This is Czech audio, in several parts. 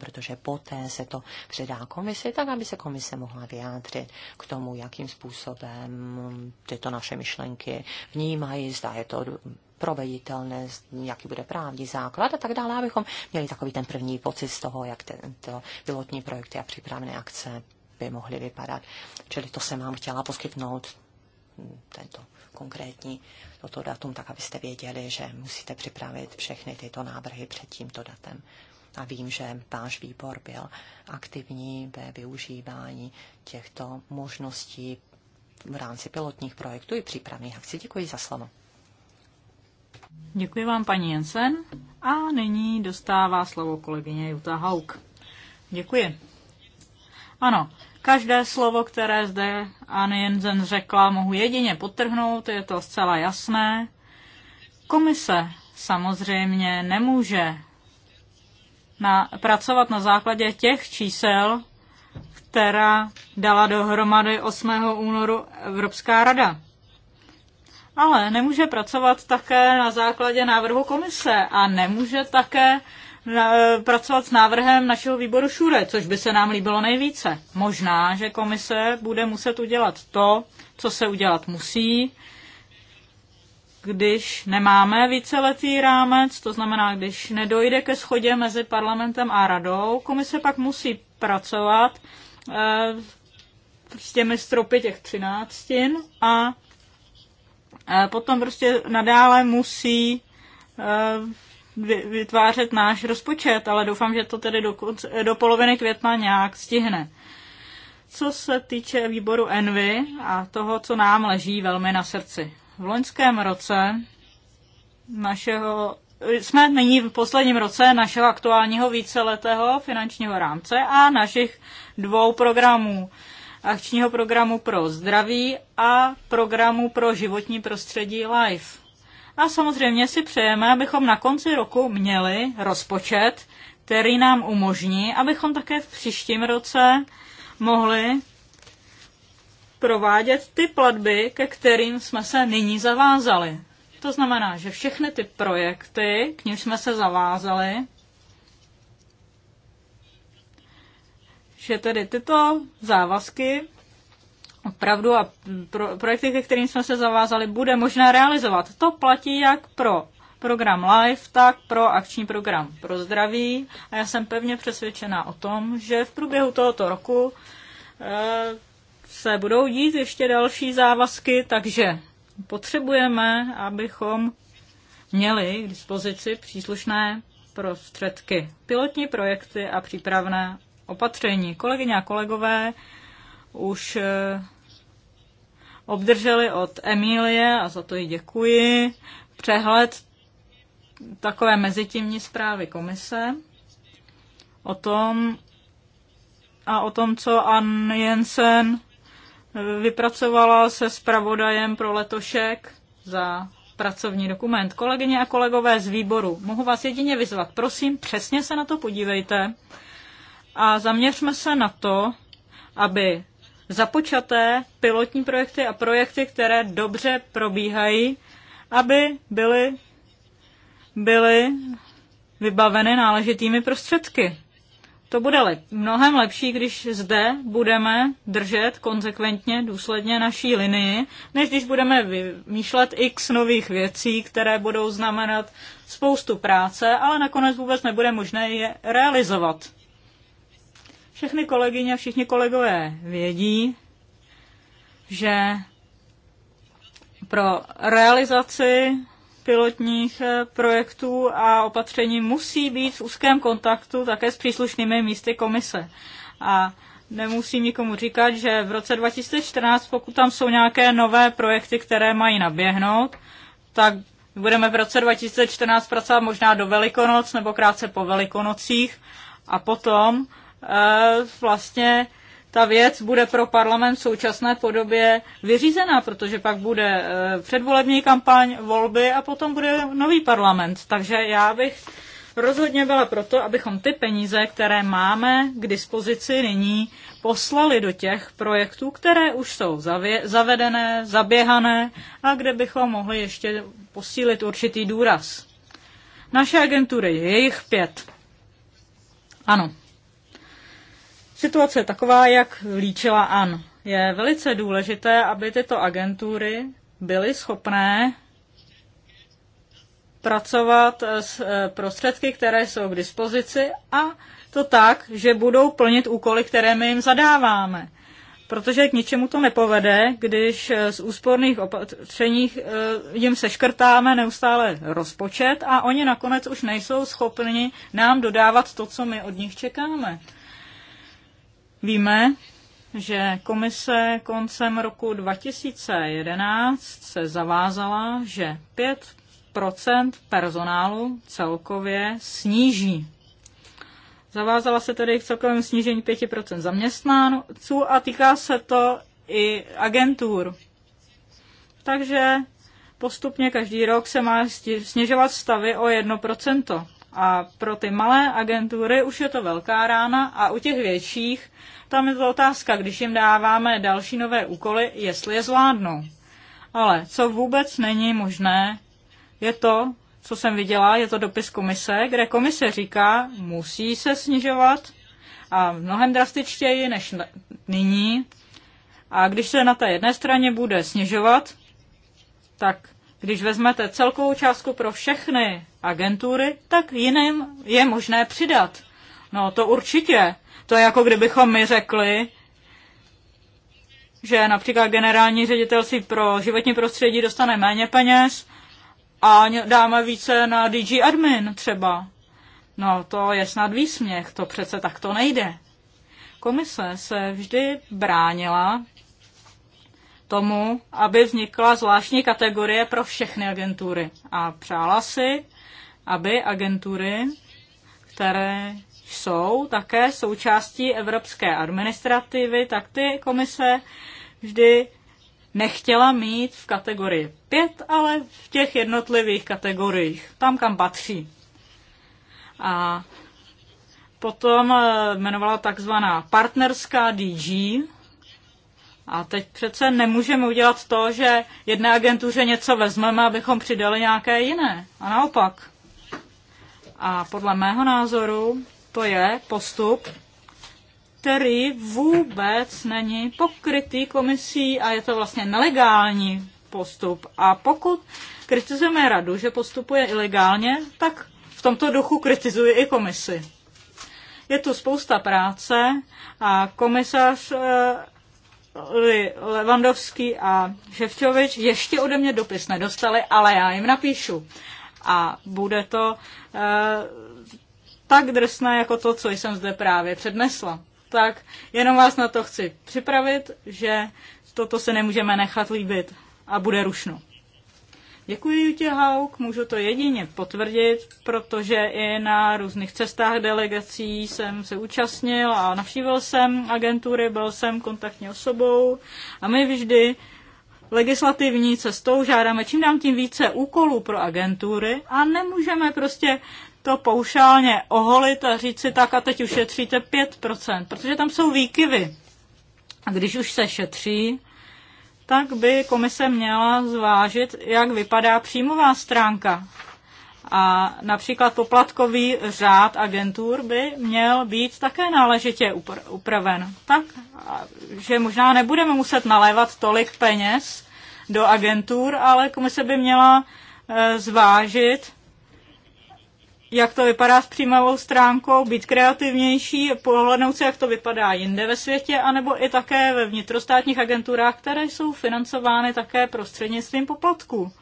protože poté se to předá komisi, tak aby se komise mohla vyjádřit k tomu, jakým způsobem tyto naše myšlenky vnímají, zda je to proveditelné, jaký bude právní základ a tak dále, abychom měli takový ten první pocit z toho, jak tyto pilotní projekty a přípravné akce by mohly vypadat. Čili to jsem vám chtěla poskytnout tento konkrétní toto datum, tak abyste věděli, že musíte připravit všechny tyto návrhy před tímto datem a vím, že váš výbor byl aktivní ve využívání těchto možností v rámci pilotních projektů i přípravných akcí. Děkuji za slovo. Děkuji vám, paní Jensen. A nyní dostává slovo kolegyně Jutta Hauk. Děkuji. Ano, každé slovo, které zde Anne Jensen řekla, mohu jedině potrhnout, je to zcela jasné. Komise samozřejmě nemůže na, pracovat na základě těch čísel, která dala dohromady 8. únoru Evropská rada. Ale nemůže pracovat také na základě návrhu komise a nemůže také pracovat s návrhem našeho výboru Šure, což by se nám líbilo nejvíce. Možná, že komise bude muset udělat to, co se udělat musí, když nemáme víceletý rámec, to znamená, když nedojde ke schodě mezi parlamentem a radou, komise pak musí pracovat eh, s těmi stropy těch třináctin a eh, potom prostě nadále musí eh, vytvářet náš rozpočet, ale doufám, že to tedy do, konce, do poloviny května nějak stihne. Co se týče výboru Envy a toho, co nám leží velmi na srdci. V loňském roce našeho jsme nyní v posledním roce našeho aktuálního víceletého finančního rámce a našich dvou programů. Akčního programu pro zdraví a programu pro životní prostředí LIFE. A samozřejmě si přejeme, abychom na konci roku měli rozpočet, který nám umožní, abychom také v příštím roce mohli provádět ty platby, ke kterým jsme se nyní zavázali. To znamená, že všechny ty projekty, k nimž jsme se zavázali, že tedy tyto závazky opravdu a pro, projekty, ke kterým jsme se zavázali, bude možné realizovat. To platí jak pro program LIFE, tak pro akční program pro zdraví. A já jsem pevně přesvědčená o tom, že v průběhu tohoto roku e, se budou dít ještě další závazky, takže potřebujeme, abychom měli k dispozici příslušné prostředky, pilotní projekty a přípravné opatření. Kolegyně a kolegové už eh, obdrželi od Emílie, a za to jí děkuji, přehled takové mezitímní zprávy komise o tom, a o tom, co Ann Jensen vypracovala se zpravodajem pro letošek za pracovní dokument. Kolegyně a kolegové z výboru, mohu vás jedině vyzvat, prosím, přesně se na to podívejte a zaměřme se na to, aby započaté pilotní projekty a projekty, které dobře probíhají, aby byly, byly vybaveny náležitými prostředky to bude lep, mnohem lepší, když zde budeme držet konsekventně, důsledně naší linii, než když budeme vymýšlet x nových věcí, které budou znamenat spoustu práce, ale nakonec vůbec nebude možné je realizovat. Všechny kolegyně a všichni kolegové vědí, že pro realizaci pilotních eh, projektů a opatření musí být v úzkém kontaktu také s příslušnými místy komise. A nemusím nikomu říkat, že v roce 2014, pokud tam jsou nějaké nové projekty, které mají naběhnout, tak budeme v roce 2014 pracovat možná do Velikonoc nebo krátce po Velikonocích a potom e, vlastně ta věc bude pro parlament v současné podobě vyřízená, protože pak bude eh, předvolební kampaň, volby a potom bude nový parlament. Takže já bych rozhodně byla proto, abychom ty peníze, které máme k dispozici nyní, poslali do těch projektů, které už jsou zavě- zavedené, zaběhané a kde bychom mohli ještě posílit určitý důraz. Naše agentury, je jich pět. Ano, Situace je taková, jak líčila An. Je velice důležité, aby tyto agentury byly schopné pracovat s eh, prostředky, které jsou k dispozici a to tak, že budou plnit úkoly, které my jim zadáváme. Protože k ničemu to nepovede, když eh, z úsporných opatřeních eh, jim seškrtáme neustále rozpočet a oni nakonec už nejsou schopni nám dodávat to, co my od nich čekáme. Víme, že komise koncem roku 2011 se zavázala, že 5 personálu celkově sníží. Zavázala se tedy k celkovému snížení 5 zaměstnanců a týká se to i agentur. Takže postupně každý rok se má snižovat stavy o 1%. A pro ty malé agentury už je to velká rána a u těch větších tam je to otázka, když jim dáváme další nové úkoly, jestli je zvládnou. Ale co vůbec není možné, je to, co jsem viděla, je to dopis komise, kde komise říká, musí se snižovat a mnohem drastičtěji než nyní. A když se na té jedné straně bude snižovat, tak když vezmete celkovou částku pro všechny agentury, tak jiným je možné přidat. No to určitě. To je jako kdybychom my řekli, že například generální ředitelství pro životní prostředí dostane méně peněz a dáme více na DG admin třeba. No to je snad výsměch, to přece takto nejde. Komise se vždy bránila tomu, aby vznikla zvláštní kategorie pro všechny agentury a přála si, aby agentury, které jsou také součástí evropské administrativy, tak ty komise vždy nechtěla mít v kategorii 5, ale v těch jednotlivých kategoriích, tam kam patří. A potom eh, jmenovala takzvaná partnerská DG. A teď přece nemůžeme udělat to, že jedné agentuře něco vezmeme, abychom přidali nějaké jiné. A naopak. A podle mého názoru to je postup, který vůbec není pokrytý komisí a je to vlastně nelegální postup. A pokud kritizujeme radu, že postupuje ilegálně, tak v tomto duchu kritizuji i komisi. Je tu spousta práce a komisař eh, Levandovský a Ševčovič ještě ode mě dopis nedostali, ale já jim napíšu a bude to e, tak drsné jako to, co jsem zde právě přednesla. Tak jenom vás na to chci připravit, že toto se nemůžeme nechat líbit a bude rušno. Děkuji tě, Hauk, můžu to jedině potvrdit, protože i na různých cestách delegací jsem se účastnil a navštívil jsem agentury, byl jsem kontaktní osobou a my vždy legislativní cestou, žádáme čím dám tím více úkolů pro agentury a nemůžeme prostě to poušálně oholit a říct si tak a teď ušetříte 5%, protože tam jsou výkyvy. A když už se šetří, tak by komise měla zvážit, jak vypadá příjmová stránka. A například poplatkový řád agentur by měl být také náležitě upraven. Tak, že možná nebudeme muset nalévat tolik peněz do agentur, ale komise by měla eh, zvážit, jak to vypadá s příjmovou stránkou, být kreativnější, pohlednout si, jak to vypadá jinde ve světě, anebo i také ve vnitrostátních agenturách, které jsou financovány také prostřednictvím poplatků.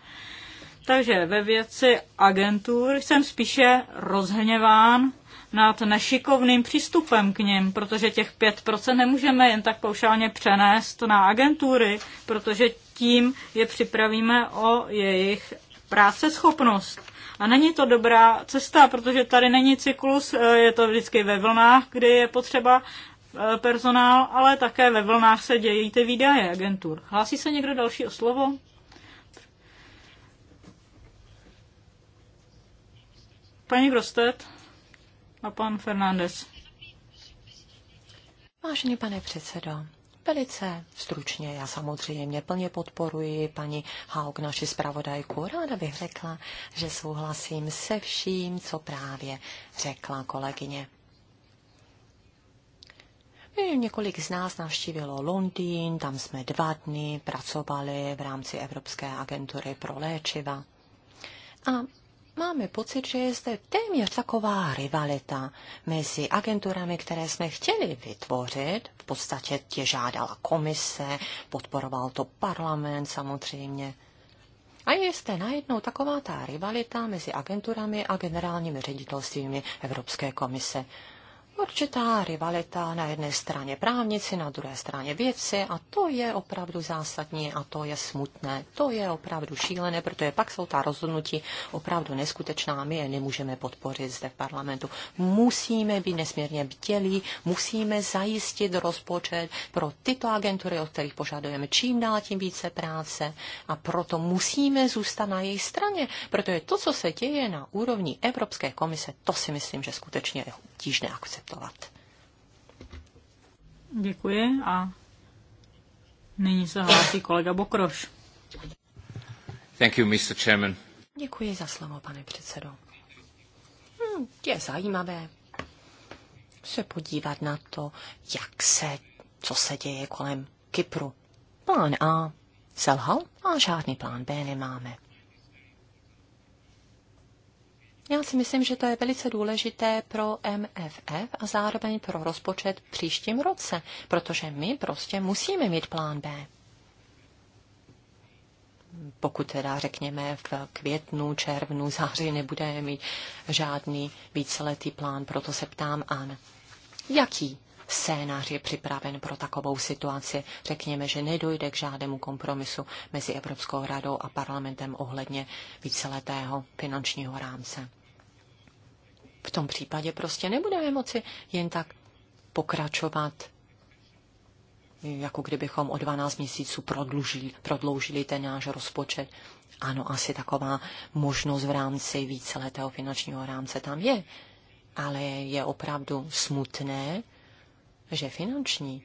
Takže ve věci agentur jsem spíše rozhněván nad nešikovným přístupem k ním, protože těch 5% nemůžeme jen tak paušálně přenést na agentury, protože tím je připravíme o jejich práce schopnost. A není to dobrá cesta, protože tady není cyklus, eh, je to vždycky ve vlnách, kdy je potřeba eh, personál, ale také ve vlnách se dějí ty výdaje agentur. Hlásí se někdo další o slovo? Paní Grostet? A pan Fernández. Vážený pane předsedo, Velice stručně, já samozřejmě plně podporuji paní Haug, naši zpravodajku. Ráda bych řekla, že souhlasím se vším, co právě řekla kolegyně. Několik z nás navštívilo Londýn, tam jsme dva dny pracovali v rámci Evropské agentury pro léčiva. A máme pocit, že je zde téměř taková rivalita mezi agenturami, které jsme chtěli vytvořit. V podstatě tě žádala komise, podporoval to parlament samozřejmě. A je zde najednou taková ta rivalita mezi agenturami a generálními ředitelstvími Evropské komise určitá rivalita na jedné straně právnici, na druhé straně vědci a to je opravdu zásadní a to je smutné. To je opravdu šílené, protože pak jsou ta rozhodnutí opravdu neskutečná, my je nemůžeme podpořit zde v parlamentu. Musíme být nesmírně bdělí, musíme zajistit rozpočet pro tyto agentury, od kterých požadujeme čím dál tím více práce a proto musíme zůstat na její straně, protože to, co se děje na úrovni Evropské komise, to si myslím, že skutečně je tížné akce akceptovat. Děkuji a nyní se hlásí kolega Bokroš. Thank you, Mr. Chairman. Děkuji za slovo, pane předsedo. Hm, je zajímavé se podívat na to, jak se, co se děje kolem Kypru. Plán A selhal a žádný plán B nemáme. Já si myslím, že to je velice důležité pro MFF a zároveň pro rozpočet v příštím roce, protože my prostě musíme mít plán B. Pokud teda řekněme v květnu, červnu, září nebudeme mít žádný víceletý plán, proto se ptám An, jaký scénář je připraven pro takovou situaci. Řekněme, že nedojde k žádnému kompromisu mezi Evropskou radou a parlamentem ohledně víceletého finančního rámce. V tom případě prostě nebudeme moci jen tak pokračovat, jako kdybychom o 12 měsíců prodlužili, prodloužili ten náš rozpočet. Ano, asi taková možnost v rámci víceletého finančního rámce tam je, ale je opravdu smutné, že finanční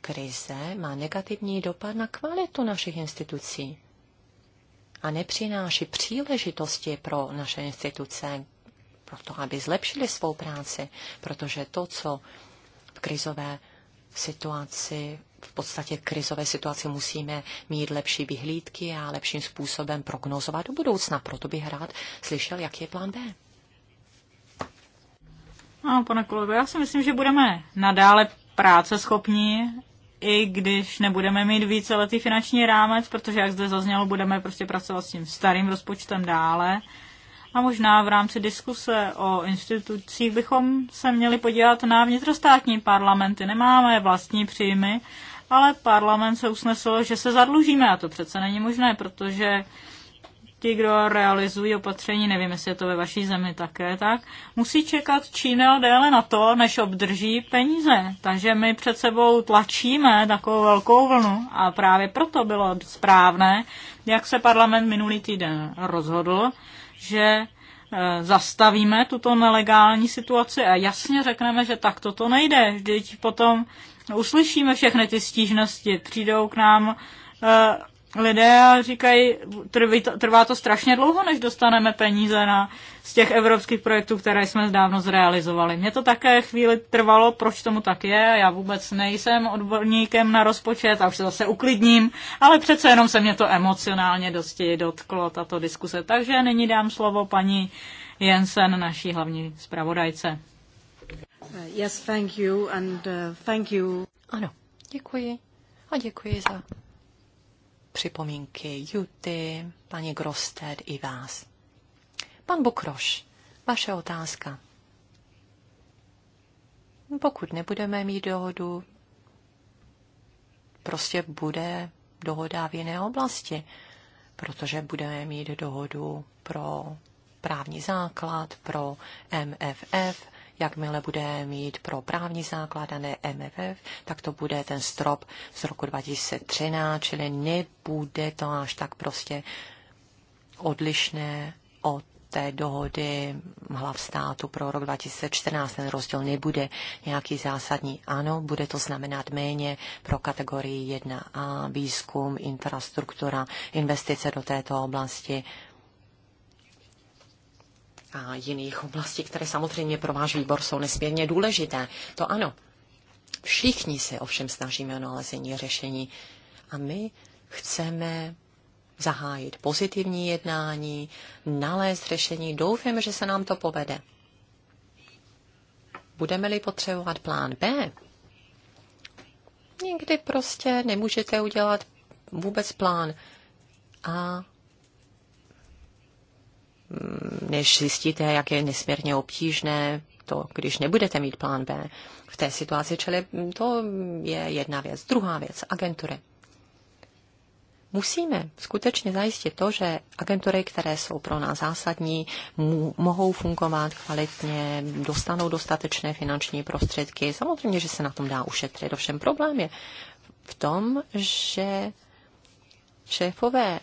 krize má negativní dopad na kvalitu našich institucí a nepřináší příležitosti pro naše instituce proto, aby zlepšili svou práci, protože to, co v krizové situaci, v podstatě krizové situaci musíme mít lepší vyhlídky a lepším způsobem prognozovat do budoucna. Proto bych rád slyšel, jak je plán B. No, pane kolego, já si myslím, že budeme nadále práce schopní, i když nebudeme mít víceletý finanční rámec, protože, jak zde zaznělo, budeme prostě pracovat s tím starým rozpočtem dále. A možná v rámci diskuse o institucích bychom se měli podívat na vnitrostátní parlamenty. Nemáme vlastní příjmy, ale parlament se usnesl, že se zadlužíme a to přece není možné, protože ti, kdo realizují opatření, nevím, jestli je to ve vaší zemi také, tak musí čekat čínel déle na to, než obdrží peníze. Takže my před sebou tlačíme takovou velkou vlnu a právě proto bylo správné, jak se parlament minulý týden rozhodl, že eh, zastavíme tuto nelegální situaci a jasně řekneme, že tak toto nejde. Vždyť potom uslyšíme všechny ty stížnosti, přijdou k nám eh, lidé a říkají, trví to, trvá to strašně dlouho, než dostaneme peníze na, z těch evropských projektů, které jsme dávno zrealizovali. Mně to také chvíli trvalo, proč tomu tak je, já vůbec nejsem odborníkem na rozpočet a už se zase uklidním, ale přece jenom se mě to emocionálně dosti dotklo, tato diskuse. Takže nyní dám slovo paní Jensen, naší hlavní zpravodajce. Yes, thank you and uh, thank you. Ano, děkuji. A děkuji za připomínky Juty, paní Grosted i vás. Pan Bokroš, vaše otázka. Pokud nebudeme mít dohodu, prostě bude dohoda v jiné oblasti, protože budeme mít dohodu pro právní základ, pro MFF jakmile bude mít pro právní základ ne MFF, tak to bude ten strop z roku 2013, čili nebude to až tak prostě odlišné od té dohody hlav státu pro rok 2014 ten rozdíl nebude nějaký zásadní. Ano, bude to znamenat méně pro kategorii 1a, výzkum, infrastruktura, investice do této oblasti a jiných oblastí, které samozřejmě pro váš výbor jsou nesmírně důležité. To ano. Všichni se ovšem snažíme o nalezení řešení a my chceme zahájit pozitivní jednání, nalézt řešení. Doufáme, že se nám to povede. Budeme-li potřebovat plán B, nikdy prostě nemůžete udělat vůbec plán A Mm, než zjistíte, jak je nesmírně obtížné to, když nebudete mít plán B v té situaci. Čili to je jedna věc. Druhá věc, agentury. Musíme skutečně zajistit to, že agentury, které jsou pro nás zásadní, mohou fungovat kvalitně, dostanou dostatečné finanční prostředky. Samozřejmě, že se na tom dá ušetřit. Ovšem problém je v tom, že šéfové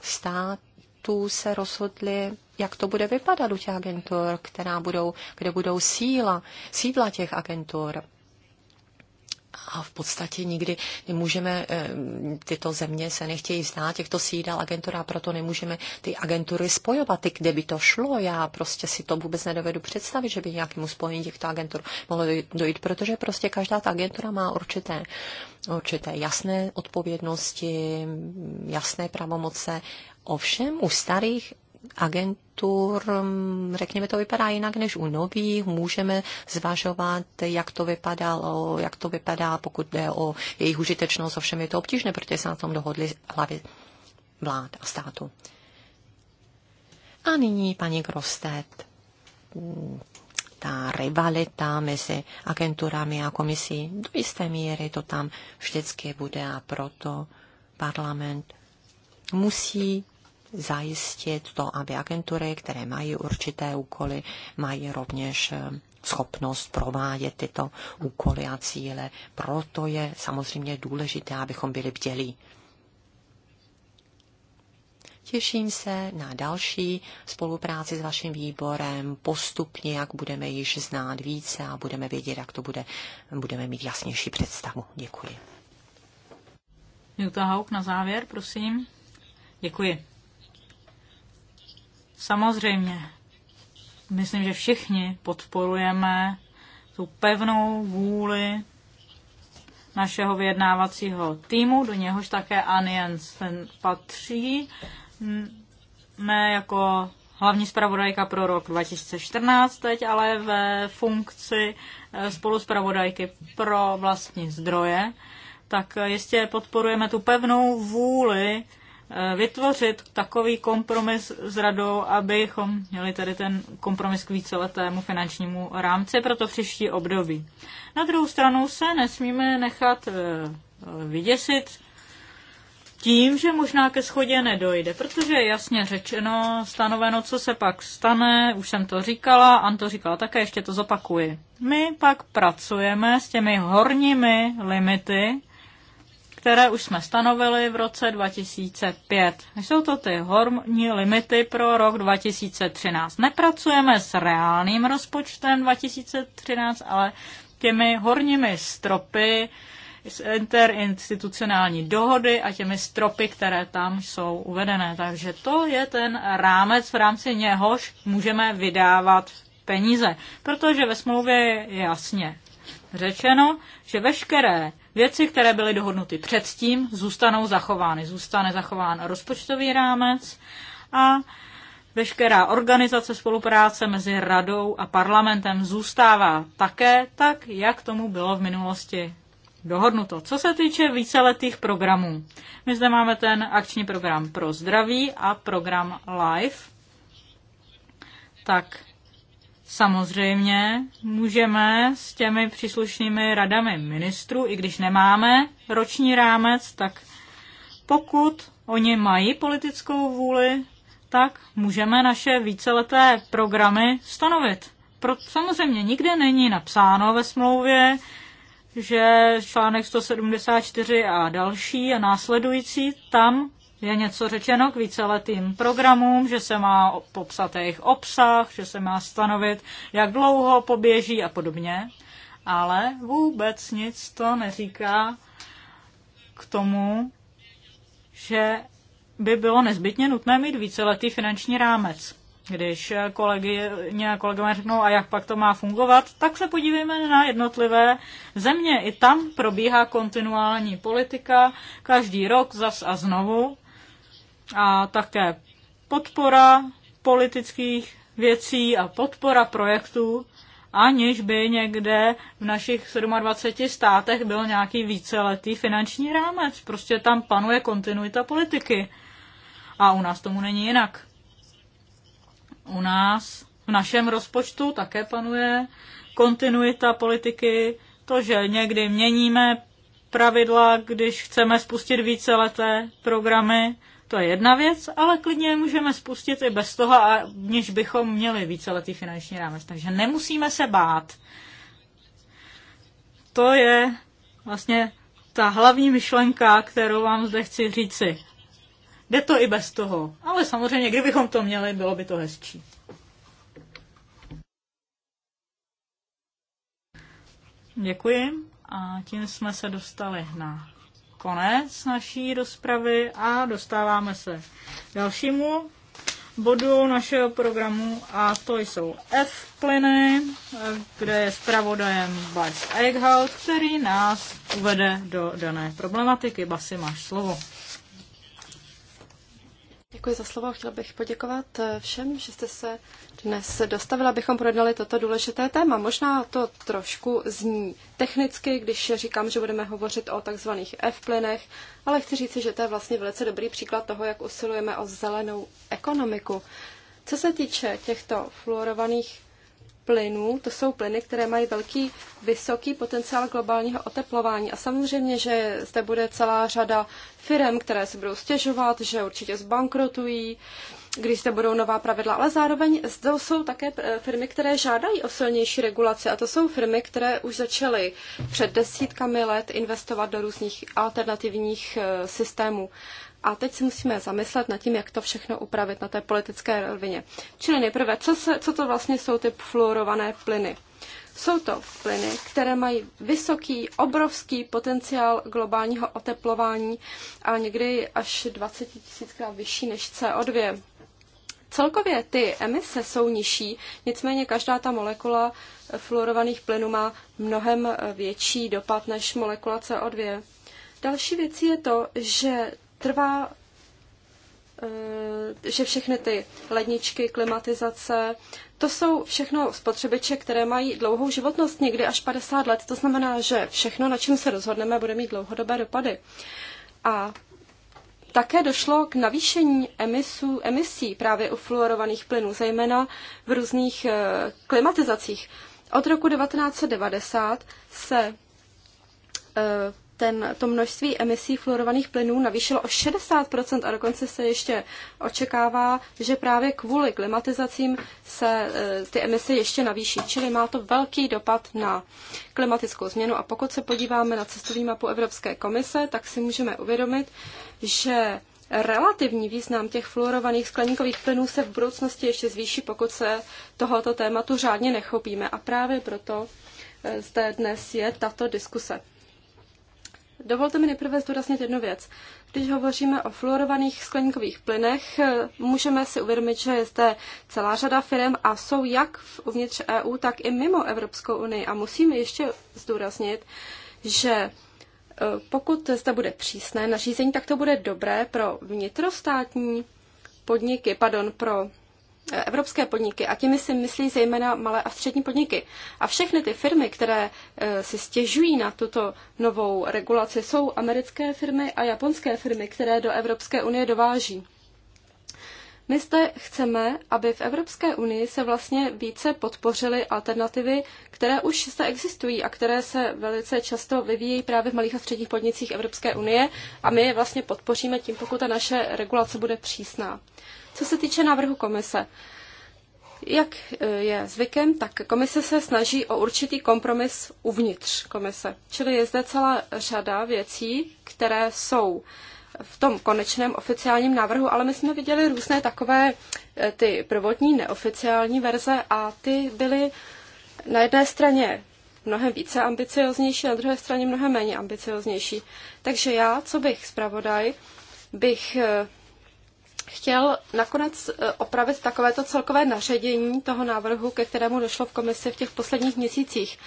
stát států se rozhodli, jak to bude vypadat u těch agentur, která budou, kde budou síla, sídla těch agentur. A v podstatě nikdy nemůžeme, eh, tyto země se nechtějí znát těchto sídel a proto nemůžeme ty agentury spojovat, ty, kde by to šlo. Já prostě si to vůbec nedovedu představit, že by nějakému spojení těchto agentur mohlo dojít, protože prostě každá ta agentura má určité, určité jasné odpovědnosti, jasné pravomoce Ovšem u starých agentur, mm, řekněme, to vypadá jinak než u nových. Můžeme zvažovat, jak to vypadalo, jak to vypadá, pokud jde o jejich užitečnost. Ovšem je to obtížné, protože se na tom dohodli hlavy vlád a státu. A nyní paní Grostet. Ta rivalita mezi agenturami a komisí, do jisté míry to tam vždycky bude a proto parlament musí zajistit to, aby agentury, které mají určité úkoly, mají rovněž eh, schopnost provádět tyto úkoly a cíle. Proto je samozřejmě důležité, abychom byli bdělí. Těším se na další spolupráci s vaším výborem, postupně, jak budeme již znát více a budeme vědět, jak to bude, budeme mít jasnější představu. Děkuji. Jutta Hauk na závěr, prosím. Děkuji. Samozřejmě, myslím, že všichni podporujeme tu pevnou vůli našeho vyjednávacího týmu, do něhož také Ann patří, ne jako hlavní zpravodajka pro rok 2014 teď, ale ve funkci eh, spoluzpravodajky pro vlastní zdroje, tak eh, jistě podporujeme tu pevnou vůli vytvořit takový kompromis s radou, abychom měli tady ten kompromis k víceletému finančnímu rámci pro to příští období. Na druhou stranu se nesmíme nechat eh, vyděsit tím, že možná ke schodě nedojde, protože je jasně řečeno, stanoveno, co se pak stane, už jsem to říkala, An to říkala také, ještě to zopakuji. My pak pracujeme s těmi horními limity, které už jsme stanovili v roce 2005. Jsou to ty horní limity pro rok 2013. Nepracujeme s reálným rozpočtem 2013, ale těmi horními stropy z interinstitucionální dohody a těmi stropy, které tam jsou uvedené. Takže to je ten rámec, v rámci něhož můžeme vydávat peníze. Protože ve smlouvě je jasně řečeno, že veškeré Věci, které byly dohodnuty předtím, zůstanou zachovány. Zůstane zachován rozpočtový rámec a veškerá organizace spolupráce mezi radou a parlamentem zůstává také tak, jak tomu bylo v minulosti dohodnuto. Co se týče víceletých programů, my zde máme ten akční program pro zdraví a program LIFE. Tak Samozřejmě můžeme s těmi příslušnými radami ministrů, i když nemáme roční rámec, tak pokud oni mají politickou vůli, tak můžeme naše víceleté programy stanovit. Pro, samozřejmě nikde není napsáno ve smlouvě, že článek 174 a další a následující, tam je něco řečeno k víceletým programům, že se má popsat jejich obsah, že se má stanovit, jak dlouho poběží a podobně, ale vůbec nic to neříká k tomu, že by bylo nezbytně nutné mít víceletý finanční rámec. Když kolegyně a kolegové řeknou, a jak pak to má fungovat, tak se podívejme na jednotlivé země. I tam probíhá kontinuální politika, každý rok zas a znovu a také podpora politických věcí a podpora projektů, aniž by někde v našich 27 státech byl nějaký víceletý finanční rámec. Prostě tam panuje kontinuita politiky. A u nás tomu není jinak. U nás v našem rozpočtu také panuje kontinuita politiky, to, že někdy měníme pravidla, když chceme spustit víceleté programy, to je jedna věc, ale klidně můžeme spustit i bez toho, a než bychom měli víceletý finanční rámec. Takže nemusíme se bát. To je vlastně ta hlavní myšlenka, kterou vám zde chci říci. Jde to i bez toho. Ale samozřejmě, kdybychom to měli, bylo by to hezčí. Děkuji. A tím jsme se dostali na konec naší rozpravy a dostáváme se k dalšímu bodu našeho programu a to jsou F-plyny, kde je zpravodajem Bas Eichhout, který nás uvede do dané problematiky. Basi, máš slovo. Děkuji za slovo. Chtěla bych poděkovat eh, všem, že jste se dnes dostavili. abychom projednali toto důležité téma. Možná to trošku zní technicky, když říkám, že budeme hovořit o takzvaných F-plynech, ale chci říci, že to je vlastně velice dobrý příklad toho, jak usilujeme o zelenou ekonomiku. Co se týče těchto fluorovaných plynů, to jsou plyny, které mají velký, vysoký potenciál globálního oteplování. A samozřejmě, že zde bude celá řada firm, které se budou stěžovat, že určitě zbankrotují, když zde budou nová pravidla, ale zároveň zde jsou také eh, firmy, které žádají o silnější regulaci a to jsou firmy, které už začaly před desítkami let investovat do různých alternativních eh, systémů a teď si musíme zamyslet nad tím, jak to všechno upravit na té politické rovině. Čili nejprve, co, se, co to vlastně jsou ty fluorované plyny? Jsou to plyny, které mají vysoký, obrovský potenciál globálního oteplování a někdy až 20 tisíckrát vyšší než CO2. Celkově ty emise jsou nižší, nicméně každá ta molekula fluorovaných plynů má mnohem větší dopad než molekula CO2. Další věcí je to, že trvá, eh, že všechny ty ledničky, klimatizace, to jsou všechno spotřebiče, které mají dlouhou životnost, někdy až 50 let. To znamená, že všechno, na čem se rozhodneme, bude mít dlouhodobé dopady. A také došlo k navýšení emisů, emisí právě u fluorovaných plynů, zejména v různých eh, klimatizacích. Od roku 1990 se eh, ten, to množství emisí fluorovaných plynů navýšilo o 60% a dokonce se ještě očekává, že právě kvůli klimatizacím se e, ty emise ještě navýší. Čili má to velký dopad na klimatickou změnu a pokud se podíváme na cestovní mapu Evropské komise, tak si můžeme uvědomit, že relativní význam těch fluorovaných skleníkových plynů se v budoucnosti ještě zvýší, pokud se tohoto tématu řádně nechopíme. A právě proto e, zde dnes je tato diskuse. Dovolte mi nejprve zdůraznit jednu věc. Když hovoříme o fluorovaných skleníkových plynech, můžeme si uvědomit, že je zde celá řada firm a jsou jak uvnitř EU, tak i mimo Evropskou unii. A musíme ještě zdůraznit, že e, pokud zde bude přísné nařízení, tak to bude dobré pro vnitrostátní podniky, pardon, pro evropské podniky a těmi si myslí zejména malé a střední podniky. A všechny ty firmy, které eh, si stěžují na tuto novou regulaci, jsou americké firmy a japonské firmy, které do Evropské unie dováží. My zde chceme, aby v Evropské unii se vlastně více podpořily alternativy, které už zde existují a které se velice často vyvíjí právě v malých a středních podnicích Evropské unie a my je vlastně podpoříme tím, pokud ta naše regulace bude přísná. Co se týče návrhu komise, jak eh, je zvykem, tak komise se snaží o určitý kompromis uvnitř komise. Čili je zde celá řada věcí, které jsou v tom konečném oficiálním návrhu, ale my jsme viděli různé takové eh, ty prvotní neoficiální verze a ty byly na jedné straně mnohem více ambicioznější, na druhé straně mnohem méně ambicioznější. Takže já, co bych zpravodaj, bych eh, chtěl nakonec eh, opravit takovéto celkové naředění toho návrhu, ke kterému došlo v komisi v těch posledních měsících.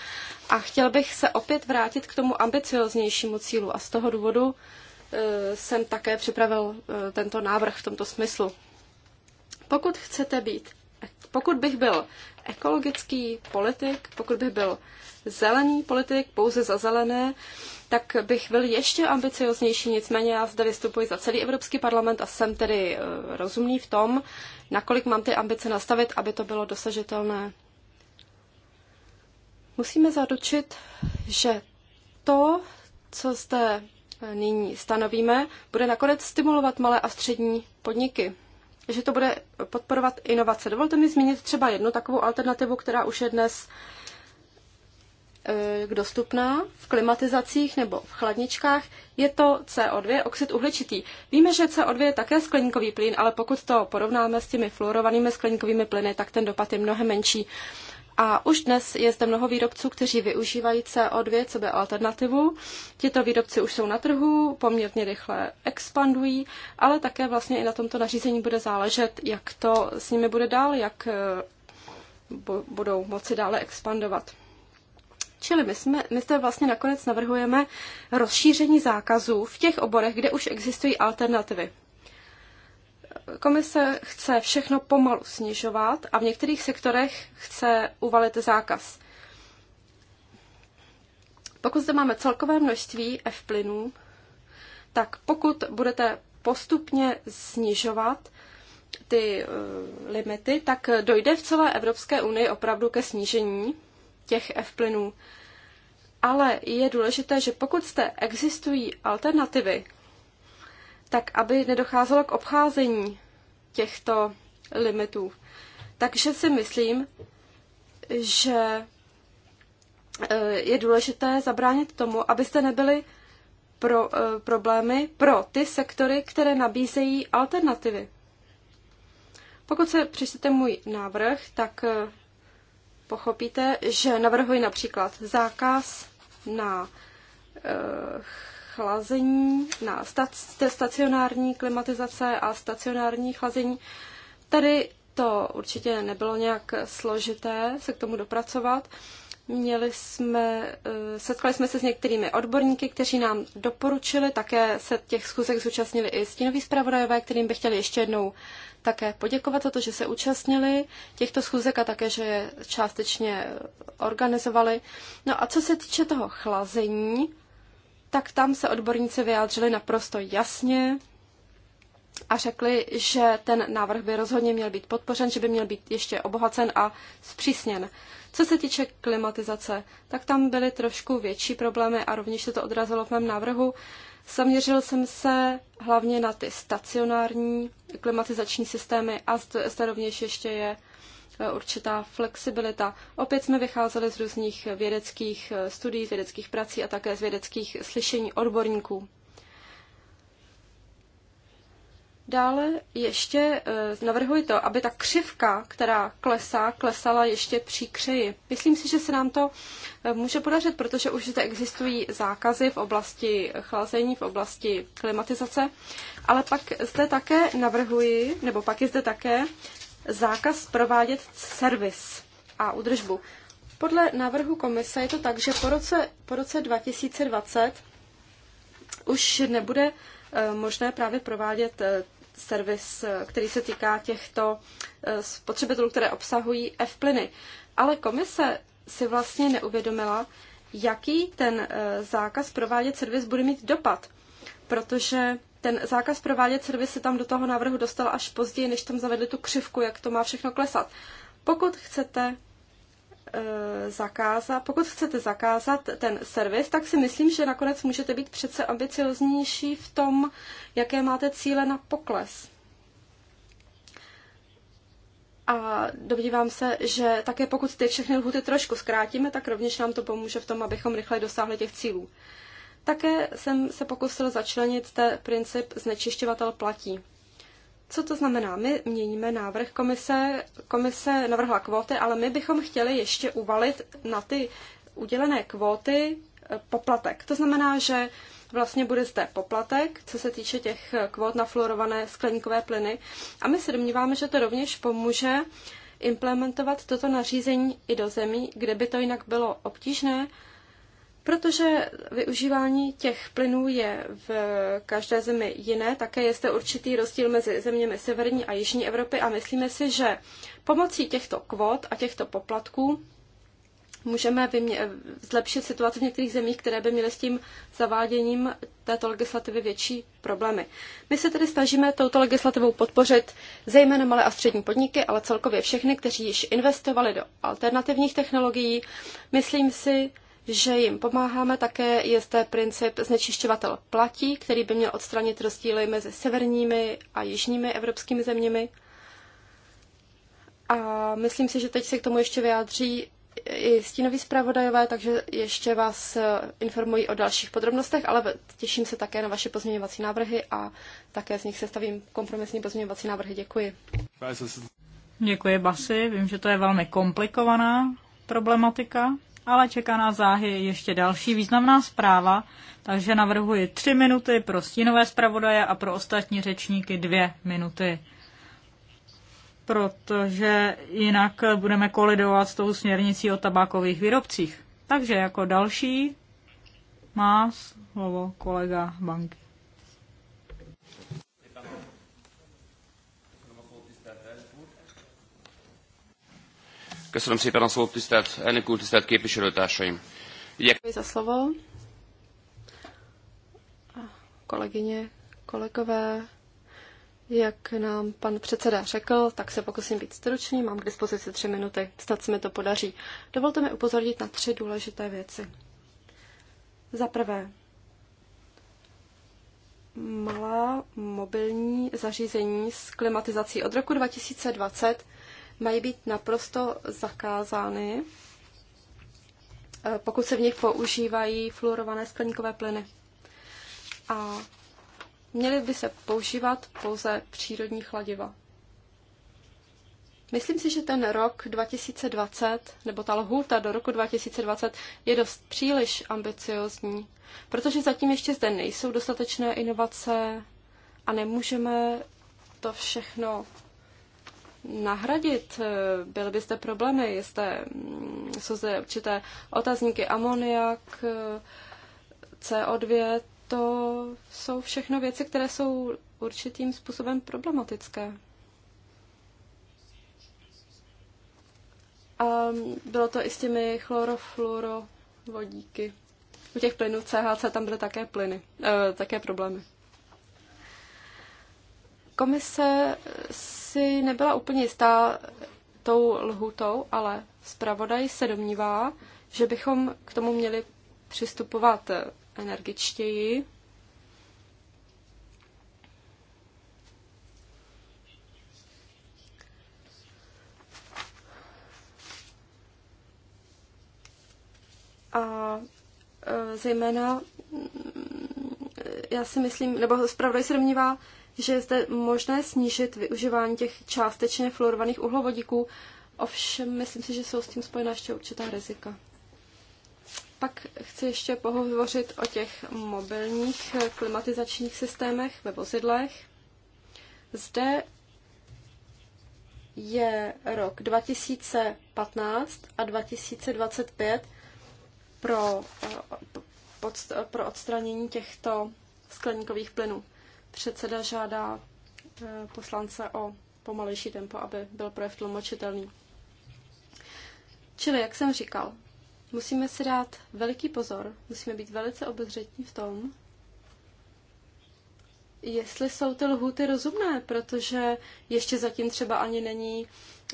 A chtěl bych se opět vrátit k tomu ambicioznějšímu cílu a z toho důvodu eh, jsem také připravil eh, tento návrh v tomto smyslu. Pokud chcete být, pokud bych byl ekologický politik, pokud bych byl zelený politik pouze za zelené, tak bych byl ještě ambicioznější, nicméně já zde vystupuji za celý Evropský parlament a jsem tedy eh, rozumný v tom, nakolik mám ty ambice nastavit, aby to bylo dosažitelné. Musíme zaručit, že to, co zde eh, nyní stanovíme, bude nakonec stimulovat malé a střední podniky že to bude podporovat inovace. Dovolte mi zmínit třeba jednu takovou alternativu, která už je dnes uh, Eh, dostupná v klimatizacích nebo v chladničkách, je to CO2, oxid uhličitý. Víme, že CO2 je také skleníkový plyn, ale pokud to porovnáme s těmi fluorovanými skleníkovými plyny, tak ten dopad je mnohem menší. A už dnes je zde mnoho výrobců, kteří využívají CO2 co by alternativu. Tito výrobci už jsou na trhu, poměrně rychle expandují, ale také vlastně i na tomto nařízení bude záležet, jak to s nimi bude dál, jak eh, budou moci dále expandovat. Čili my, jsme, my zde vlastně nakonec navrhujeme rozšíření zákazů v těch oborech, kde už existují alternativy. Komise chce všechno pomalu snižovat a v některých sektorech chce uvalit zákaz. Pokud zde máme celkové množství F plynů, tak pokud budete postupně snižovat ty uh, limity, tak dojde v celé Evropské unii opravdu ke snížení těch F-plynů. Ale je důležité, že pokud jste existují alternativy, tak aby nedocházelo k obcházení těchto limitů. Takže si myslím, že eh, je důležité zabránit tomu, abyste nebyli pro, eh, problémy pro ty sektory, které nabízejí alternativy. Pokud se přečtete můj návrh, tak eh, pochopíte, že navrhuji například zákaz na eh, chlazení, na stacionární klimatizace a stacionární chlazení. Tady to určitě nebylo nějak složité se k tomu dopracovat. Měli jsme, eh, setkali jsme se s některými odborníky, kteří nám doporučili, také se těch schůzek zúčastnili i stínoví zpravodajové, kterým bych chtěli ještě jednou také poděkovat za to, že se účastnili těchto schůzek a také, že je částečně organizovali. No a co se týče toho chlazení, tak tam se odborníci vyjádřili naprosto jasně a řekli, že ten návrh by rozhodně měl být podpořen, že by měl být ještě obohacen a zpřísněn. Co se týče klimatizace, tak tam byly trošku větší problémy a rovněž se to odrazilo v mém návrhu. Zaměřil jsem se hlavně na ty stacionární klimatizační systémy a zde rovněž ještě je e, určitá flexibilita. Opět jsme vycházeli z různých vědeckých e, studií, z vědeckých prací a také z vědeckých slyšení odborníků. Dále ještě eh, navrhuji to, aby ta křivka, která klesá, klesala ještě příkřeji. Myslím si, že se nám to eh, může podařit, protože už zde existují zákazy v oblasti chlazení, v oblasti klimatizace, ale pak zde také navrhuji, nebo pak je zde také zákaz provádět servis a údržbu. Podle návrhu komise je to tak, že po roce, po roce 2020 už nebude eh, možné právě provádět servis, eh, který se týká těchto eh, spotřebitelů, které obsahují F-plyny. Ale komise si vlastně neuvědomila, jaký ten eh, zákaz provádět servis bude mít dopad, protože ten zákaz provádět servis se tam do toho návrhu dostal až později, než tam zavedli tu křivku, jak to má všechno klesat. Pokud chcete Eh, zakázat, pokud chcete zakázat ten servis, tak si myslím, že nakonec můžete být přece ambicioznější v tom, jaké máte cíle na pokles. A domnívám se, že také pokud ty všechny lhuty trošku zkrátíme, tak rovněž nám to pomůže v tom, abychom rychle dosáhli těch cílů. Také jsem se pokusil začlenit ten princip znečišťovatel platí. Co to znamená? My měníme návrh komise, komise navrhla kvóty, ale my bychom chtěli ještě uvalit na ty udělené kvóty eh, poplatek. To znamená, že vlastně bude zde poplatek, co se týče těch kvót na fluorované skleníkové plyny. A my se domníváme, že to rovněž pomůže implementovat toto nařízení i do zemí, kde by to jinak bylo obtížné, Protože využívání těch plynů je v každé zemi jiné, také je zde určitý rozdíl mezi zeměmi severní a jižní Evropy a myslíme si, že pomocí těchto kvot a těchto poplatků můžeme zlepšit situaci v některých zemích, které by měly s tím zaváděním této legislativy větší problémy. My se tedy snažíme touto legislativou podpořit zejména malé a střední podniky, ale celkově všechny, kteří již investovali do alternativních technologií. Myslím si, že jim pomáháme. Také je zde princip znečišťovatel platí, který by měl odstranit rozdíly mezi severními a jižními evropskými zeměmi. A myslím si, že teď se k tomu ještě vyjádří i stínoví zpravodajové, takže ještě vás eh, informuji o dalších podrobnostech, ale těším se také na vaše pozměňovací návrhy a také z nich sestavím kompromisní pozměňovací návrhy. Děkuji. Děkuji, Basi. Vím, že to je velmi komplikovaná problematika ale čeká nás záhy ještě další významná zpráva, takže navrhuji tři minuty pro stínové zpravodaje a pro ostatní řečníky dvě minuty. Protože jinak budeme kolidovat s tou směrnicí o tabákových výrobcích. Takže jako další má slovo kolega Banky. Köszönöm szépen a szót, tisztelt elnök úr, tisztelt képviselőtársaim. Igyek... za slovo. Kolegyně, kolegové, jak nám pan předseda řekl, tak se pokusím být stručný, mám k dispozici tři minuty, snad se mi to podaří. Dovolte mi upozornit na tři důležité věci. Za prvé, malá mobilní zařízení s klimatizací od roku 2020 mají být naprosto zakázány, e, pokud se v nich používají fluorované skleníkové plyny. A měly by se používat pouze přírodní chladiva. Myslím si, že ten rok 2020, nebo ta lhůta do roku 2020 je dost příliš ambiciozní, protože zatím ještě zde nejsou dostatečné inovace a nemůžeme to všechno nahradit? Eh, byly byste problémy? Jste, mm, jsou zde určité otazníky amoniak, eh, CO2, to jsou všechno věci, které jsou určitým způsobem problematické. A bylo to i s těmi chlorofluorovodíky. U těch plynů CHC tam byly také plyny, e, také problémy. Komise si nebyla úplně jistá tou lhutou, ale zpravodaj se domnívá, že bychom k tomu měli přistupovat energičtěji. A e, zejména já si myslím, nebo zpravodaj se domnívá, že je zde možné snížit využívání těch částečně fluorovaných uhlovodíků, ovšem myslím si, že jsou s tím spojena ještě určitá rizika. Pak chci ještě pohovořit o těch mobilních klimatizačních systémech ve vozidlech. Zde je rok 2015 a 2025 pro, eh, pro odstranění těchto skleníkových plynů. Předseda žádá eh, poslance o pomalejší tempo, aby byl projev tlumočitelný. Čili, jak jsem říkal, musíme si dát veliký pozor, musíme být velice obezřetní v tom, jestli jsou ty lhuty rozumné, protože ještě zatím třeba ani není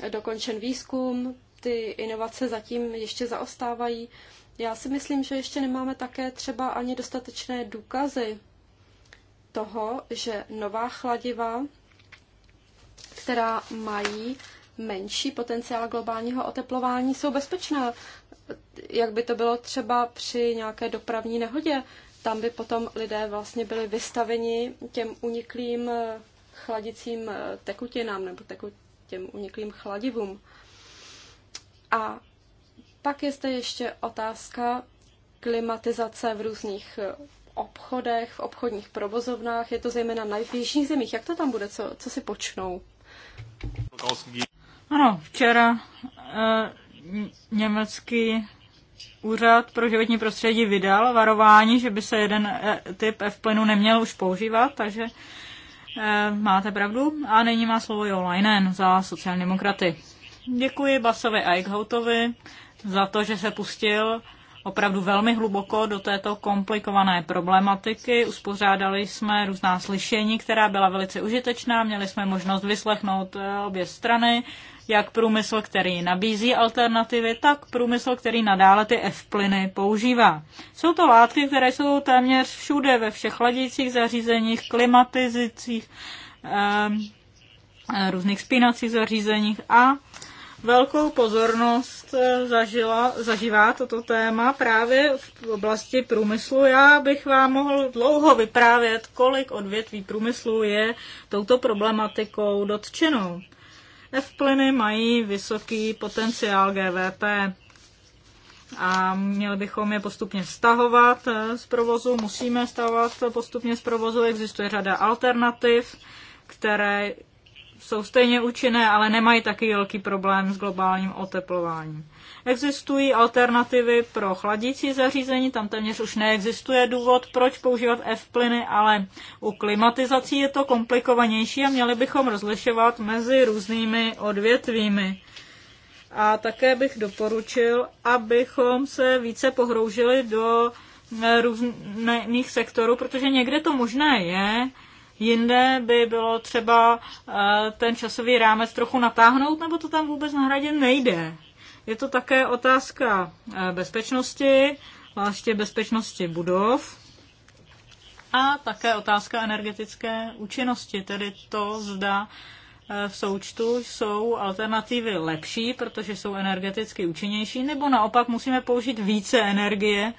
dokončen výzkum, ty inovace zatím ještě zaostávají. Já si myslím, že ještě nemáme také třeba ani dostatečné důkazy toho, že nová chladiva, která mají menší potenciál globálního oteplování, jsou bezpečná. Jak by to bylo třeba při nějaké dopravní nehodě, tam by potom lidé vlastně byli vystaveni těm uniklým eh, chladicím eh, tekutinám nebo těm uniklým chladivům. A pak je zde ještě otázka klimatizace v různých eh, obchodech, v obchodních provozovnách, je to zejména na jižních zemích. Jak to tam bude, co, co si počnou? Ano, včera eh, německý úřad pro životní prostředí vydal varování, že by se jeden eh, typ F-plynu neměl už používat, takže eh, máte pravdu. A nyní má slovo Jo Leinen za sociální demokraty. Děkuji Basovi Eichhoutovi za to, že se pustil opravdu velmi hluboko do této komplikované problematiky. Uspořádali jsme různá slyšení, která byla velice užitečná. Měli jsme možnost vyslechnout eh, obě strany, jak průmysl, který nabízí alternativy, tak průmysl, který nadále ty F-plyny používá. Jsou to látky, které jsou téměř všude, ve všech hladících zařízeních, klimatizicích, eh, různých spínacích zařízeních a velkou pozornost eh, zažila, zažívá toto téma právě v oblasti průmyslu. Já bych vám mohl dlouho vyprávět, kolik odvětví průmyslu je touto problematikou dotčenou. F-plyny mají vysoký potenciál GVP a měli bychom je postupně stahovat eh, z provozu. Musíme stahovat postupně z provozu, existuje řada alternativ, které jsou stejně účinné, ale nemají taky velký problém s globálním oteplováním. Existují alternativy pro chladící zařízení, tam téměř už neexistuje důvod, proč používat F-plyny, ale u klimatizací je to komplikovanější a měli bychom rozlišovat mezi různými odvětvími. A také bych doporučil, abychom se více pohroužili do eh, různých sektorů, protože někde to možné je, Jinde by bylo třeba eh, ten časový rámec trochu natáhnout, nebo to tam vůbec nahradit nejde. Je to také otázka eh, bezpečnosti, vlastně bezpečnosti budov a také otázka energetické účinnosti, tedy to, zda eh, v součtu jsou alternativy lepší, protože jsou energeticky účinnější, nebo naopak musíme použít více energie,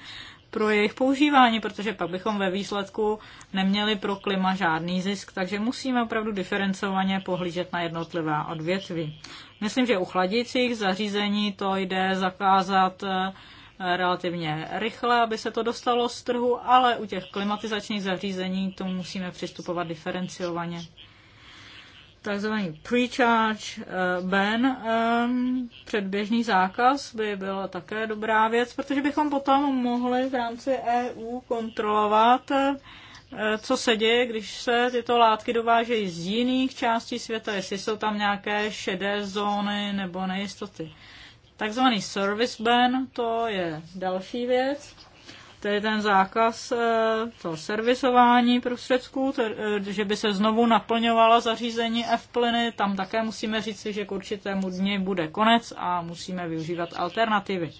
pro jejich používání, protože pak bychom ve výsledku neměli pro klima žádný zisk, takže musíme opravdu diferencovaně pohlížet na jednotlivá odvětví. Myslím, že u chladicích zařízení to jde zakázat eh, relativně rychle, aby se to dostalo z trhu, ale u těch klimatizačních zařízení to musíme přistupovat diferenciovaně takzvaný pre-charge eh, ban, eh, předběžný zákaz, by byla také dobrá věc, protože bychom potom mohli v rámci EU kontrolovat, eh, co se děje, když se tyto látky dovážejí z jiných částí světa, jestli jsou tam nějaké šedé zóny nebo nejistoty. Takzvaný service ban, to je další věc tedy ten zákaz eh, toho servisování prostředků, eh, že by se znovu naplňovala zařízení F-plyny, tam také musíme říci, že k určitému dni bude konec a musíme využívat alternativy.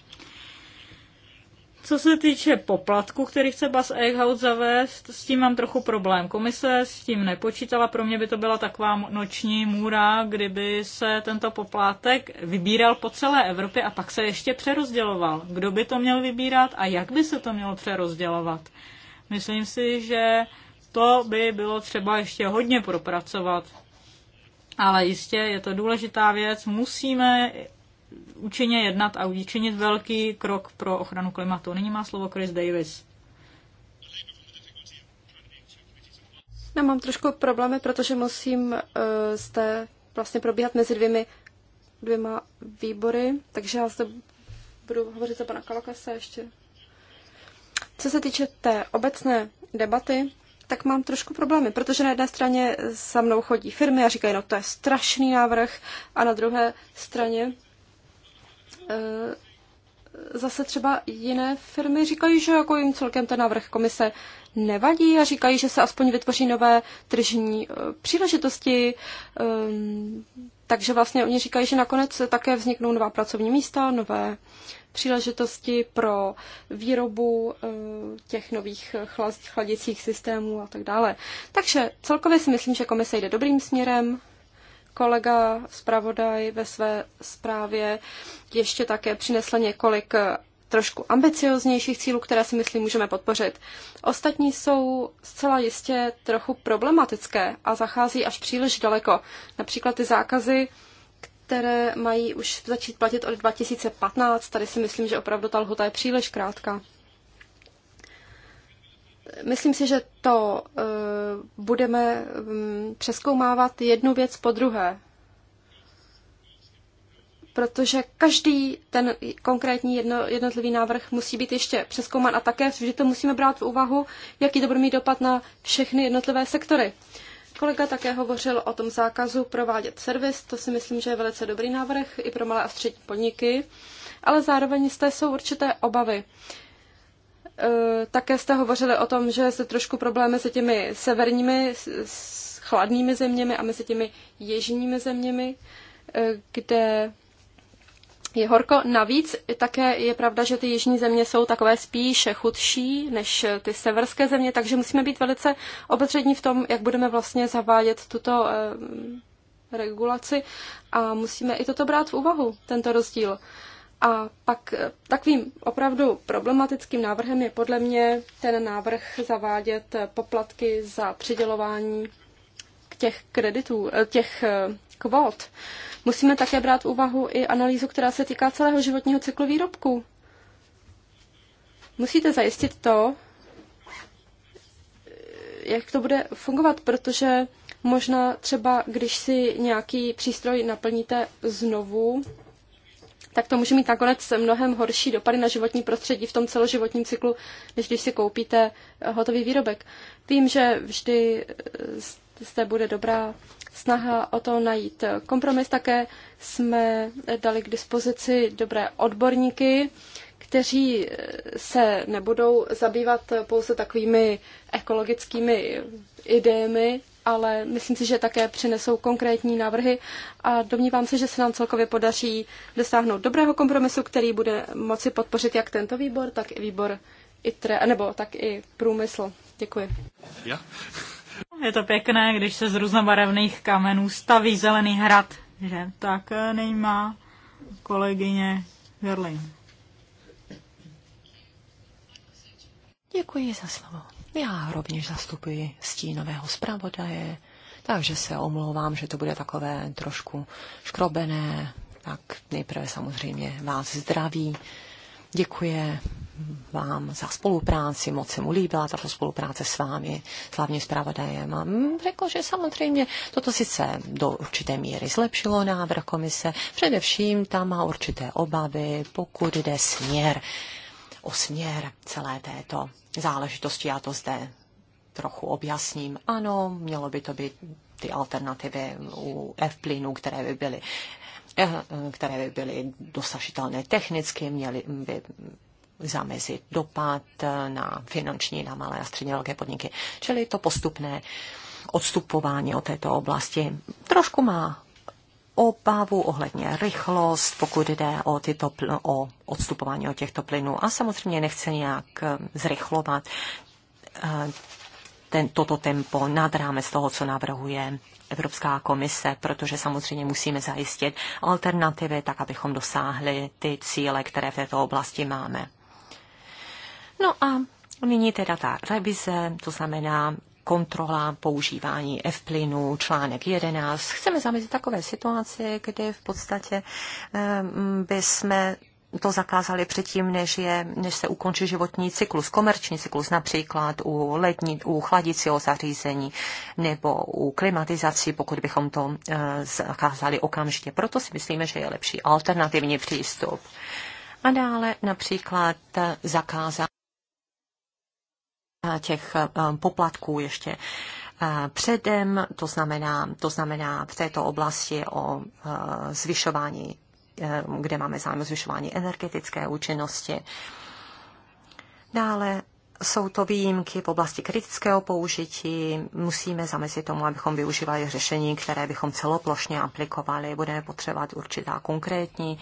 Co se týče poplatku, který chce Bas Eichhout zavést, s tím mám trochu problém. Komise s tím nepočítala, pro mě by to byla taková noční můra, kdyby se tento poplatek vybíral po celé Evropě a pak se ještě přerozděloval. Kdo by to měl vybírat a jak by se to mělo přerozdělovat? Myslím si, že to by bylo třeba ještě hodně propracovat. Ale jistě je to důležitá věc, musíme účinně jednat a učinit velký krok pro ochranu klimatu. Nyní má slovo Chris Davis. Já mám trošku problémy, protože musím uh, zde vlastně probíhat mezi dvěmi, dvěma výbory, takže já zde budu hovořit za pana Kalakase ještě. Co se týče té obecné debaty, tak mám trošku problémy, protože na jedné straně za mnou chodí firmy a říkají, no to je strašný návrh, a na druhé straně Eh, zase třeba jiné firmy říkají, že jako jim celkem ten návrh komise nevadí a říkají, že se aspoň vytvoří nové tržní eh, příležitosti. Ehm, takže vlastně oni říkají, že nakonec také vzniknou nová pracovní místa, nové příležitosti pro výrobu eh, těch nových chladicích systémů a tak dále. Takže celkově si myslím, že komise jde dobrým směrem, Kolega zpravodaj ve své zprávě ještě také přinesl několik eh, trošku ambicioznějších cílů, které si myslím můžeme podpořit. Ostatní jsou zcela jistě trochu problematické a zachází až příliš daleko. Například ty zákazy, které mají už začít platit od 2015, tady si myslím, že opravdu ta lhuta je příliš krátká. Myslím si, že to eh, budeme mm, přeskoumávat jednu věc po druhé, protože každý ten konkrétní jedno, jednotlivý návrh musí být ještě přeskoumán a také vždy to musíme brát v úvahu, jaký to bude mít dopad na všechny jednotlivé sektory. Kolega také hovořil o tom zákazu provádět servis, to si myslím, že je velice dobrý návrh i pro malé a střední podniky, ale zároveň z té jsou určité obavy. Uh, Eh, také jste hovořili o tom, že se trošku problémy se těmi severními s chladnými zeměmi a mezi těmi jižními zeměmi, eh, kde je horko. Navíc také je pravda, že ty jižní země jsou takové spíše chudší než ty severské země, takže musíme být velice obezřední v tom, jak budeme vlastně zavádět tuto eh, regulaci a musíme i toto brát v úvahu, tento rozdíl. A pak eh, takovým opravdu problematickým návrhem je podle mě ten návrh zavádět eh, poplatky za přidělování těch kreditů, eh, těch kvót. Musíme také brát v úvahu i analýzu, která se týká celého životního cyklu výrobku. Musíte zajistit to, jak to bude fungovat, protože možná třeba, když si nějaký přístroj naplníte znovu, tak to může mít nakonec mnohem horší dopady na životní prostředí v tom celoživotním cyklu, než když si koupíte eh, hotový výrobek. Vím, že vždy eh, zde bude dobrá snaha o to najít eh, kompromis. Také jsme dali k dispozici dobré odborníky, kteří se nebudou zabývat pouze takovými ekologickými idejemi, ale myslím si, že také přinesou konkrétní návrhy a domnívám se, že se nám celkově podaří dosáhnout dobrého kompromisu, který bude moci podpořit jak tento výbor, tak i výbor ITRE, nebo tak i průmysl. Děkuji. Já? Je to pěkné, když se z různobarevných kamenů staví zelený hrad, že? Tak nejmá má kolegyně Gerlin. Děkuji za slovo. Já rovněž zastupuji stínového zpravodaje, takže se omlouvám, že to bude takové trošku škrobené. Tak nejprve samozřejmě vás zdraví. Děkuji vám za spolupráci, moc se mu líbila tato spolupráce s vámi, s hlavním zpravodajem. A řekl, že samozřejmě toto sice do určité míry zlepšilo návrh komise, především tam má určité obavy, pokud jde směr o směr celé této záležitosti. Já to zde trochu objasním. Ano, mělo by to být ty alternativy u F-plynů, které by byly eh, které by byly dosažitelné technicky, měly by zamezit dopad na finanční, na malé a středně velké podniky. Čili to postupné odstupování od této oblasti trošku má obavu ohledně rychlost, pokud jde o, tyto, o odstupování od těchto plynů. A samozřejmě nechce nějak eh, zrychlovat eh, ten, toto tempo nad rámec toho, co navrhuje Evropská komise, protože samozřejmě musíme zajistit alternativy, tak abychom dosáhli ty cíle, které v této oblasti máme. No a nyní teda ta revize, to znamená kontrola používání F plynu, článek 11. Chceme zamezit takové situaci, kdy v podstatě by jsme to zakázali předtím, než, je, než se ukončí životní cyklus, komerční cyklus například u, lední, u chladicího zařízení nebo u klimatizací, pokud bychom to e, zakázali okamžitě. Proto si myslíme, že je lepší alternativní přístup. A dále například zakázat těch eh, poplatků ještě eh, předem, to znamená, to znamená v této oblasti o eh, zvyšování, kde máme zájem zvyšování energetické účinnosti. Dále jsou to výjimky v oblasti kritického použití. Musíme zamezit tomu, abychom využívali řešení, které bychom celoplošně aplikovali. Budeme potřebovat určitá konkrétní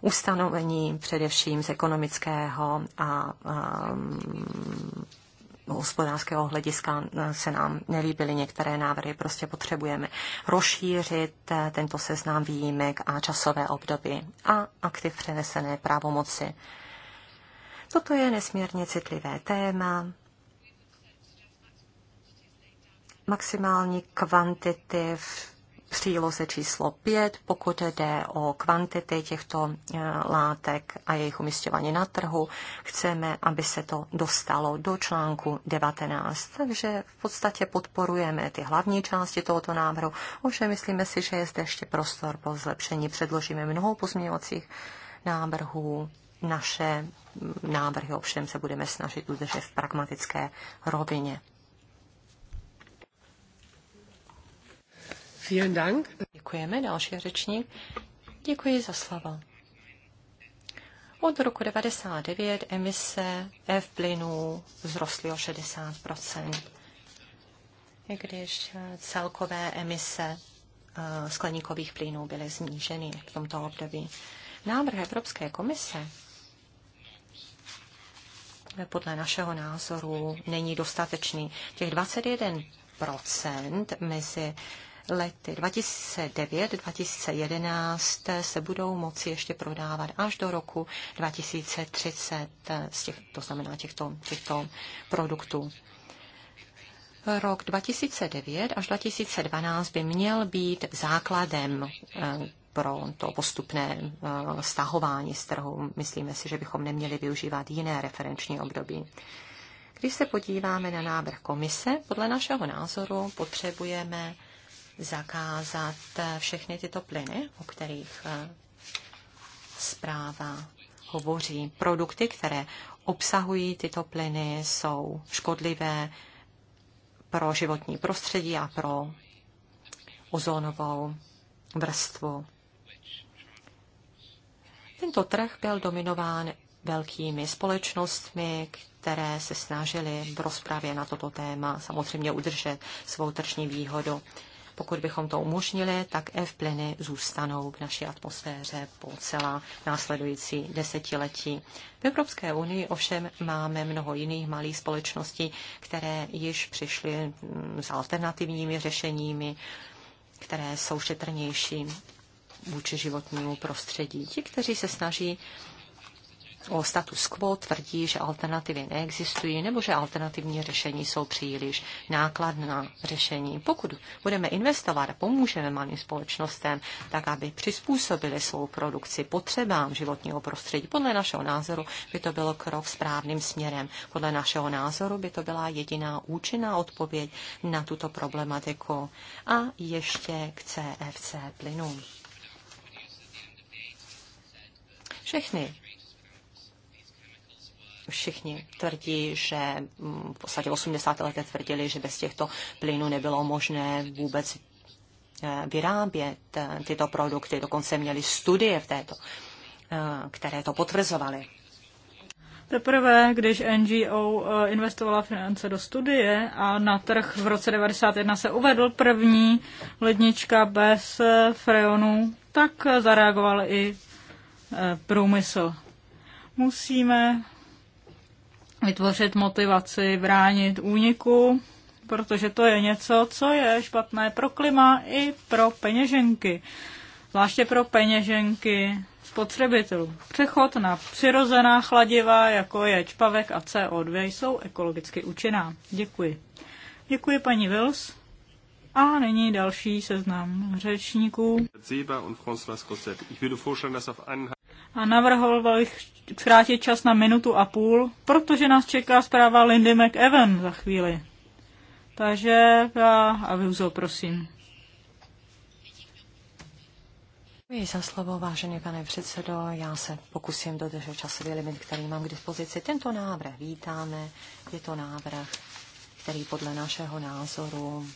ustanovení, především z ekonomického a a ehm, hospodářského hlediska eh, se nám nelíbily některé návrhy. Prostě potřebujeme rozšířit eh, tento seznam výjimek a časové období a aktiv přenesené právomoci. Toto je nesmírně citlivé téma. Maximální kvantity v příloze číslo 5, pokud jde o kvantity těchto eh, látek a jejich umistování na trhu. Chceme, aby se to dostalo do článku 19. Takže v podstatě podporujeme ty hlavní části tohoto návrhu. Ovšem myslíme si, že je zde ještě prostor po zlepšení. Předložíme mnoho pozměňovacích návrhů. Naše návrhy ovšem se budeme snažit udržet v pragmatické rovině. Vielen Dank. Děkujeme, další řečník. Děkuji za slovo. Od roku 1999 emise F plynů vzrostly o 60 i když celkové emise eh, skleníkových plynů byly zníženy v tomto období. Návrh Evropské komise podle našeho názoru není dostatečný. Těch 21 mezi lety 2009-2011 se budou moci ještě prodávat až do roku 2030, z těch, to znamená těchto, těchto produktů. Rok 2009 až 2012 by měl být základem eh, pro to postupné eh, stahování z trhu. Myslíme si, že bychom neměli využívat jiné referenční období. Když se podíváme na návrh komise, podle našeho názoru potřebujeme zakázat eh, všechny tyto plyny, o kterých eh, zpráva hovoří. Produkty, které obsahují tyto plyny, jsou škodlivé pro životní prostředí a pro ozónovou vrstvu. Tento trh byl dominován velkými společnostmi, které se snažily v rozpravě na toto téma samozřejmě udržet svou tržní výhodu. Pokud bychom to umožnili, tak F plyny zůstanou v naší atmosféře po celá následující desetiletí. V Evropské unii ovšem máme mnoho jiných malých společností, které již přišly mm, s alternativními řešeními, které jsou šetrnější vůči životnímu prostředí. Ti, kteří se snaží o status quo tvrdí, že alternativy neexistují nebo že alternativní řešení jsou příliš nákladná řešení. Pokud budeme investovat a pomůžeme malým společnostem, tak aby přizpůsobili svou produkci potřebám životního prostředí, podle našeho názoru by to byl krok správným směrem. Podle našeho názoru by to byla jediná účinná odpověď na tuto problematiku. A ještě k CFC plynům. Všechny všichni tvrdí, že mm, v podstatě 80 letech tvrdili, že bez těchto plynů nebylo možné vůbec eh, vyrábět eh, tyto produkty. Dokonce měli studie v této, eh, které to potvrzovaly. Teprve, když NGO investovala finance do studie a na trh v roce 1991 se uvedl první lednička bez freonů, tak zareagoval i průmysl. Musíme vytvořit motivaci bránit úniku, protože to je něco, co je špatné pro klima i pro peněženky. Zvláště pro peněženky spotřebitelů. Přechod na přirozená chladiva, jako je čpavek a CO2, jsou ekologicky účinná. Děkuji. Děkuji paní Wills. A nyní další seznam řečníků a navrhoval bych zkrátit čas na minutu a půl, protože nás čeká zpráva Lindy McEwen za chvíli. Takže já a vyuzo, prosím. Děkuji za slovo, vážený pane předsedo. Já se pokusím dodržet časový limit, který mám k dispozici. Tento návrh vítáme. Je to návrh, který podle našeho názoru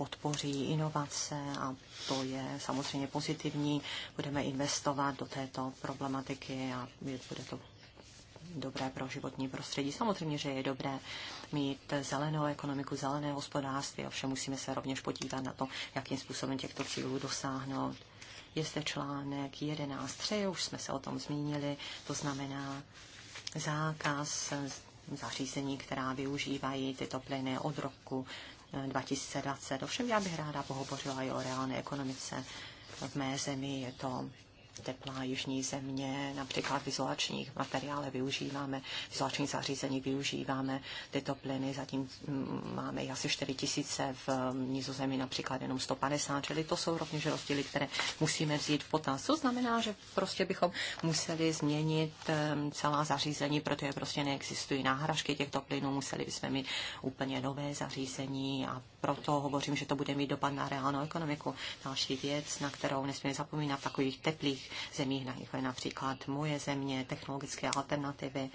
podpoří inovace a to je samozřejmě pozitivní. Budeme investovat do této problematiky a bude to dobré pro životní prostředí. Samozřejmě, že je dobré mít zelenou ekonomiku, zelené hospodářství, ovšem musíme se rovněž podívat na to, jakým způsobem těchto cílů dosáhnout. Je zde článek 11.3, už jsme se o tom zmínili, to znamená zákaz zařízení, která využívají tyto plyny od roku 2020. Ovšem já bych ráda pohovořila i o reálné ekonomice. V mé zemi je to teplá jižní země, například v izolačních materiále využíváme, v izolačních zařízení využíváme tyto plyny, zatím mm, máme asi 4 tisíce v mm, nízozemí, například jenom 150, čili to jsou rovněž rozdíly, které musíme vzít v potaz. To znamená, že prostě bychom museli změnit mm, celá zařízení, protože prostě neexistují náhražky těchto plynů, museli bychom mít úplně nové zařízení a proto hovořím, že to bude mít dopad na reálnou ekonomiku. Další věc, na kterou nesmíme zapomínat v takových teplých zemích, jako je například moje země, technologické alternativy,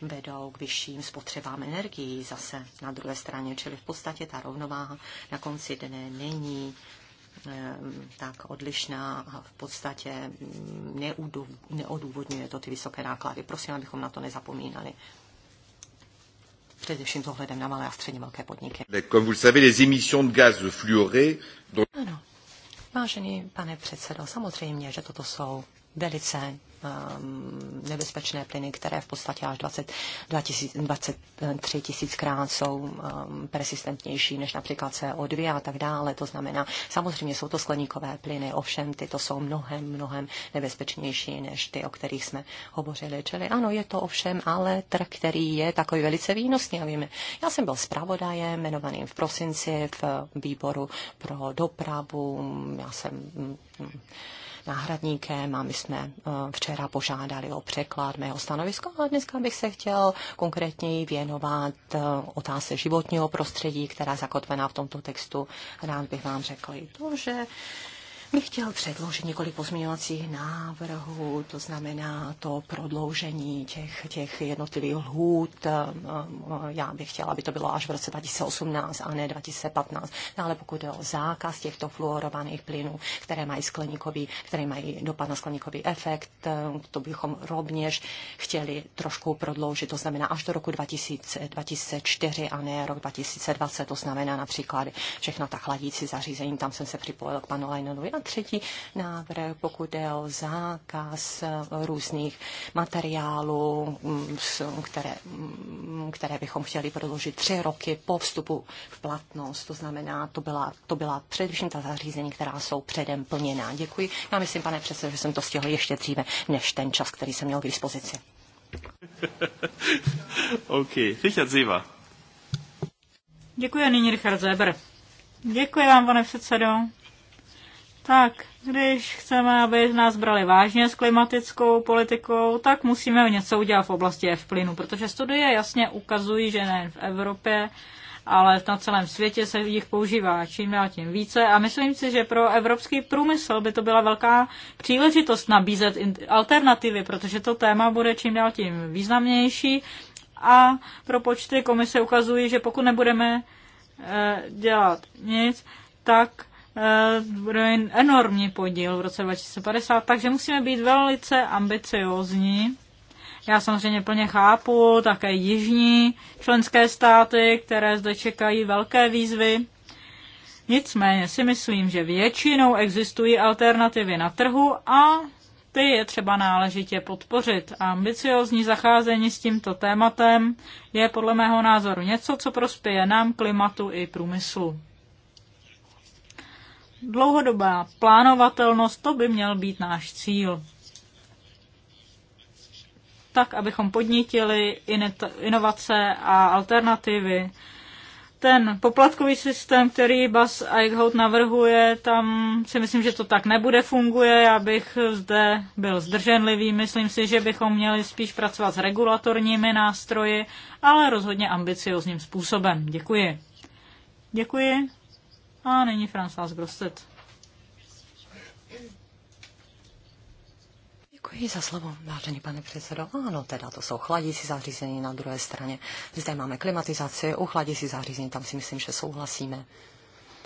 vedou k vyšším spotřebám energií zase na druhé straně. Čili v podstatě ta rovnováha na konci dne není eh, tak odlišná a v podstatě mm, neodůvodňuje to ty vysoké náklady. Prosím, abychom na to nezapomínali především s ohledem na malé a středně velké podniky. Ano, vážený pane předsedo, samozřejmě, že toto jsou velice Um, nebezpečné plyny, které v podstatě až 20, 20, 23 tisíckrát jsou um, persistentnější než například CO2 a tak dále. To znamená, samozřejmě jsou to skleníkové plyny, ovšem tyto jsou mnohem, mnohem nebezpečnější než ty, o kterých jsme hovořili. Čili ano, je to ovšem ale trh, který je takový velice výnosný. A víme, já jsem byl zpravodajem jmenovaným v prosinci v výboru pro dopravu. Já jsem mm, mm, náhradníkem a my jsme eh, včera požádali o překlad mého stanoviska a dneska bych se chtěl konkrétněji věnovat eh, otázce životního prostředí, která je zakotvená v tomto textu. Rád bych vám řekl i to, že bych chtěl předložit několik pozměňovacích návrhů, to znamená to prodloužení těch, těch jednotlivých lhůt. Já bych chtěla, aby to bylo až v roce 2018 a ne 2015. No, ale pokud je o zákaz těchto fluorovaných plynů, které mají skleníkový, které mají dopad na skleníkový efekt, to bychom rovněž chtěli trošku prodloužit, to znamená až do roku 2000, 2004 a ne rok 2020, to znamená například všechno ta chladící zařízení, tam jsem se připojil k panu Já třetí návrh, pokud jde o zákaz různých materiálů, mm, které, mm, které bychom chtěli prodloužit tři roky po vstupu v platnost. To znamená, to byla, to byla především ta zařízení, která jsou předem plněná. Děkuji. Já myslím, pane předsedo, že jsem to stihl ještě dříve, než ten čas, který jsem měl k dispozici. OK, Richard Ziva. Děkuji, nyní Richard Zeber. Děkuji vám, pane předsedo. Tak, když chceme, aby nás brali vážně s klimatickou politikou, tak musíme něco udělat v oblasti F-plynu, protože studie jasně ukazují, že ne v Evropě, ale na celém světě se jich používá čím dál tím více a myslím si, že pro evropský průmysl by to byla velká příležitost nabízet alternativy, protože to téma bude čím dál tím významnější a pro počty komise ukazují, že pokud nebudeme eh, dělat nic, tak bude enormní podíl v roce 2050, takže musíme být velice ambiciozní. Já samozřejmě plně chápu také jižní členské státy, které zde čekají velké výzvy. Nicméně si myslím, že většinou existují alternativy na trhu a ty je třeba náležitě podpořit. A ambiciozní zacházení s tímto tématem je podle mého názoru něco, co prospěje nám, klimatu i průmyslu. Dlouhodobá plánovatelnost, to by měl být náš cíl. Tak, abychom podnítili inovace a alternativy. Ten poplatkový systém, který Bas Eichhout navrhuje, tam si myslím, že to tak nebude funguje. Já bych zde byl zdrženlivý. Myslím si, že bychom měli spíš pracovat s regulatorními nástroji, ale rozhodně ambiciozním způsobem. Děkuji. Děkuji. A nyní Francis Grosset. Děkuji za slovo, vážený pane předsedo. Ano, teda to jsou chladící zařízení na druhé straně. Zde máme klimatizaci, u chladící zařízení, tam si myslím, že souhlasíme.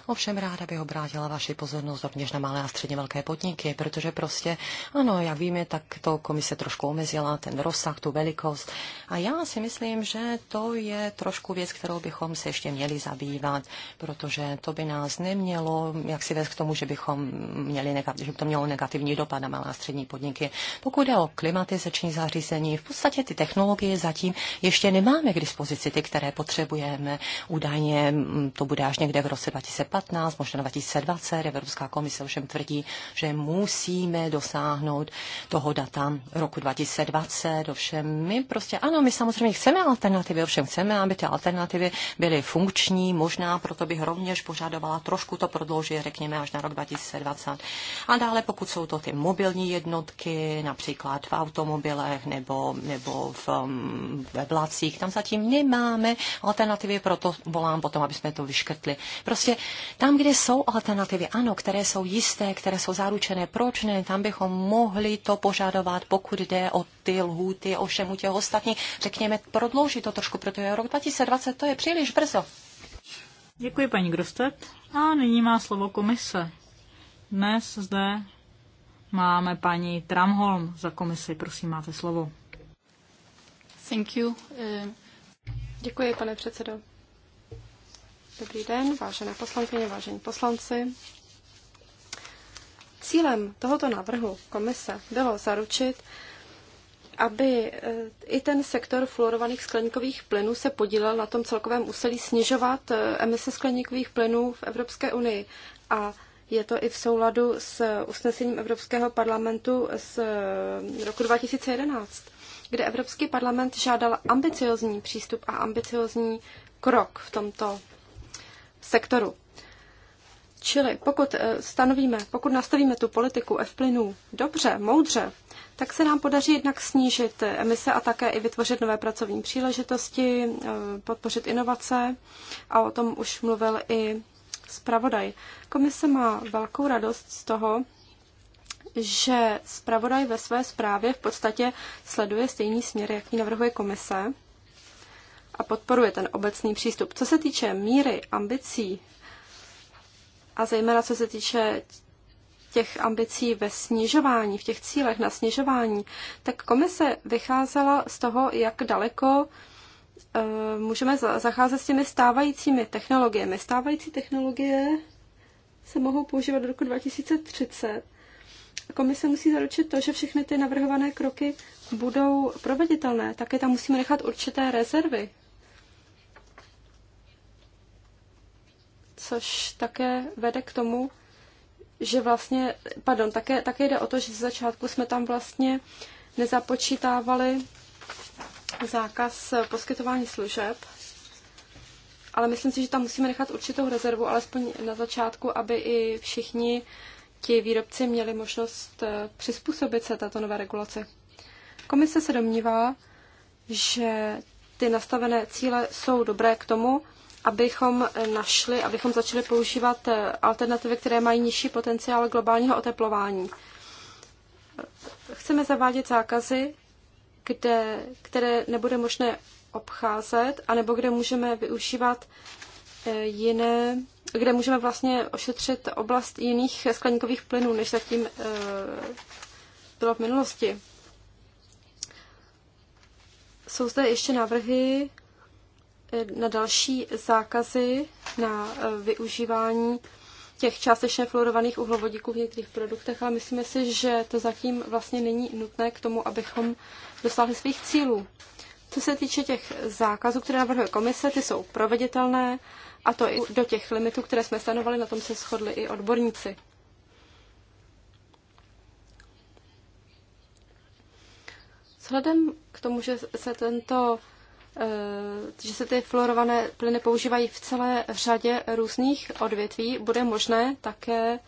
Ovšem ráda bych obrátila vaši pozornost rovněž na malé a středně velké podniky, protože prostě, ano, jak víme, tak to komise trošku omezila, ten rozsah, tu velikost. A já si myslím, že to je trošku věc, kterou bychom se ještě měli zabývat, protože to by nás nemělo, jak si vést k tomu, že bychom měli negativ, že by to mělo negativní dopad na malé a střední podniky. Pokud je o klimatizační zařízení, v podstatě ty technologie zatím ještě nemáme k dispozici, ty, které potřebujeme. Údajně mm, to bude až někde v roce 2000 2015, možná 2020. Evropská komise ovšem tvrdí, že musíme dosáhnout toho data roku 2020. Ovšem my prostě, ano, my samozřejmě chceme alternativy, ovšem chceme, aby ty alternativy byly funkční, možná proto bych rovněž požadovala trošku to prodloužit, řekněme, až na rok 2020. A dále, pokud jsou to ty mobilní jednotky, například v automobilech nebo, nebo v, mm, ve vlacích, tam zatím nemáme alternativy, proto volám potom, aby jsme to vyškrtli. Prostě tam, kde jsou alternativy, ano, které jsou jisté, které jsou zaručené, proč ne, tam bychom mohli to požadovat, pokud jde o ty lhůty, o všem u těch ostatních. Řekněme, prodloužit to trošku, protože rok 2020 to je příliš brzo. Děkuji, paní Grostet. A nyní má slovo komise. Dnes zde máme paní Tramholm za komisi. Prosím, máte slovo. Thank you. Eh. Děkuji, pane předsedo. Dobrý den, vážené poslankyně, vážení poslanci. Cílem tohoto návrhu komise bylo zaručit, aby e, i ten sektor fluorovaných skleníkových plynů se podílel na tom celkovém úsilí snižovat e, emise skleníkových plynů v Evropské unii. A je to i v souladu s usnesením Evropského parlamentu z e, roku 2011, kde Evropský parlament žádal ambiciozní přístup a ambiciozní krok v tomto sektoru. Čili pokud eh, stanovíme, pokud nastavíme tu politiku F plynů dobře, moudře, tak se nám podaří jednak snížit emise a také i vytvořit nové pracovní příležitosti, eh, podpořit inovace a o tom už mluvil i zpravodaj. Komise má velkou radost z toho, že zpravodaj ve své zprávě v podstatě sleduje stejný směr, jaký navrhuje komise a podporuje ten obecný přístup. Co se týče míry ambicí a zejména co se týče těch ambicí ve snižování, v těch cílech na snižování, tak komise vycházela z toho, jak daleko eh, můžeme zacházet s těmi stávajícími technologiemi. Stávající technologie se mohou používat do roku 2030. Komise musí zaručit to, že všechny ty navrhované kroky budou proveditelné. Také tam musíme nechat určité rezervy, což také vede k tomu, že vlastně, pardon, také, také jde o to, že z začátku jsme tam vlastně nezapočítávali zákaz poskytování služeb, ale myslím si, že tam musíme nechat určitou rezervu, alespoň na začátku, aby i všichni ti výrobci měli možnost eh, přizpůsobit se této nové regulaci. Komise se domnívá, že ty nastavené cíle jsou dobré k tomu, abychom našli, abychom začali používat eh, alternativy, které mají nižší potenciál globálního oteplování. Chceme zavádět zákazy, kde, které nebude možné obcházet, anebo kde můžeme využívat eh, jiné, kde můžeme vlastně ošetřit oblast jiných skleníkových plynů, než zatím eh, bylo v minulosti. Jsou zde ještě návrhy na další zákazy na eh, využívání těch částečně fluorovaných uhlovodíků v některých produktech, ale myslíme si, že to zatím vlastně není nutné k tomu, abychom dosáhli svých cílů. Co se týče těch zákazů, které navrhuje komise, ty jsou proveditelné a to i do těch limitů, které jsme stanovali, na tom se shodli i odborníci. Vzhledem k tomu, že se tento Eh, že se ty fluorované plyny používají v celé řadě různých odvětví, bude možné také,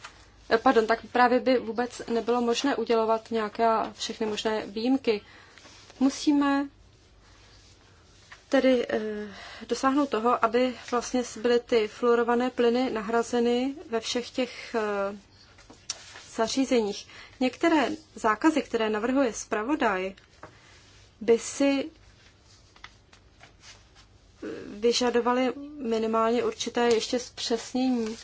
eh, pardon, tak právě by vůbec nebylo možné udělovat nějaké všechny možné výjimky. Musíme tedy e, dosáhnout toho, aby vlastně byly ty fluorované plyny nahrazeny ve všech těch e, zařízeních. Některé zákazy, které navrhuje zpravodaj, by si vyžadovali minimálně určité ještě zpřesnění,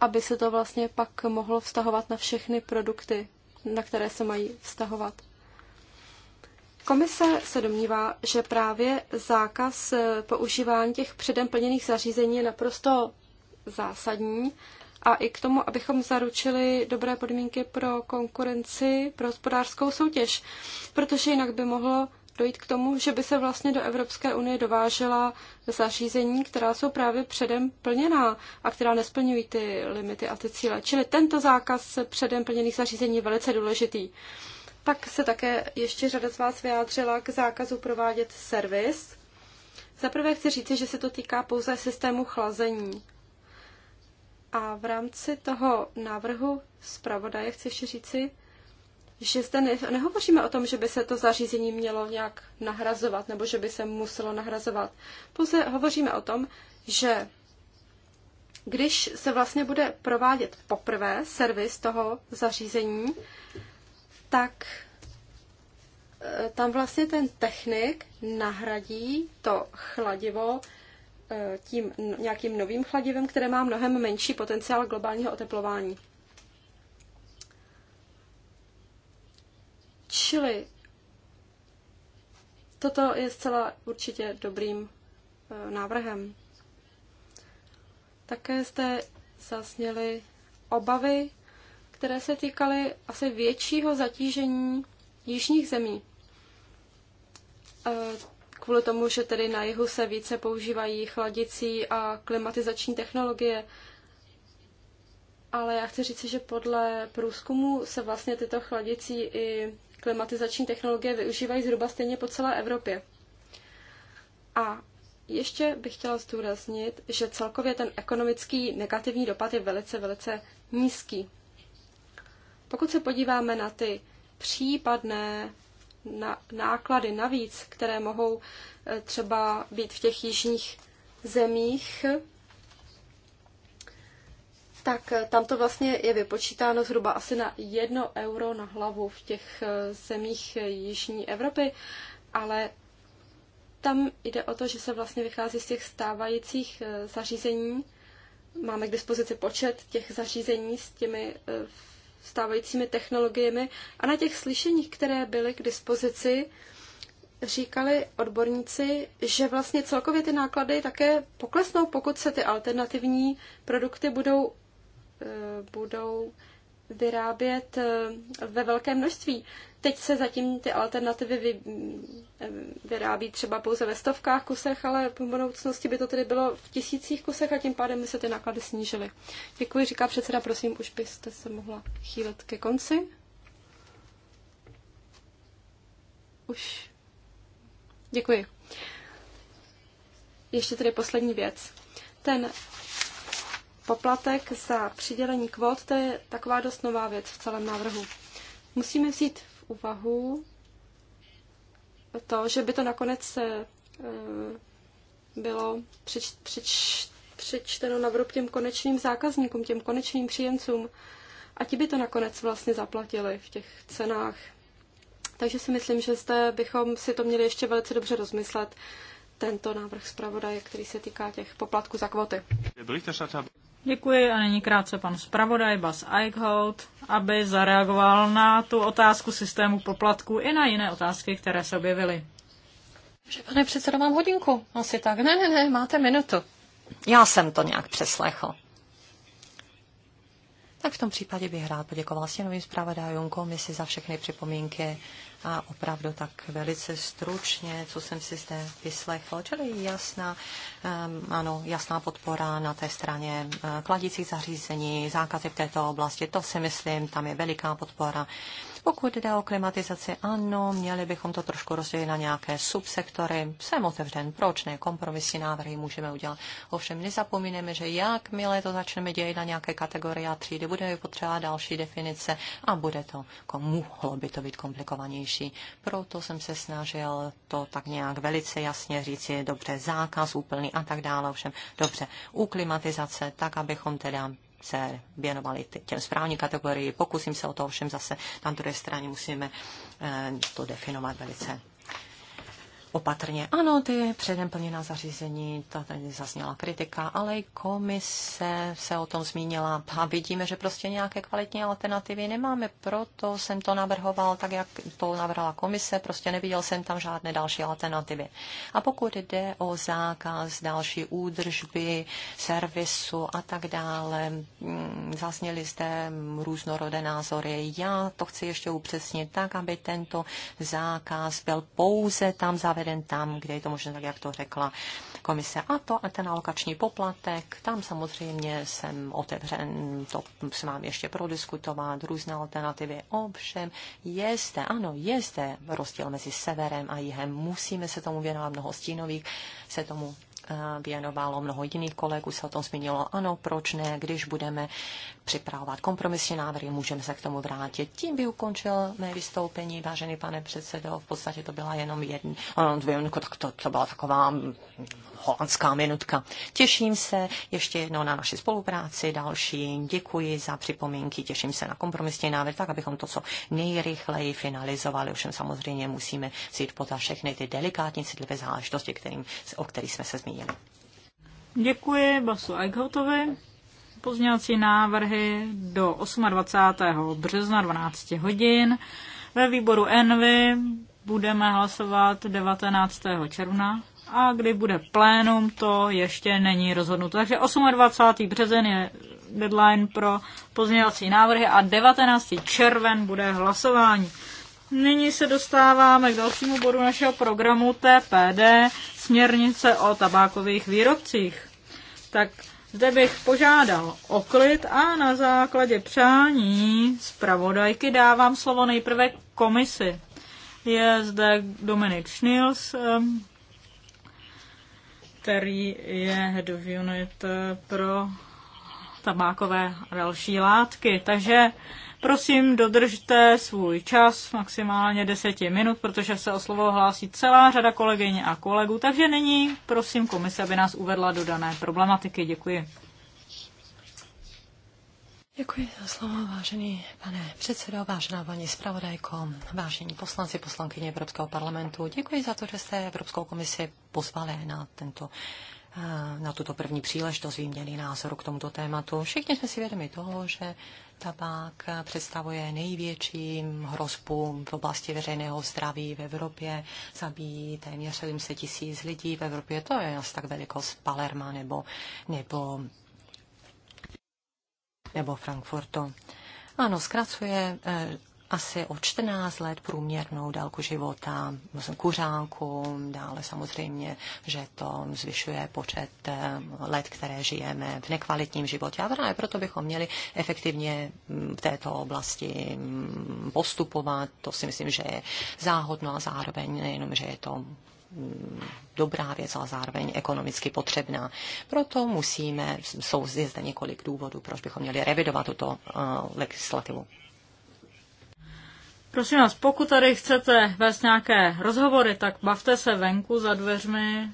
aby se to vlastně pak mohlo vztahovat na všechny produkty, na které se mají vztahovat. Komise se domnívá, že právě zákaz používání těch předem plněných zařízení je naprosto zásadní a i k tomu, abychom zaručili dobré podmínky pro konkurenci, pro hospodářskou soutěž, protože jinak by mohlo dojít k tomu, že by se vlastně do Evropské unie dovážela zařízení, která jsou právě předem plněná a která nesplňují ty limity a ty cíle. Čili tento zákaz předem plněných zařízení je velice důležitý. Pak se také ještě řada z vás vyjádřila k zákazu provádět servis. Za prvé chci říci, že se to týká pouze systému chlazení. A v rámci toho návrhu zpravodaje chci ještě říci, že zde nehovoříme o tom, že by se to zařízení mělo nějak nahrazovat nebo že by se muselo nahrazovat. Pouze hovoříme o tom, že když se vlastně bude provádět poprvé servis toho zařízení, tak e, tam vlastně ten technik nahradí to chladivo e, tím nějakým novým chladivem, které má mnohem menší potenciál globálního oteplování. Čili toto je zcela určitě dobrým eh, návrhem. Také jste zasněli obavy, které se týkaly asi většího zatížení jižních zemí. Eh, kvůli tomu, že tedy na jihu se více používají chladicí a klimatizační technologie. Ale já chci říct, že podle průzkumu se vlastně tyto chladicí i klimatizační technologie využívají zhruba stejně po celé Evropě. A ještě bych chtěla zdůraznit, že celkově ten ekonomický negativní dopad je velice, velice nízký. Pokud se podíváme na ty případné náklady navíc, které mohou eh, třeba být v těch jižních zemích, tak eh, tam to vlastně je vypočítáno zhruba asi na jedno euro na hlavu v těch eh, zemích eh, Jižní Evropy, ale tam jde o to, že se vlastně vychází z těch stávajících zařízení. Máme k dispozici počet těch zařízení s těmi stávajícími technologiemi a na těch slyšeních, které byly k dispozici, říkali odborníci, že vlastně celkově ty náklady také poklesnou, pokud se ty alternativní produkty budou budou vyrábět eh, ve velké množství. Teď se zatím ty alternativy vy, eh, vyrábí třeba pouze ve stovkách kusech, ale v budoucnosti by to tedy bylo v tisících kusech a tím pádem by se ty náklady snížily. Děkuji, říká předseda, prosím, už byste se mohla chýlet ke konci. Už. Děkuji. Ještě tedy poslední věc. Ten poplatek za přidělení kvót, to je taková dost nová věc v celém návrhu. Musíme vzít v úvahu to, že by to nakonec e, bylo přič, přič, přičteno na vrub těm konečným zákazníkům, těm konečným příjemcům. A ti by to nakonec vlastně zaplatili v těch cenách. Takže si myslím, že zde bychom si to měli ještě velice dobře rozmyslet, tento návrh zpravodaje, který se týká těch poplatků za kvoty. Děkuji a nyní krátce pan zpravodaj Bas Eichhout, aby zareagoval na tu otázku systému poplatků i na jiné otázky, které se objevily. Že pane předsedo, mám hodinku, asi tak. Ne, ne, ne, máte minutu. Já jsem to nějak přeslechl. Tak v tom případě bych rád poděkoval stěnovým zpravodajům komisi za všechny připomínky a opravdu tak velice stručně, co jsem si zde vyslechl, čili jasná, um, ano, jasná podpora na té straně eh, kladících zařízení, zákazy v této oblasti, to si myslím, tam je veliká podpora. Uh, pokud jde o klimatizaci, ano, měli bychom to trošku rozdělit na nějaké subsektory. Jsem otevřen, proč ne? Kompromisní návrhy můžeme udělat. Ovšem nezapomínáme, že jakmile to začneme dělat na nějaké kategorie a třídy, bude potřeba další definice a bude to, mohlo by to být komplikovanější. Proto jsem se snažil to tak nějak velice jasně je dobře, zákaz úplný a tak dále. Ovšem, dobře, u klimatizace, tak abychom teda se věnovali těm správným kategorii. Pokusím se o to ovšem zase na druhé straně musíme eh, to definovat velice opatrně. Ano, ty předem plněná zařízení, ta tady zazněla kritika, ale i komise se o tom zmínila a vidíme, že prostě nějaké kvalitní alternativy nemáme, proto jsem to navrhoval tak, jak to navrhla komise, prostě neviděl jsem tam žádné další alternativy. A pokud jde o zákaz další údržby, servisu a tak dále, mm, zazněly zde různorodé názory. Já to chci ještě upřesnit tak, aby tento zákaz byl pouze tam zaveden zaveden tam, kde je to možné, tak jak to řekla komise. A to a ten alokační poplatek, tam samozřejmě jsem otevřen, to se mám ještě prodiskutovat, různé alternativy. Ovšem, je zde, ano, je zde rozdíl mezi severem a jihem. Musíme se tomu věnovat, mnoho stínových se tomu Eh, věnovalo, mnoho jiných kolegů se o tom zmínilo. Ano, proč ne, když budeme připravovat kompromisní návrhy, můžeme se k tomu vrátit. Tím by ukončil mé vystoupení, vážený pane předsedo. V podstatě to byla jenom jedna, dvě minuty, tak to, to byla taková mm, holandská minutka. Těším se ještě jednou na naši spolupráci další. Děkuji za připomínky, těším se na kompromisní návrh, tak abychom to co nejrychleji finalizovali. Ovšem samozřejmě musíme vzít potaz všechny ty delikátní citlivé záležitosti, kterým, o kterých jsme se zmínili zmínil. Děkuji Basu Eichhoutovi. Pozměňovací návrhy do 28. března 12 hodin. Ve výboru Envy budeme hlasovat 19. června a kdy bude plénum, to ještě není rozhodnuto. Takže 28. březen je deadline pro pozměňovací návrhy a 19. červen bude hlasování. Nyní se dostáváme k dalšímu bodu našeho programu TPD, směrnice o tabákových výrobcích. Tak zde bych požádal o klid a na základě přání zpravodajky dávám slovo nejprve komisi. Je zde Dominik Schnils, který je head of unit pro tabákové a další látky. Takže Prosím, dodržte svůj čas maximálně 10 minut, protože se o slovo hlásí celá řada kolegyně a kolegů, takže nyní prosím komise, aby nás uvedla do dané problematiky. Děkuji. Děkuji za slovo, vážený pane předsedo, vážená paní zpravodajko, vážení poslanci, poslankyně Evropského parlamentu. Děkuji za to, že jste Evropskou komisi pozvali na tento eh, na tuto první příležitost výměny názoru k tomuto tématu. Všichni jsme si vědomi toho, že tabák představuje největší hrozbu v oblasti veřejného zdraví v Evropě. Zabíjí téměř 700 tisíc lidí v Evropě. To je asi tak velikost Palerma nebo, nebo, nebo Frankfurtu. Ano, zkracuje eh, asi o 14 let průměrnou délku života kuřánku, dále samozřejmě, že to zvyšuje počet eh, let, které žijeme v nekvalitním životě. A právě proto bychom měli efektivně mm, v této oblasti mm, postupovat. To si myslím, že je záhodno a zároveň nejenom, že je to mm, dobrá věc, ale zároveň ekonomicky potřebná. Proto musíme, jsou zde několik důvodů, proč bychom měli revidovat tuto eh, legislativu. Prosím vás, pokud tady chcete vést nějaké rozhovory, tak bavte se venku za dveřmi,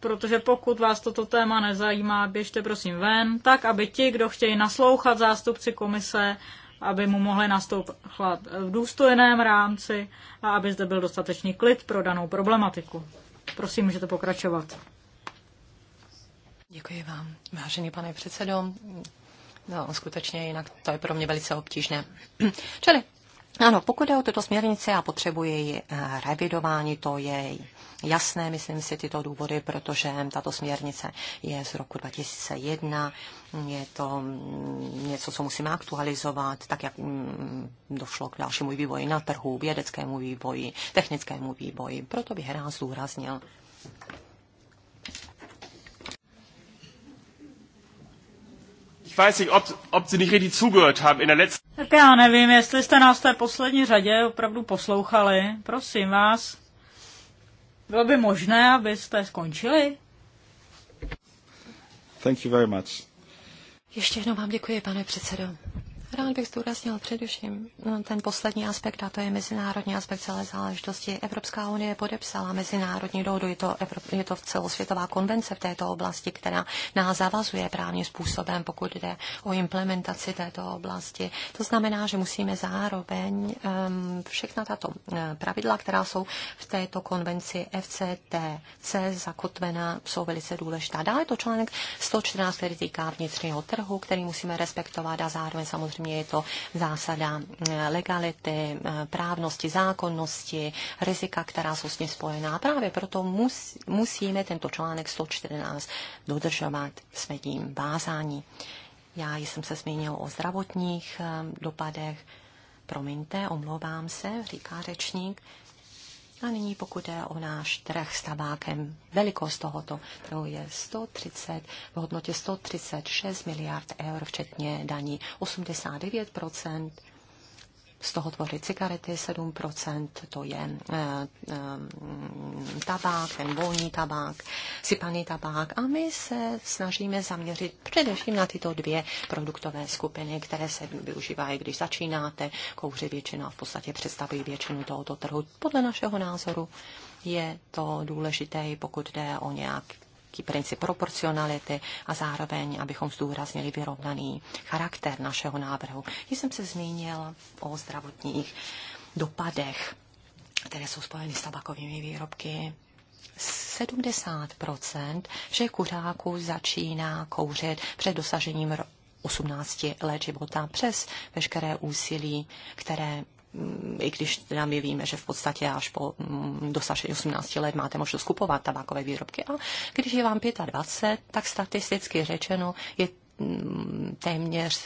protože pokud vás toto téma nezajímá, běžte prosím ven, tak aby ti, kdo chtějí naslouchat zástupci komise, aby mu mohli nastoupit v důstojném rámci a aby zde byl dostatečný klid pro danou problematiku. Prosím, můžete pokračovat. Děkuji vám, vážený pane předsedo. No, skutečně jinak to je pro mě velice obtížné. Čili ano, pokud je o tyto směrnice a potřebuje ji eh, revidování, to je jasné, myslím si, tyto důvody, protože tato směrnice je z roku 2001, je to mm, něco, co musíme aktualizovat, tak jak mm, došlo k dalšímu vývoji na trhu, vědeckému vývoji, technickému vývoji. Proto bych rád zdůraznil. Ich weiß nicht, ob, ob Sie nicht richtig zugehört haben in der letzten tak já nevím, jestli jste nás v té poslední řadě opravdu poslouchali. Prosím vás, bylo by možné, abyste skončili? Thank you very much. Ještě jednou vám děkuji, pane předsedo. Rád bych zdůraznil především no, ten poslední aspekt, a to je mezinárodní aspekt celé záležitosti. Evropská unie podepsala mezinárodní dohodu, je to, Evrop, je to celosvětová konvence v této oblasti, která nás zavazuje právním způsobem, pokud jde o implementaci této oblasti. To znamená, že musíme zároveň um, všechna tato e, pravidla, která jsou v této konvenci FCTC zakotvená, jsou velice důležitá. Dále to článek 114, který týká vnitřního trhu, který musíme respektovat a zároveň samozřejmě samozřejmě je to zásada eh, legality, eh, právnosti, zákonnosti, rizika, která jsou s ním spojená. Právě proto mus, musíme tento článek 114 dodržovat, s tím vázání. Já jsem se zmínil o zdravotních eh, dopadech. Promiňte, omlouvám se, říká řečník. A nyní pokud je o náš trh s tabákem, velikost tohoto trhu je 130, v hodnotě 136 miliard eur, včetně daní 89 z toho tvoří cigarety 7%, to je e, e, tabák, ten volný tabák, sypaný tabák a my se snažíme zaměřit především na tyto dvě produktové skupiny, které se využívají, když začínáte kouřit většina, v podstatě představují většinu tohoto trhu. Podle našeho názoru je to důležité, pokud jde o nějaký nějaký princip proporcionality a zároveň, abychom zdůraznili vyrovnaný charakter našeho návrhu. Když jsem se zmínil o zdravotních dopadech, které jsou spojeny s tabakovými výrobky. 70 všech kuřáků začíná kouřit před dosažením 18 let života přes veškeré úsilí, které i když teda my víme, že v podstatě až po mm, dosažení 18 let máte možnost kupovat tabákové výrobky. A když je vám 25, tak statisticky řečeno je mm, téměř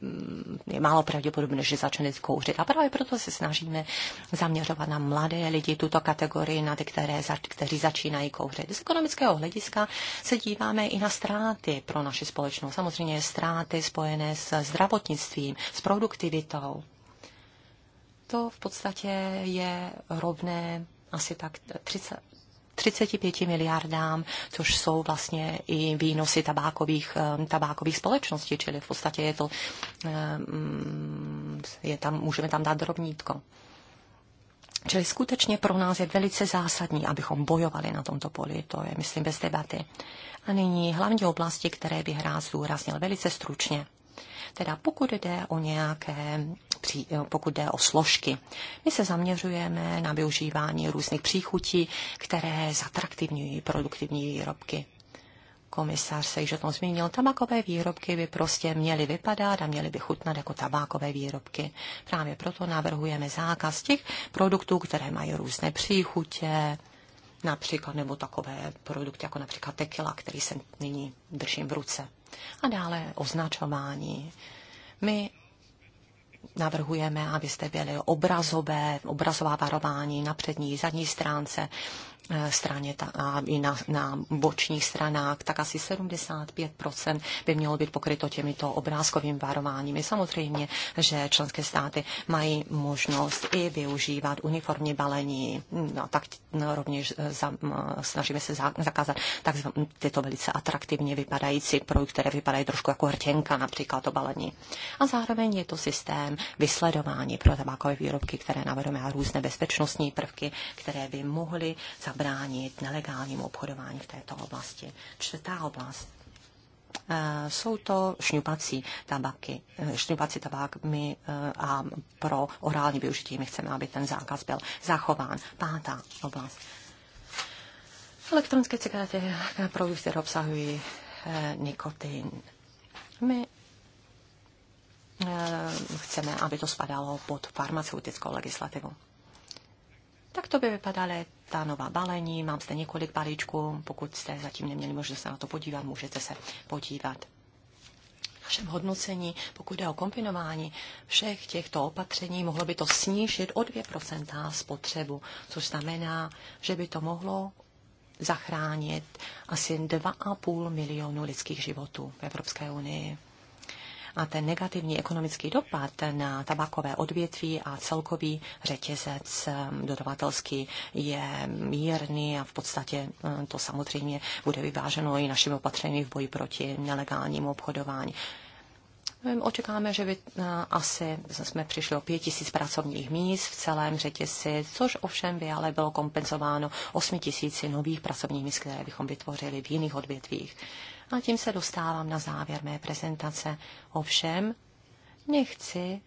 mm, je málo pravděpodobné, že začne kouřit. A právě proto se snažíme zaměřovat na mladé lidi, tuto kategorii, na ty, které, kteří začínají kouřit. Z ekonomického hlediska se díváme i na ztráty pro naši společnost. Samozřejmě ztráty spojené s zdravotnictvím, s produktivitou to v podstatě je rovné asi tak 30, 35 miliardám, což jsou vlastně i výnosy tabákových, eh, tabákových společností, čili v podstatě je to, eh, mm, je tam, můžeme tam dát drobnítko. Čili skutečně pro nás je velice zásadní, abychom bojovali na tomto poli, to je, myslím, bez debaty. A nyní hlavní oblasti, které bych rád zdůraznil velice stručně. Teda pokud jde o nějaké, eh, pokud jde o složky, my se zaměřujeme na využívání různých příchutí, které zatraktivňují produktivní výrobky komisař se již o tom zmínil, tabakové výrobky by prostě měly vypadat a měly by chutnat jako tabákové výrobky. Právě proto navrhujeme zákaz těch produktů, které mají různé příchutě, například nebo takové produkty jako například tequila, který jsem nyní držím v ruce. A dále označování. My navrhujeme, abyste byli obrazové, obrazová varování na přední, zadní stránce Eh, straně ta, a i na, na bočních stranách, tak asi 75% by mělo být pokryto těmito obrázkovými varováními. Samozřejmě, že členské státy mají možnost i využívat uniformní balení, no, tak no, rovněž eh, za, snažíme se zakázat tak tyto velice atraktivně vypadající produkty, které vypadají trošku jako hrtěnka, například to balení. A zároveň je to systém vysledování pro tabákové výrobky, které navedeme a různé bezpečnostní prvky, které by mohly za zabránit nelegálnímu obchodování v této oblasti. Čtvrtá oblast. Eh, jsou to šňupací tabaky, eh, šňupací tabák my eh, a pro orální využití my chceme, aby ten zákaz byl zachován. Pátá oblast. Elektronické cigarety, produkty, které obsahují nikotin. My chceme, aby to spadalo pod farmaceutickou legislativu. Tak to by vypadaly ta nová balení. Mám zde několik balíčků. Pokud jste zatím neměli možnost se na to podívat, můžete se podívat v našem hodnocení, pokud jde o kombinování všech těchto opatření, mohlo by to snížit o 2% spotřebu, což znamená, že by to mohlo zachránit asi 2,5 milionu lidských životů v Evropské unii a ten negativní ekonomický dopad na tabakové odvětví a celkový řetězec um, dodavatelský je mírný a v podstatě uh, to samozřejmě bude vyváženo i našimi opatřeními v boji proti nelegálnímu obchodování. Očekáváme, že by uh, asi jsme přišli o 5 tisíc pracovních míst v celém řetězci, což ovšem by ale bylo kompenzováno 8 tisíci nových pracovních míst, které bychom vytvořili v jiných odvětvích. A tím se dostávám na závěr mé prezentace. Ovšem, nechci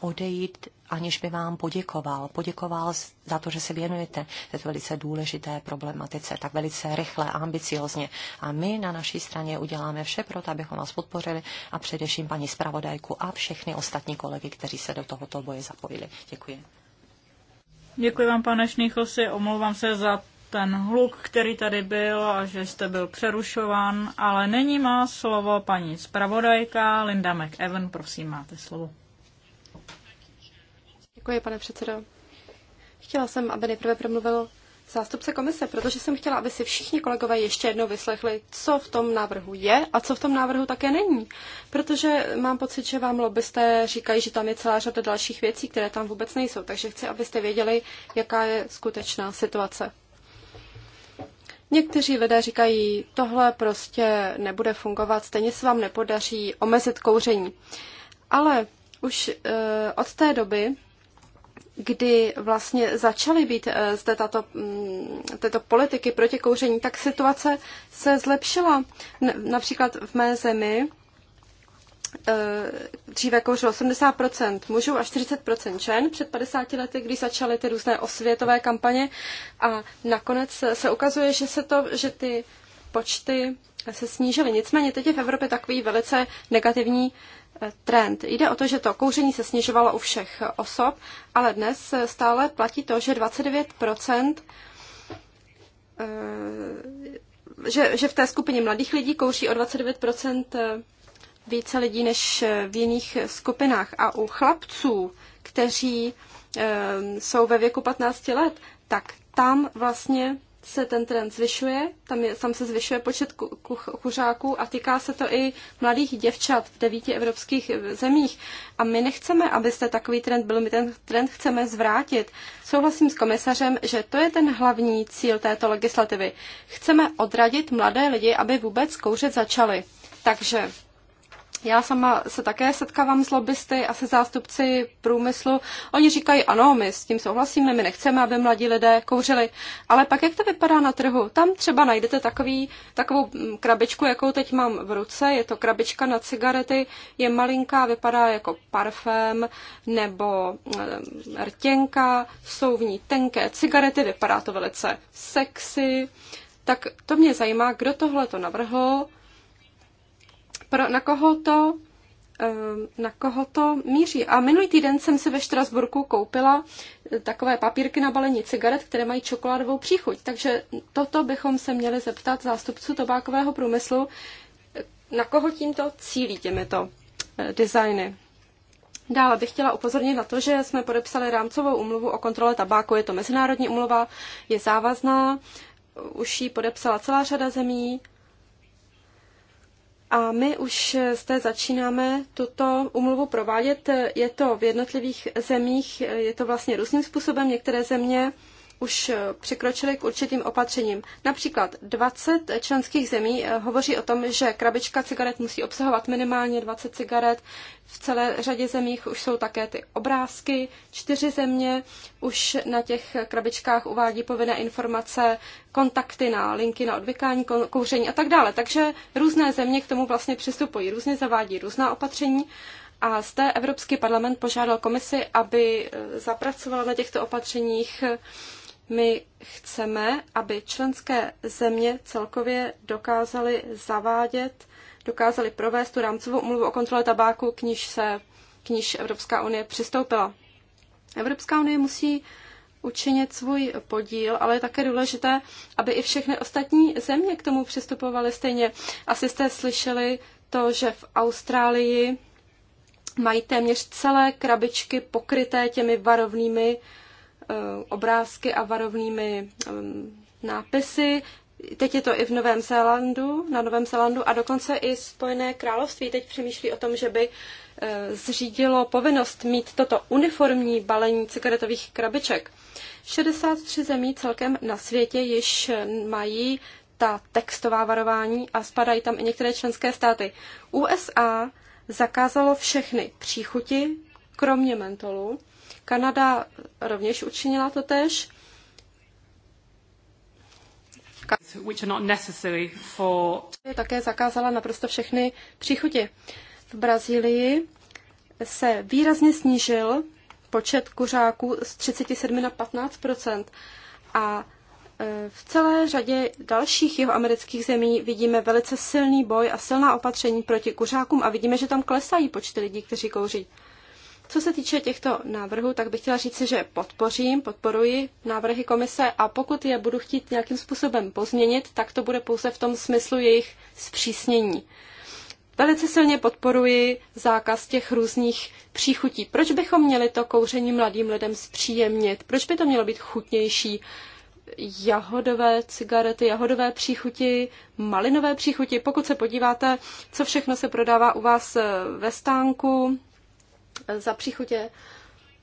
odejít, aniž by vám poděkoval. Poděkoval za to, že se věnujete této velice důležité problematice, tak velice rychle a ambiciozně. A my na naší straně uděláme vše pro to, abychom vás podpořili a především paní zpravodajku a všechny ostatní kolegy, kteří se do tohoto boje zapojili. Děkuji. Děkuji vám, pane Šnichosi, omlouvám se za ten hluk, který tady byl a že jste byl přerušován, ale není má slovo paní zpravodajka Linda McEvan, prosím, máte slovo. Děkuji, pane předsedo. Chtěla jsem, aby nejprve promluvil zástupce komise, protože jsem chtěla, aby si všichni kolegové ještě jednou vyslechli, co v tom návrhu je a co v tom návrhu také není. Protože mám pocit, že vám lobbysté říkají, že tam je celá řada dalších věcí, které tam vůbec nejsou. Takže chci, abyste věděli, jaká je skutečná situace. Někteří lidé říkají, tohle prostě nebude fungovat, stejně se vám nepodaří omezit kouření. Ale už eh, od té doby, kdy vlastně začaly být eh, zde tato, mm, tato politiky proti kouření, tak situace se zlepšila. Například v mé zemi Eh, dříve kouřilo 70% mužů a 40% žen před 50 lety, kdy začaly ty různé osvětové kampaně a nakonec se ukazuje, že, se to, že ty počty se snížily. Nicméně teď je v Evropě takový velice negativní eh, trend. Jde o to, že to kouření se snižovalo u všech osob, ale dnes stále platí to, že 29% eh, že, že v té skupině mladých lidí kouří o 29 více lidí než eh, v jiných skupinách. A u chlapců, kteří eh, jsou ve věku 15 let, tak tam vlastně se ten trend zvyšuje, tam, je, tam se zvyšuje počet kuřáků a týká se to i mladých děvčat v devíti evropských eh, zemích. A my nechceme, abyste takový trend byl, my ten trend chceme zvrátit. Souhlasím s komisařem, že to je ten hlavní cíl této legislativy. Chceme odradit mladé lidi, aby vůbec kouřet začali. Takže já sama se také setkávám s lobbysty a se zástupci průmyslu. Oni říkají, ano, my s tím souhlasíme, my nechceme, aby mladí lidé kouřili. Ale pak jak to vypadá na trhu? Tam třeba najdete takový, takovou mm, krabičku, jakou teď mám v ruce. Je to krabička na cigarety, je malinká, vypadá jako parfém nebo mm, rtěnka, jsou v ní tenké cigarety, vypadá to velice sexy. Tak to mě zajímá, kdo tohle to navrhl, pro, na koho to ehm, na koho to míří. A minulý týden jsem si ve Štrasburku koupila eh, takové papírky na balení cigaret, které mají čokoládovou příchuť. Takže toto bychom se měli zeptat zástupců tobákového průmyslu, eh, na koho tímto cílí těmito eh, designy. Dále bych chtěla upozornit na to, že jsme podepsali rámcovou umluvu o kontrole tabáku. Je to mezinárodní umluva, je závazná, už ji podepsala celá řada zemí, a my už zde začínáme tuto umluvu provádět. Je to v jednotlivých zemích, je to vlastně různým způsobem. Některé země už překročili k určitým opatřením. Například 20 členských zemí eh, hovoří o tom, že krabička cigaret musí obsahovat minimálně 20 cigaret. V celé řadě zemích už jsou také ty obrázky. Čtyři země už na těch krabičkách uvádí povinné informace, kontakty na linky na odvykání, kouření a tak dále. Takže různé země k tomu vlastně přistupují, různě zavádí různá opatření. A zde Evropský parlament požádal komisi, aby eh, zapracovala na těchto opatřeních my chceme, aby členské země celkově dokázaly zavádět, dokázaly provést tu rámcovou umluvu o kontrole tabáku, k níž, se, k níž Evropská unie přistoupila. Evropská unie musí učinit svůj podíl, ale je také důležité, aby i všechny ostatní země k tomu přistupovaly stejně. Asi jste slyšeli to, že v Austrálii mají téměř celé krabičky pokryté těmi varovnými Eh, obrázky a varovnými eh, nápisy. Teď je to i v Novém Zélandu, na Novém Zélandu a dokonce i Spojené království teď přemýšlí o tom, že by eh, zřídilo povinnost mít toto uniformní balení cigaretových krabiček. 63 zemí celkem na světě již mají ta textová varování a spadají tam i některé členské státy. USA zakázalo všechny příchuti, kromě mentolu Kanada rovněž učinila to tež. For... Také zakázala naprosto všechny příchutě. V Brazílii se výrazně snížil počet kuřáků z 37 na 15 a e, v celé řadě dalších jeho amerických zemí vidíme velice silný boj a silná opatření proti kuřákům a vidíme, že tam klesají počty lidí, kteří kouří. Co se týče těchto návrhů, tak bych chtěla říct, že podpořím, podporuji návrhy komise a pokud je budu chtít nějakým způsobem pozměnit, tak to bude pouze v tom smyslu jejich zpřísnění. Velice silně podporuji zákaz těch různých příchutí. Proč bychom měli to kouření mladým lidem zpříjemnit? Proč by to mělo být chutnější? jahodové cigarety, jahodové příchuti, malinové příchuti. Pokud se podíváte, co všechno se prodává u vás eh, ve stánku, za příchutě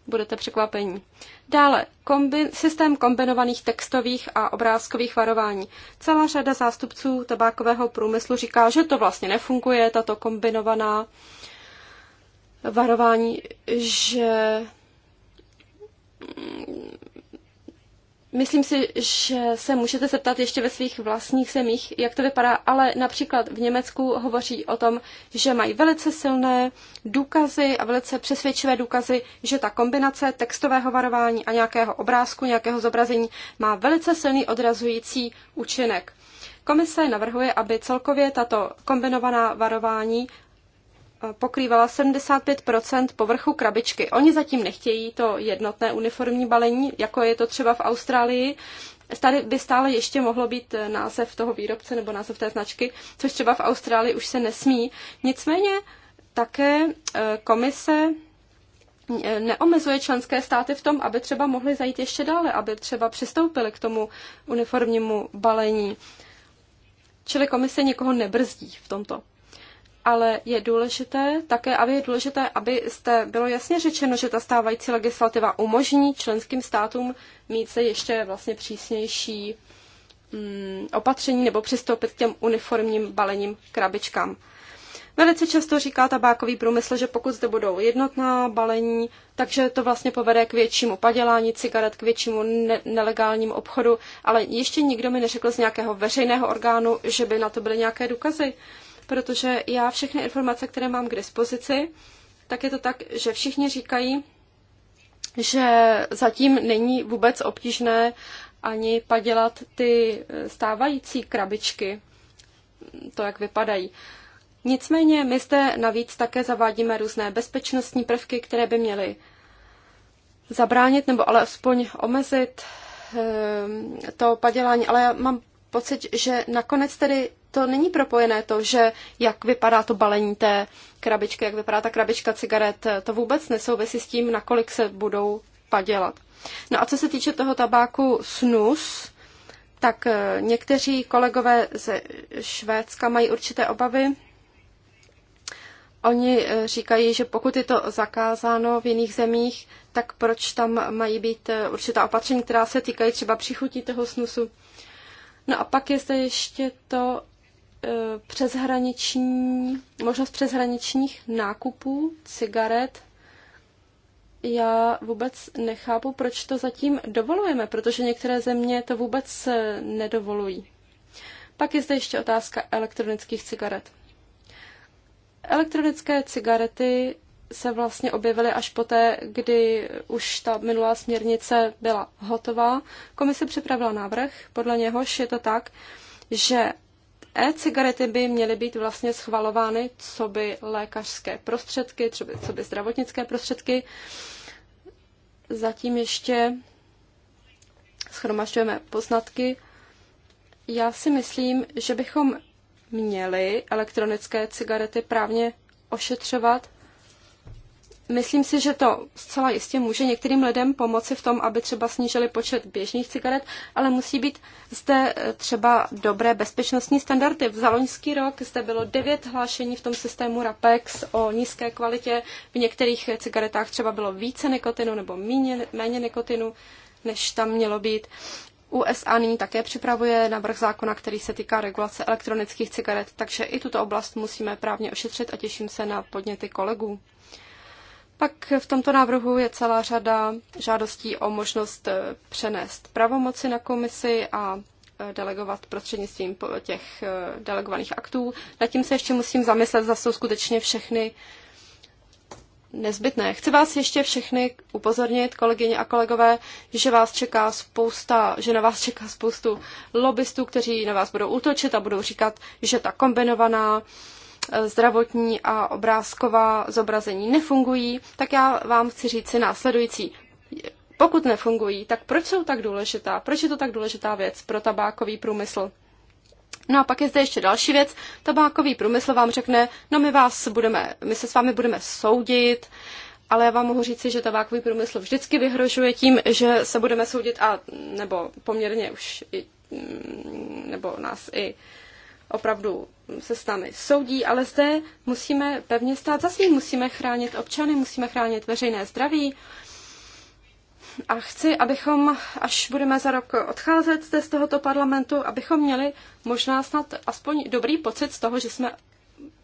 budete překvapení. Dále, kombi- systém kombinovaných textových a obrázkových varování. Celá řada zástupců tabákového průmyslu říká, že to vlastně nefunguje, tato kombinovaná varování, že Myslím si, že se můžete zeptat ještě ve svých vlastních zemích, jak to vypadá, ale například v Německu hovoří o tom, že mají velice silné důkazy a velice přesvědčivé důkazy, že ta kombinace textového varování a nějakého obrázku, nějakého zobrazení má velice silný odrazující účinek. Komise navrhuje, aby celkově tato kombinovaná varování pokrývala 75 povrchu krabičky. Oni zatím nechtějí to jednotné uniformní balení, jako je to třeba v Austrálii. Tady by stále ještě mohlo být název toho výrobce nebo název té značky, což třeba v Austrálii už se nesmí. Nicméně také e, komise e, neomezuje členské státy v tom, aby třeba mohly zajít ještě dále, aby třeba přistoupili k tomu uniformnímu balení. Čili komise nikoho nebrzdí v tomto ale je důležité také, aby je důležité, abyste bylo jasně řečeno, že ta stávající legislativa umožní členským státům mít se ještě vlastně přísnější mm, opatření nebo přistoupit k těm uniformním balením krabičkám. Velice často říká tabákový průmysl, že pokud zde budou jednotná balení, takže to vlastně povede k většímu padělání cigaret, k většímu ne- nelegálnímu obchodu, ale ještě nikdo mi neřekl z nějakého veřejného orgánu, že by na to byly nějaké důkazy. Uh, protože já všechny informace, které mám k dispozici, tak je to tak, že všichni říkají, že zatím není vůbec obtížné ani padělat ty eh, stávající krabičky, to, jak vypadají. Nicméně my zde navíc také zavádíme různé bezpečnostní prvky, které by měly zabránit nebo ale aspoň omezit ehm, to padělání, ale já mám pocit, že nakonec tedy to není propojené to, že jak vypadá to balení té krabičky, jak vypadá ta krabička cigaret, to vůbec nesouvisí s tím, nakolik se budou padělat. No a co se týče toho tabáku snus, tak eh, někteří kolegové ze Švédska mají určité obavy. Oni eh, říkají, že pokud je to zakázáno v jiných zemích, tak proč tam mají být eh, určitá opatření, která se týkají třeba přichutí toho snusu. No a pak je zde ještě to, E, přeshraniční, možnost přeshraničních nákupů cigaret. Já vůbec nechápu, proč to zatím dovolujeme, protože některé země to vůbec e, nedovolují. Pak je zde ještě otázka elektronických cigaret. Elektronické cigarety se vlastně objevily až poté, kdy už ta minulá směrnice byla hotová. Komise připravila návrh, podle něhož je to tak, že E-cigarety by měly být vlastně schvalovány, co by lékařské prostředky, třeba co by zdravotnické prostředky. Zatím ještě schromažďujeme poznatky. Já si myslím, že bychom měli elektronické cigarety právně ošetřovat Myslím si, že to zcela jistě může některým lidem pomoci v tom, aby třeba snížili počet běžných cigaret, ale musí být zde eh, třeba dobré bezpečnostní standardy. V zaloňský rok zde bylo devět hlášení v tom systému RAPEX o nízké kvalitě. V některých cigaretách třeba bylo více nikotinu nebo méně, méně nikotinu, než tam mělo být. USA nyní také připravuje návrh zákona, který se týká regulace elektronických cigaret, takže i tuto oblast musíme právně ošetřit a těším se na podněty kolegů. Pak v tomto návrhu je celá řada žádostí o možnost eh, přenést pravomoci na komisi a eh, delegovat prostřednictvím těch eh, delegovaných aktů. Nad tím se ještě musím zamyslet, zda jsou skutečně všechny nezbytné. Chci vás ještě všechny upozornit, kolegyně a kolegové, že vás čeká spousta, že na vás čeká spoustu lobbystů, kteří na vás budou útočit a budou říkat, že ta kombinovaná Eh, zdravotní a obrázková zobrazení nefungují, tak já vám chci říct si následující. Pokud nefungují, tak proč jsou tak důležitá? Proč je to tak důležitá věc pro tabákový průmysl? No a pak je zde ještě další věc. Tabákový průmysl vám řekne, no my, vás budeme, my se s vámi budeme soudit, ale já vám mohu říci, že tabákový průmysl vždycky vyhrožuje tím, že se budeme soudit a nebo poměrně už i, mm, nebo nás i opravdu se s námi soudí, ale zde musíme pevně stát za svým, musíme chránit občany, musíme chránit veřejné zdraví. A chci, abychom, až budeme za rok odcházet zde z tohoto parlamentu, abychom měli možná snad aspoň dobrý pocit z toho, že jsme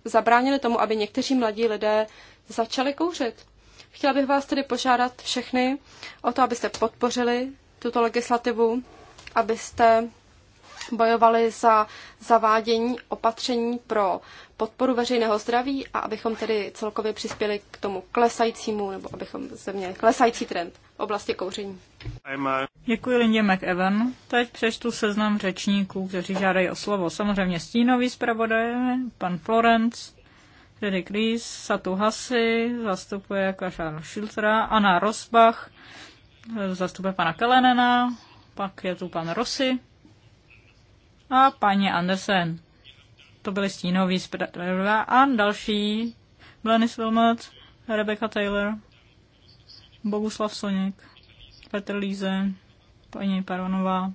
zabránili tomu, aby někteří mladí lidé začali kouřit. Chtěla bych vás tedy požádat všechny o to, abyste podpořili tuto legislativu, abyste bojovali za zavádění opatření pro podporu veřejného zdraví a abychom tedy celkově přispěli k tomu klesajícímu, nebo abychom se měli klesající trend v oblasti kouření. Děkuji Lindě McEvan. Teď přečtu seznam řečníků, kteří žádají o slovo. Samozřejmě stínový zpravodaj, pan Florence, tedy Ries, Satu Hasi, zastupuje Kašán jako Šiltra, Anna Rosbach, zastupuje pana Kelenena, pak je tu pan Rossi, a paní Andersen. To byly stínoví zpravodajové a další Blanis Wilmot, Rebecca Taylor, Boguslav Soněk, Petr Líze, paní Paronová,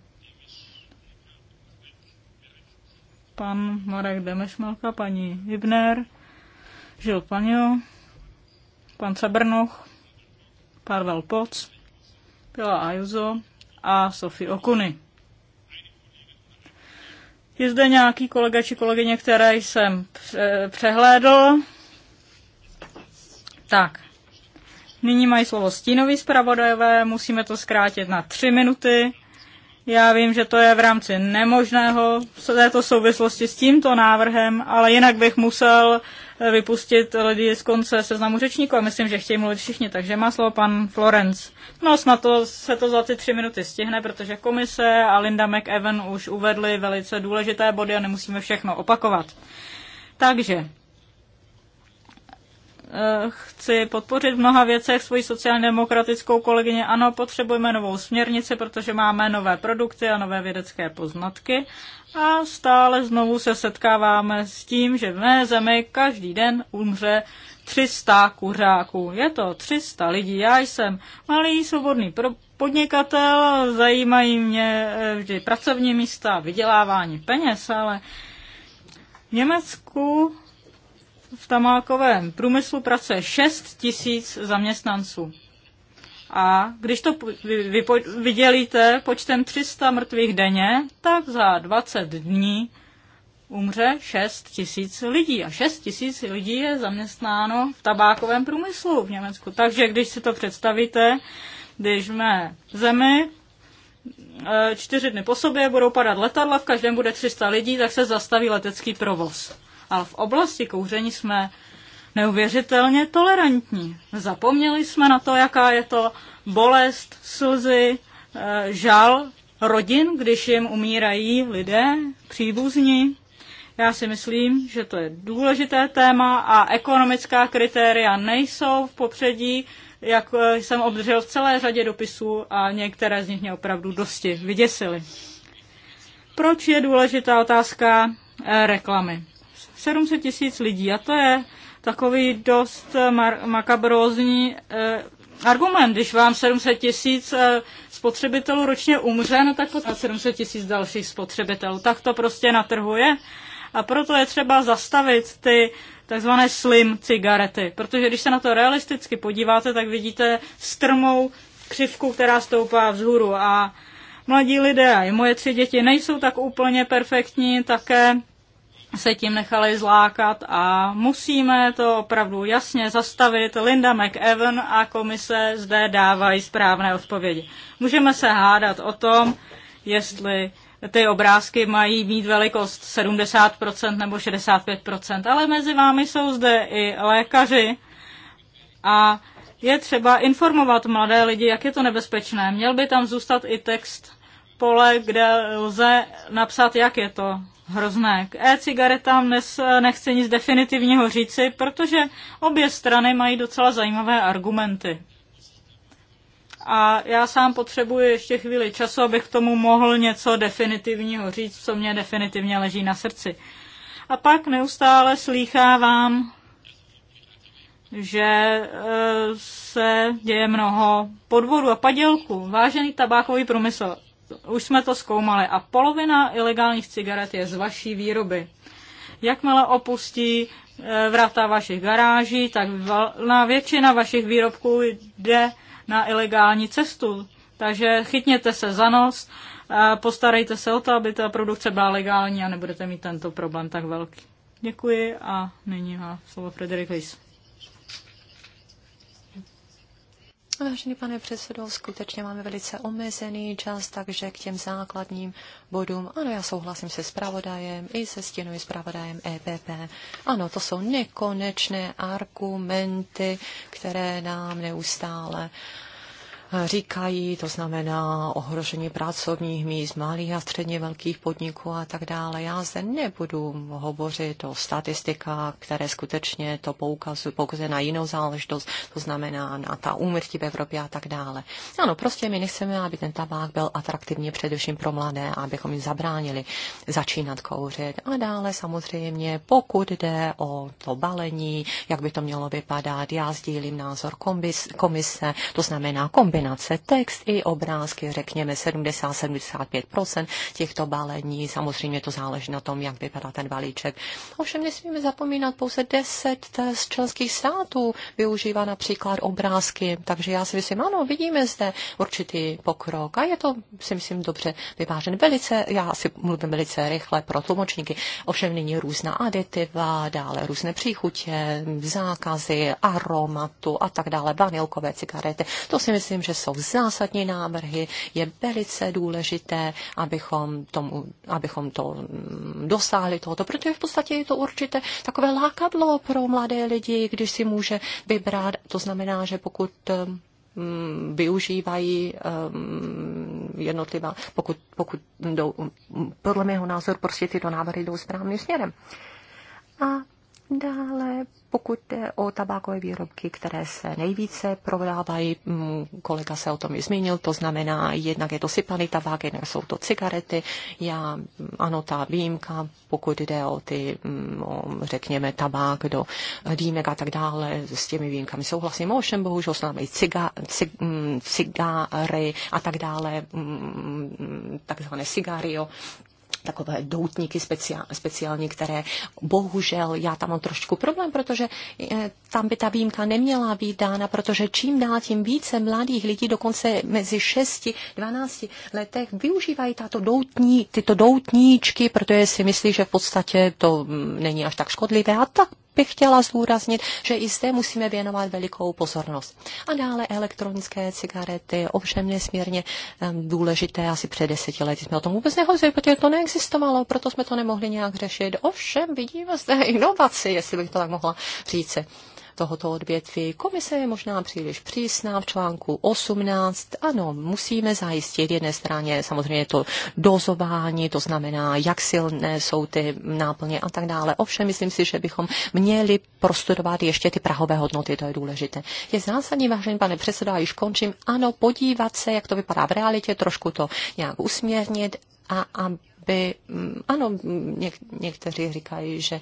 pan Marek Demešmelka, paní Hybner, Žil Panio, pan Cebrnoch, Pavel Poc, Pila Ajuzo a Sofie Okuny. Je zde nějaký kolega či kolegyně, které jsem eh, přehlédl. Tak. Nyní mají slovo stínový zpravodajové, musíme to zkrátit na tři minuty. Já vím, že to je v rámci nemožného v této souvislosti s tímto návrhem, ale jinak bych musel vypustit lidi z konce seznamu řečníků a myslím, že chtějí mluvit všichni, takže má slovo pan Florence. No snad to, se to za ty tři minuty stihne, protože komise a Linda McEwen už uvedly velice důležité body a nemusíme všechno opakovat. Takže eh, chci podpořit v mnoha věcech svoji sociálně demokratickou kolegyně. Ano, potřebujeme novou směrnici, protože máme nové produkty a nové vědecké poznatky, a stále znovu se setkáváme s tím, že v mé zemi každý den umře 300 kuřáků. Je to 300 lidí. Já jsem malý svobodný podnikatel, zajímají mě eh, vždy pracovní místa, vydělávání peněz, ale v Německu v tamákovém průmyslu pracuje 6 tisíc zaměstnanců. A když to vydělíte počtem 300 mrtvých denně, tak za 20 dní umře 6 tisíc lidí. A 6 tisíc lidí je zaměstnáno v tabákovém průmyslu v Německu. Takže když si to představíte, když v zemi e, čtyři dny po sobě budou padat letadla, v každém bude 300 lidí, tak se zastaví letecký provoz. Ale v oblasti kouření jsme neuvěřitelně tolerantní. Zapomněli jsme na to, jaká je to bolest, slzy, eh, žal rodin, když jim umírají lidé, příbuzní. Já si myslím, že to je důležité téma a ekonomická kritéria nejsou v popředí, jak eh, jsem obdržel v celé řadě dopisů a některé z nich mě opravdu dosti vyděsily. Proč je důležitá otázka eh, reklamy? 700 tisíc lidí a to je takový dost eh, makabrózní eh, argument. Když vám 700 tisíc eh, spotřebitelů ročně umře, no tak potom 700 tisíc dalších spotřebitelů. Tak to prostě natrhuje. A proto je třeba zastavit ty takzvané slim cigarety. Protože když se na to realisticky podíváte, tak vidíte strmou křivku, která stoupá vzhůru. A mladí lidé, i moje tři děti, nejsou tak úplně perfektní, také se tím nechali zlákat a musíme to opravdu jasně zastavit. Linda McEvan a komise zde dávají správné odpovědi. Můžeme se hádat o tom, jestli ty obrázky mají mít velikost 70% nebo 65%, ale mezi vámi jsou zde i lékaři a je třeba informovat mladé lidi, jak je to nebezpečné. Měl by tam zůstat i text pole, kde lze napsat, jak je to hrozné. K e-cigaretám dnes eh, nechci nic definitivního říci, protože obě strany mají docela zajímavé argumenty. A já sám potřebuji ještě chvíli času, abych k tomu mohl něco definitivního říct, co mě definitivně leží na srdci. A pak neustále slýchávám, že eh, se děje mnoho podvodů a padělku. Vážený tabákový průmysl, už jsme to zkoumali a polovina ilegálních cigaret je z vaší výroby. Jakmile opustí e, vrata vašich garáží, tak na většina vašich výrobků jde na ilegální cestu. Takže chytněte se za nos, postarejte se o to, aby ta produkce byla legální a nebudete mít tento problém tak velký. Děkuji a nyní má slovo Frederik Weiss. Vážený pane předsedo, skutečně máme velice omezený čas, takže k těm základním bodům. Ano, já souhlasím se zpravodajem i se stěnou zpravodajem EPP. Ano, to jsou nekonečné argumenty, které nám neustále uh, říkají, to znamená ohrožení pracovních míst, malých a středně velkých podniků a tak dále. Já zde nebudu hovořit o statistikách, které skutečně to poukazují, poukazují na jinou záležitost, to znamená na ta úmrtí v Evropě a tak dále. Ano, prostě my nechceme, aby ten tabák byl atraktivní především pro mladé, abychom jim zabránili začínat kouřit. A dále samozřejmě, pokud jde o to balení, jak by to mělo vypadat, já sdílím názor komise, to znamená kombinace kombinace text i obrázky, řekněme 70-75% těchto balení. Samozřejmě to záleží na tom, jak vypadá ten balíček. Ovšem nesmíme zapomínat, pouze 10 z členských států využívá například obrázky, takže já si myslím, ano, vidíme zde určitý pokrok a je to, si myslím, dobře vyvážen. Velice, já si mluvím velice rychle pro tlumočníky, ovšem nyní různá aditiva, dále různé příchutě, zákazy, aromatu a tak dále, vanilkové cigarety. To si myslím, že že jsou zásadní návrhy, je velice důležité, abychom, tomu, abychom to mm, dosáhli tohoto, protože v podstatě je to určité takové lákadlo pro mladé lidi, když si může vybrat. To znamená, že pokud mm, využívají um, jednotlivá, pokud, pokud jdou, podle mého názoru prostě tyto návrhy jdou správným směrem. A Dále, pokud jde o tabákové výrobky, které se nejvíce prodávají, mm, kolega se o tom i zmínil, to znamená, jednak je to sypaný tabák, jednak jsou to cigarety. Já, mm, ano, ta výjimka, pokud jde o ty, mm, řekněme, tabák do dýmek a tak dále, s těmi výjimkami souhlasím. Ovšem, bohužel jsou tam i ciga, cig, cigary a tak dále, takzvané cigario takové doutníky speciál, speciální, které bohužel já tam mám trošku problém, protože eh, tam by ta výjimka neměla být dána, protože čím dál tím více mladých lidí, dokonce mezi 6 12 letech, využívají tato doutní, tyto doutníčky, protože si myslí, že v podstatě to mm, není až tak škodlivé a tak bych chtěla zdůraznit, že i zde musíme věnovat velikou pozornost. A dále elektronické cigarety, ovšem nesmírně důležité, asi před deseti lety jsme o tom vůbec nehozili, protože to neexistovalo, proto jsme to nemohli nějak řešit. Ovšem vidíme zde inovaci, jestli bych to tak mohla říct tohoto odvětví. Komise je možná příliš přísná v článku 18. Ano, musíme zajistit jedné straně samozřejmě to dozování, to znamená, jak silné jsou ty náplně a tak dále. Ovšem, myslím si, že bychom měli prostudovat ještě ty prahové hodnoty, to je důležité. Je zásadní, vážený pane předsedo, a již končím, ano, podívat se, jak to vypadá v realitě, trošku to nějak usměrnit a, a by, mm, ano, něk, někteří říkají, že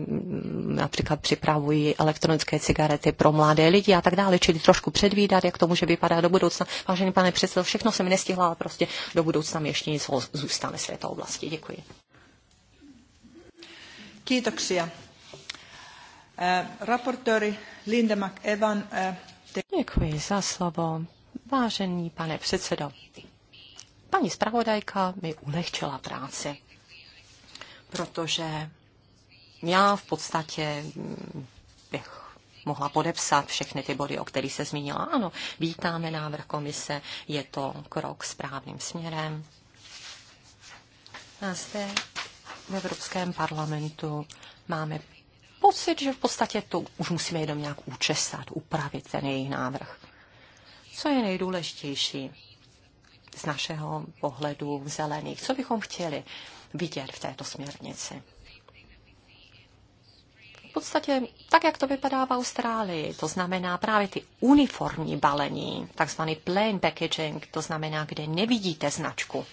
um, například připravují elektronické cigarety pro mladé lidi a tak dále, čili trošku předvídat, jak to může vypadat do budoucna. Vážený pane předsedo, všechno jsem nestihla, ale prostě do budoucna ještě něco zůstane z této oblasti. Děkuji. Kiitoksia. Äh, raportööri Linda McEvan. Äh, te... Děkuji za slovo. Vážený pane předsedo, Paní zpravodajka mi ulehčila práci, protože já v podstatě bych mohla podepsat všechny ty body, o kterých se zmínila. Ano, vítáme návrh komise, je to krok správným směrem. A zde v Evropském parlamentu máme pocit, že v podstatě to už musíme jenom nějak účesat, upravit ten jejich návrh. Co je nejdůležitější? z našeho pohledu zelených. Co bychom chtěli vidět v této směrnici? V podstatě tak, jak to vypadá v Austrálii, to znamená právě ty uniformní balení, takzvaný plain packaging, to znamená, kde nevidíte značku.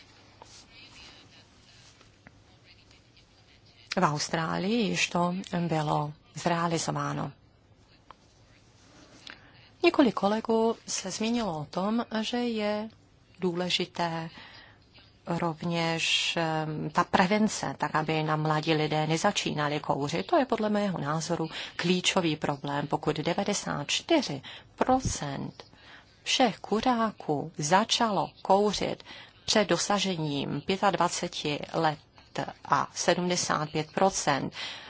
V Austrálii již to bylo zrealizováno. Několik kolegů se zmínilo o tom, že je důležité rovněž ta prevence, tak aby na mladí lidé nezačínali kouřit. To je podle mého názoru klíčový problém, pokud 94 všech kuráků začalo kouřit před dosažením 25 let a 75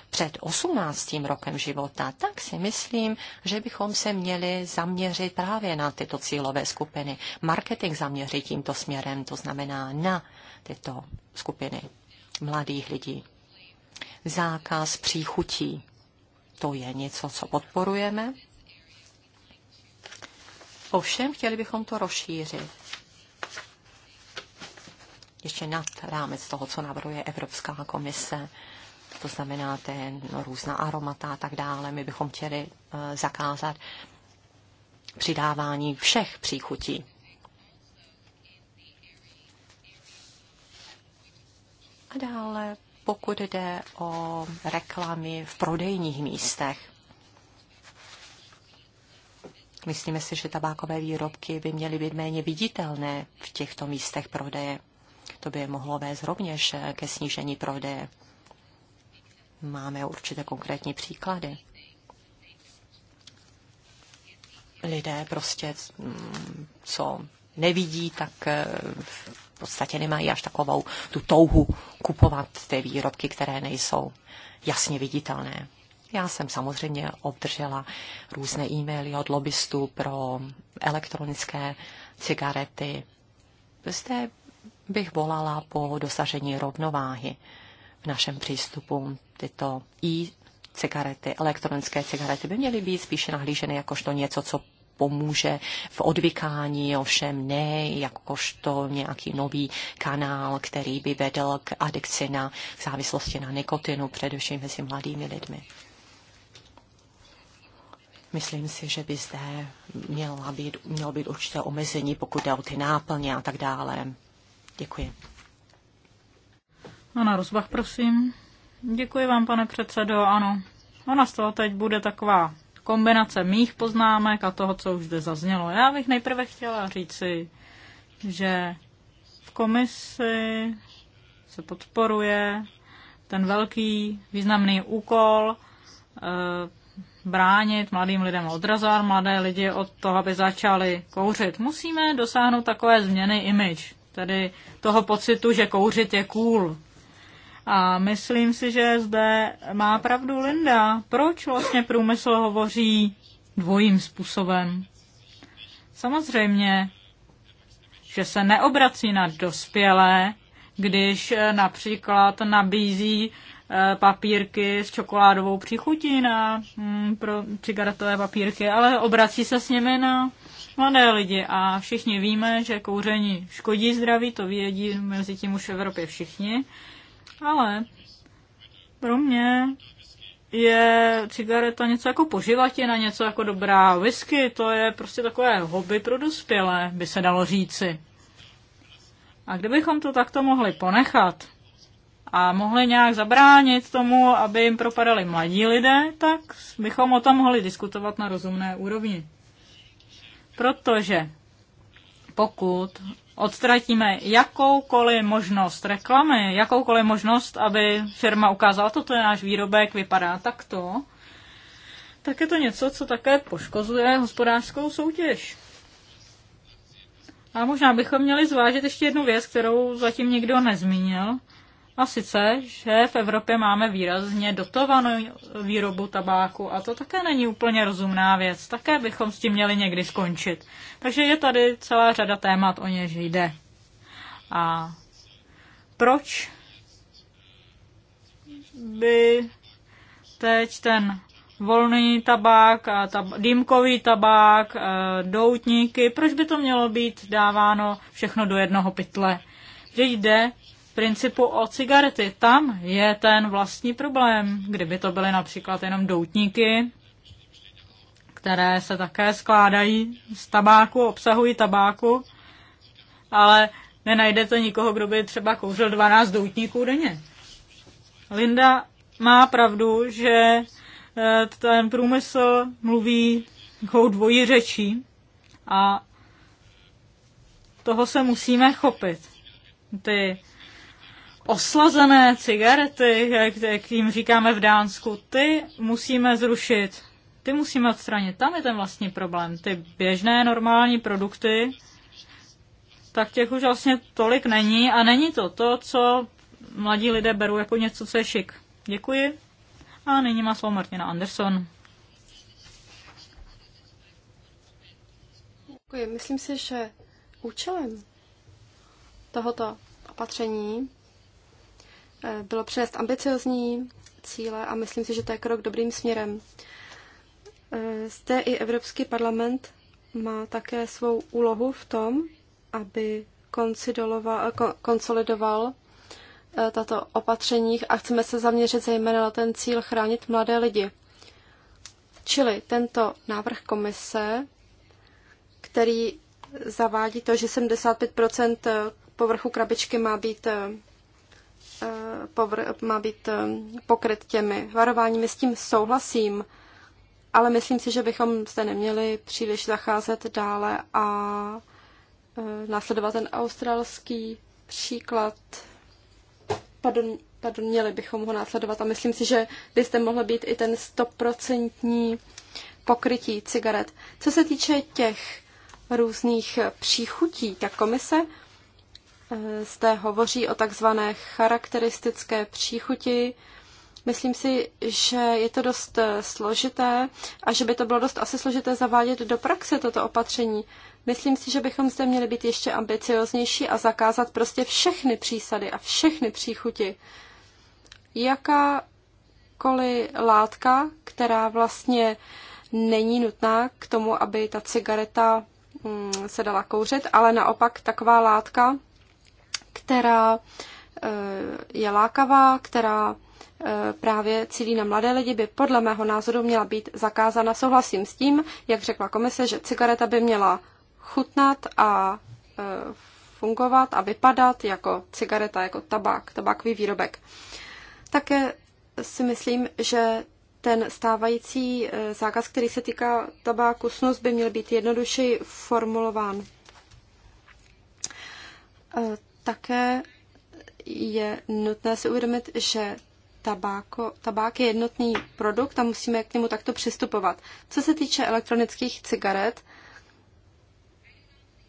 před 18. rokem života, tak si myslím, že bychom se měli zaměřit právě na tyto cílové skupiny. Marketing zaměřit tímto směrem, to znamená na tyto skupiny mladých lidí. Zákaz příchutí, to je něco, co podporujeme. Ovšem, chtěli bychom to rozšířit ještě nad rámec toho, co navrhuje Evropská komise to znamená ten no, různá aromata a tak dále. My bychom chtěli uh, zakázat přidávání všech příchutí. A dále, pokud jde o reklamy v prodejních místech, myslíme si, že tabákové výrobky by měly být méně viditelné v těchto místech prodeje. To by mohlo vést rovněž ke snížení prodeje máme určité konkrétní příklady. Lidé prostě, mm, co nevidí, tak eh, v podstatě nemají až takovou tu touhu kupovat ty výrobky, které nejsou jasně viditelné. Já jsem samozřejmě obdržela různé e-maily od lobbystů pro elektronické cigarety. Zde bych volala po dosažení rovnováhy našem přístupu. Tyto i cigarety, elektronické cigarety by měly být spíše nahlíženy jakožto něco, co pomůže v odvykání, ovšem ne jakožto nějaký nový kanál, který by vedl k adikci na k závislosti na nikotinu, především mezi mladými lidmi. Myslím si, že by zde měla být, mělo být určité omezení, pokud jde o ty náplně a tak dále. Děkuji. Ana no, Rozbach, prosím. Děkuji vám, pane předsedo, ano. Ona z toho teď bude taková kombinace mých poznámek a toho, co už zde zaznělo. Já bych nejprve chtěla říci, že v komisi se podporuje ten velký významný úkol e, bránit mladým lidem odrazar, mladé lidi od toho, aby začali kouřit. Musíme dosáhnout takové změny image, tedy toho pocitu, že kouřit je cool. A myslím si, že zde má pravdu Linda. Proč vlastně průmysl hovoří dvojím způsobem? Samozřejmě, že se neobrací na dospělé, když eh, například nabízí eh, papírky s čokoládovou příchutí na mm, pro cigaretové papírky, ale obrací se s nimi na mladé lidi a všichni víme, že kouření škodí zdraví, to vědí mezi tím už v Evropě všichni ale pro mě je cigareta něco jako poživatina, něco jako dobrá whisky, to je prostě takové hobby pro dospělé, by se dalo říci. A kdybychom to takto mohli ponechat a mohli nějak zabránit tomu, aby jim propadali mladí lidé, tak bychom o tom mohli diskutovat na rozumné úrovni. Protože pokud odstratíme jakoukoliv možnost reklamy, jakoukoliv možnost, aby firma ukázala, toto je náš výrobek, vypadá takto, tak je to něco, co také poškozuje hospodářskou soutěž. A možná bychom měli zvážit ještě jednu věc, kterou zatím nikdo nezmínil, a sice, že v Evropě máme výrazně dotovanou výrobu tabáku a to také není úplně rozumná věc. Také bychom s tím měli někdy skončit. Takže je tady celá řada témat, o něž jde. A proč by teď ten volný tabák, a tab- dýmkový tabák, eh, doutníky, proč by to mělo být dáváno všechno do jednoho pytle? Že jde principu o cigarety. Tam je ten vlastní problém. Kdyby to byly například jenom doutníky, které se také skládají z tabáku, obsahují tabáku, ale nenajdete nikoho, kdo by třeba kouřil 12 doutníků denně. Linda má pravdu, že eh, ten průmysl mluví takovou dvojí řečí a toho se musíme chopit. Ty oslazené cigarety, jak, jak jim říkáme v Dánsku, ty musíme zrušit. Ty musíme odstranit. Tam je ten vlastní problém. Ty běžné normální produkty, tak těch už vlastně tolik není a není to to, co mladí lidé berou jako něco, co je šik. Děkuji. A nyní má slovo Martina Anderson. Děkuji. Myslím si, že účelem tohoto opatření Eh, bylo přinést ambiciozní cíle a myslím si, že to je krok dobrým směrem. Eh, zde i Evropský parlament má také svou úlohu v tom, aby eh, konsolidoval tato opatření a chceme se zaměřit zejména na ten cíl chránit mladé lidi. Čili tento návrh komise, který zavádí to, že 75 povrchu krabičky má být má být eh, pokryt těmi varováními. S tím souhlasím, ale myslím si, že bychom zde neměli příliš zacházet dále a eh, následovat ten australský příklad. Pardon, pardon, měli bychom ho následovat a myslím si, že byste zde mohl být i ten stoprocentní pokrytí cigaret. Co se týče těch různých příchutí, tak komise Eh, zde hovoří o takzvané charakteristické příchuti. Myslím si, že je to dost eh, složité a že by to bylo dost asi složité zavádět do praxe toto opatření. Myslím si, že bychom zde měli být ještě ambicioznější a zakázat prostě všechny přísady a všechny příchuti. Jakákoliv látka, která vlastně není nutná k tomu, aby ta cigareta mm, se dala kouřit, ale naopak taková látka, která eh, je lákavá, která eh, právě cílí na mladé lidi, by podle mého názoru měla být zakázána. Souhlasím s tím, jak řekla komise, že cigareta by měla chutnat a eh, fungovat a vypadat jako cigareta, jako tabák, tabákový výrobek. Také si myslím, že ten stávající zákaz, který se týká tabáku snus, by měl být jednodušeji formulován. Také je nutné si uvědomit, že tabáko, tabák je jednotný produkt a musíme k němu takto přistupovat. Co se týče elektronických cigaret,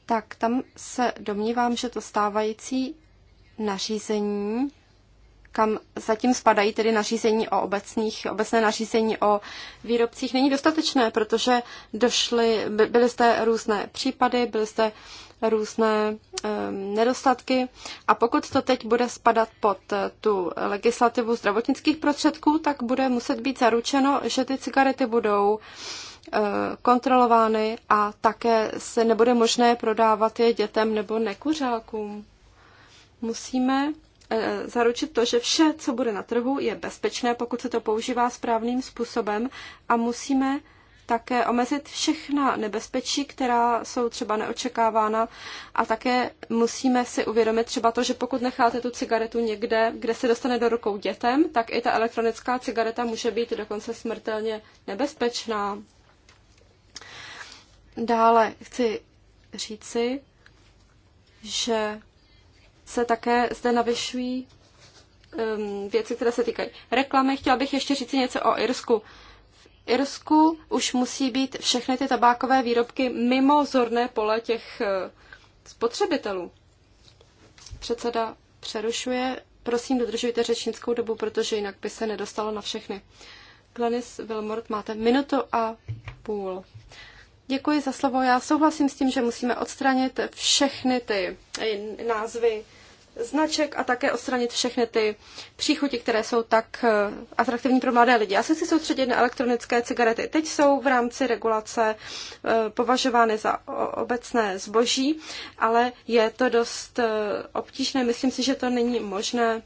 tak tam se domnívám, že to stávající nařízení, kam zatím spadají tedy nařízení o obecných, obecné nařízení o výrobcích, není dostatečné, protože došly, byly jste různé případy, byly jste různé nedostatky. A pokud to teď bude spadat pod eh, tu legislativu zdravotnických prostředků, tak bude muset být zaručeno, že ty cigarety budou eh, kontrolovány a také se nebude možné prodávat je dětem nebo nekuřákům. Musíme eh, zaručit to, že vše, co bude na trhu, je bezpečné, pokud se to používá správným způsobem a musíme také omezit všechna nebezpečí, která jsou třeba neočekávána a také musíme si uvědomit třeba to, že pokud necháte tu cigaretu někde, kde se dostane do rukou dětem, tak i ta elektronická cigareta může být dokonce smrtelně nebezpečná. Dále chci říci, že se také zde navyšují um, věci, které se týkají reklamy. Chtěla bych ještě říct něco o Irsku. Irsku už musí být všechny ty tabákové výrobky mimo zorné pole těch eh, spotřebitelů. Předseda přerušuje. Prosím, dodržujte řečnickou dobu, protože jinak by se nedostalo na všechny. Glenis Wilmort, máte minutu a půl. Děkuji za slovo. Já souhlasím s tím, že musíme odstranit všechny ty eh, názvy značek a také odstranit všechny ty příchuti, které jsou tak eh, atraktivní pro mladé lidi. Já se chci soustředit na elektronické cigarety. Teď jsou v rámci regulace eh, považovány za obecné zboží, ale je to dost eh, obtížné. Myslím si, že to není možné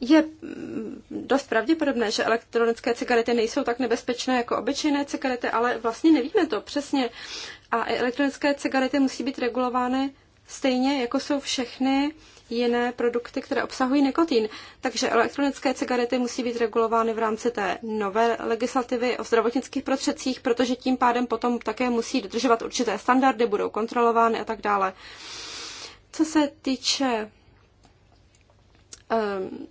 je mm, dost pravděpodobné, že elektronické cigarety nejsou tak nebezpečné jako obyčejné cigarety, ale vlastně nevíme to přesně. A elektronické cigarety musí být regulovány stejně jako jsou všechny jiné produkty, které obsahují nikotin. Takže elektronické cigarety musí být regulovány v rámci té nové legislativy o zdravotnických prostředcích, protože tím pádem potom také musí dodržovat určité standardy, budou kontrolovány a tak dále. Co se týče um,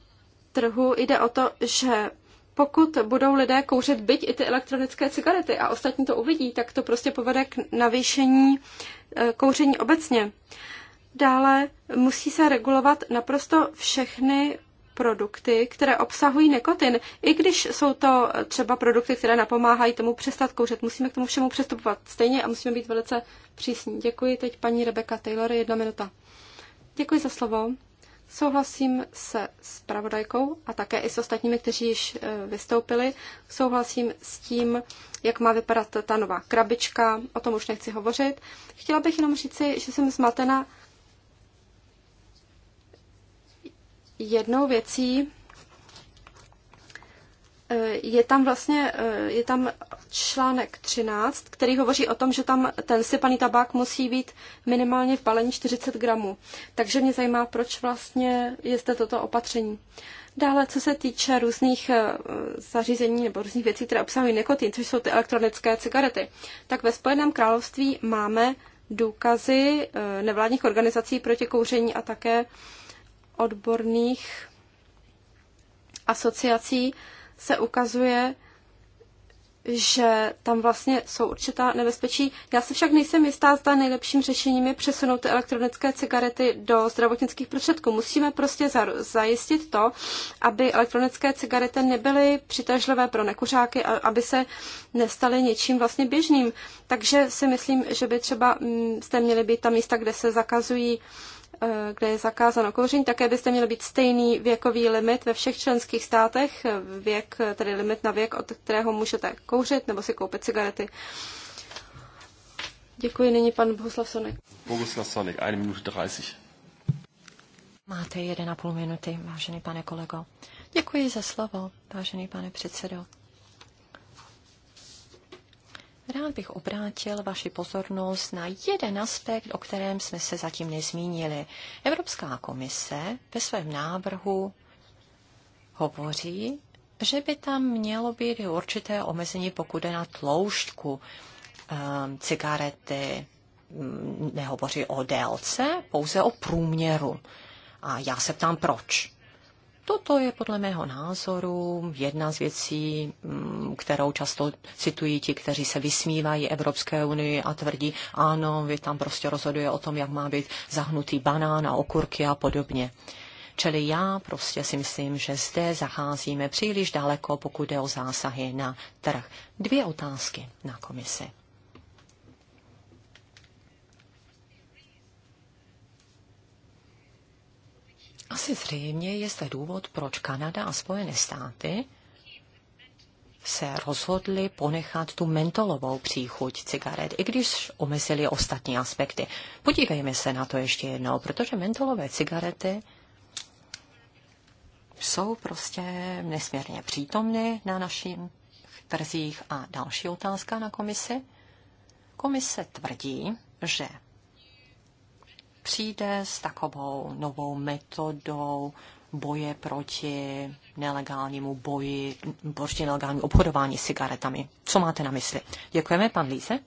trhu, jde o to, že pokud budou lidé kouřit byť i ty elektronické cigarety a ostatní to uvidí, tak to prostě povede k navýšení eh, kouření obecně. Dále musí se regulovat naprosto všechny produkty, které obsahují nikotin. I když jsou to třeba produkty, které napomáhají tomu přestat kouřit, musíme k tomu všemu přestupovat stejně a musíme být velice přísní. Děkuji teď paní Rebecca Taylor, jedna minuta. Děkuji za slovo. Souhlasím se s pravodajkou a také i s ostatními, kteří již e, vystoupili. Souhlasím s tím, jak má vypadat ta nová krabička, o tom už nechci hovořit. Chtěla bych jenom říci, že jsem zmatena jednou věcí, Eh, je tam vlastně eh, je tam článek 13, který hovoří o tom, že tam ten sypaný tabák musí být minimálně v balení 40 gramů. Takže mě zajímá, proč vlastně je zde toto opatření. Dále, co se týče různých eh, zařízení nebo různých věcí, které obsahují nikotin, což jsou ty elektronické cigarety, tak ve Spojeném království máme důkazy nevládních organizací proti kouření a také odborných asociací, se ukazuje, že tam vlastně jsou určitá nebezpečí. Já se však nejsem jistá, zda nejlepším řešením je přesunout ty elektronické cigarety do zdravotnických prostředků. Musíme prostě zajistit to, aby elektronické cigarety nebyly přitažlivé pro nekuřáky a aby se nestaly něčím vlastně běžným. Takže si myslím, že by třeba jste mm, měli být tam místa, kde se zakazují uh, Eh, kde je zakázáno kouření, také byste měli být stejný věkový limit ve všech členských státech, věk, eh, tedy limit na věk, od kterého můžete kouřit nebo si koupit cigarety. Děkuji, nyní pan Bohuslav Sonek. Bohuslav Sonek, 1 minutu 30. Máte 1,5 minuty, vážený pane kolego. Děkuji za slovo, vážený pane předsedo. Rád bych obrátil vaši pozornost na jeden aspekt, o kterém jsme se zatím nezmínili. Evropská komise ve svém návrhu hovoří, že by tam mělo být určité omezení, pokud je na tloušťku um, cigarety. Nehovoří o délce, pouze o průměru. A já se ptám, proč. Toto je podle mého názoru jedna z věcí, mm, kterou často citují ti, kteří se vysmívají Evropské unii a tvrdí, ano, vy tam prostě rozhoduje o tom, jak má být zahnutý banán a okurky a podobně. Čili já prostě si myslím, že zde zacházíme příliš daleko, pokud jde o zásahy na trh. Dvě otázky na komisi. Asi zřejmě je zde důvod, proč Kanada a Spojené státy se rozhodli ponechat tu mentolovou příchuť cigaret, i když omezili ostatní aspekty. Podívejme se na to ještě jednou, protože mentolové cigarety jsou prostě nesmírně přítomny na našich trzích. A další otázka na komisi. Komise tvrdí, že přijde s takovou novou metodou boje proti nelegálnímu boji, proti nelegálnímu obchodování s cigaretami. Co máte na mysli? Děkujeme, pan Líze.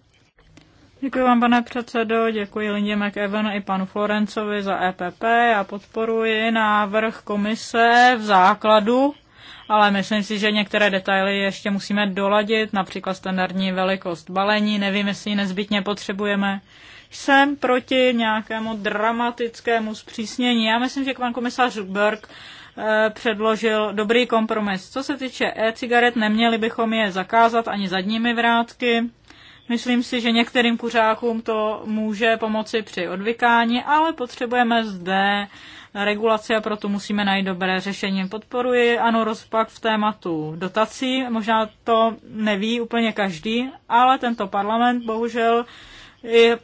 Děkuji vám, pane předsedo, děkuji Lindě McEwen i panu Florencovi za EPP. Já podporuji návrh komise v základu, ale myslím si, že některé detaily ještě musíme doladit, například standardní velikost balení, nevím, jestli ji nezbytně potřebujeme jsem proti nějakému dramatickému zpřísnění. Já myslím, že pan komisař Berg eh, předložil dobrý kompromis. Co se týče e-cigaret, neměli bychom je zakázat ani zadními vrátky. Myslím si, že některým kuřákům to může pomoci při odvykání, ale potřebujeme zde regulaci a proto musíme najít dobré řešení. Podporuji ano rozpak v tématu dotací, možná to neví úplně každý, ale tento parlament bohužel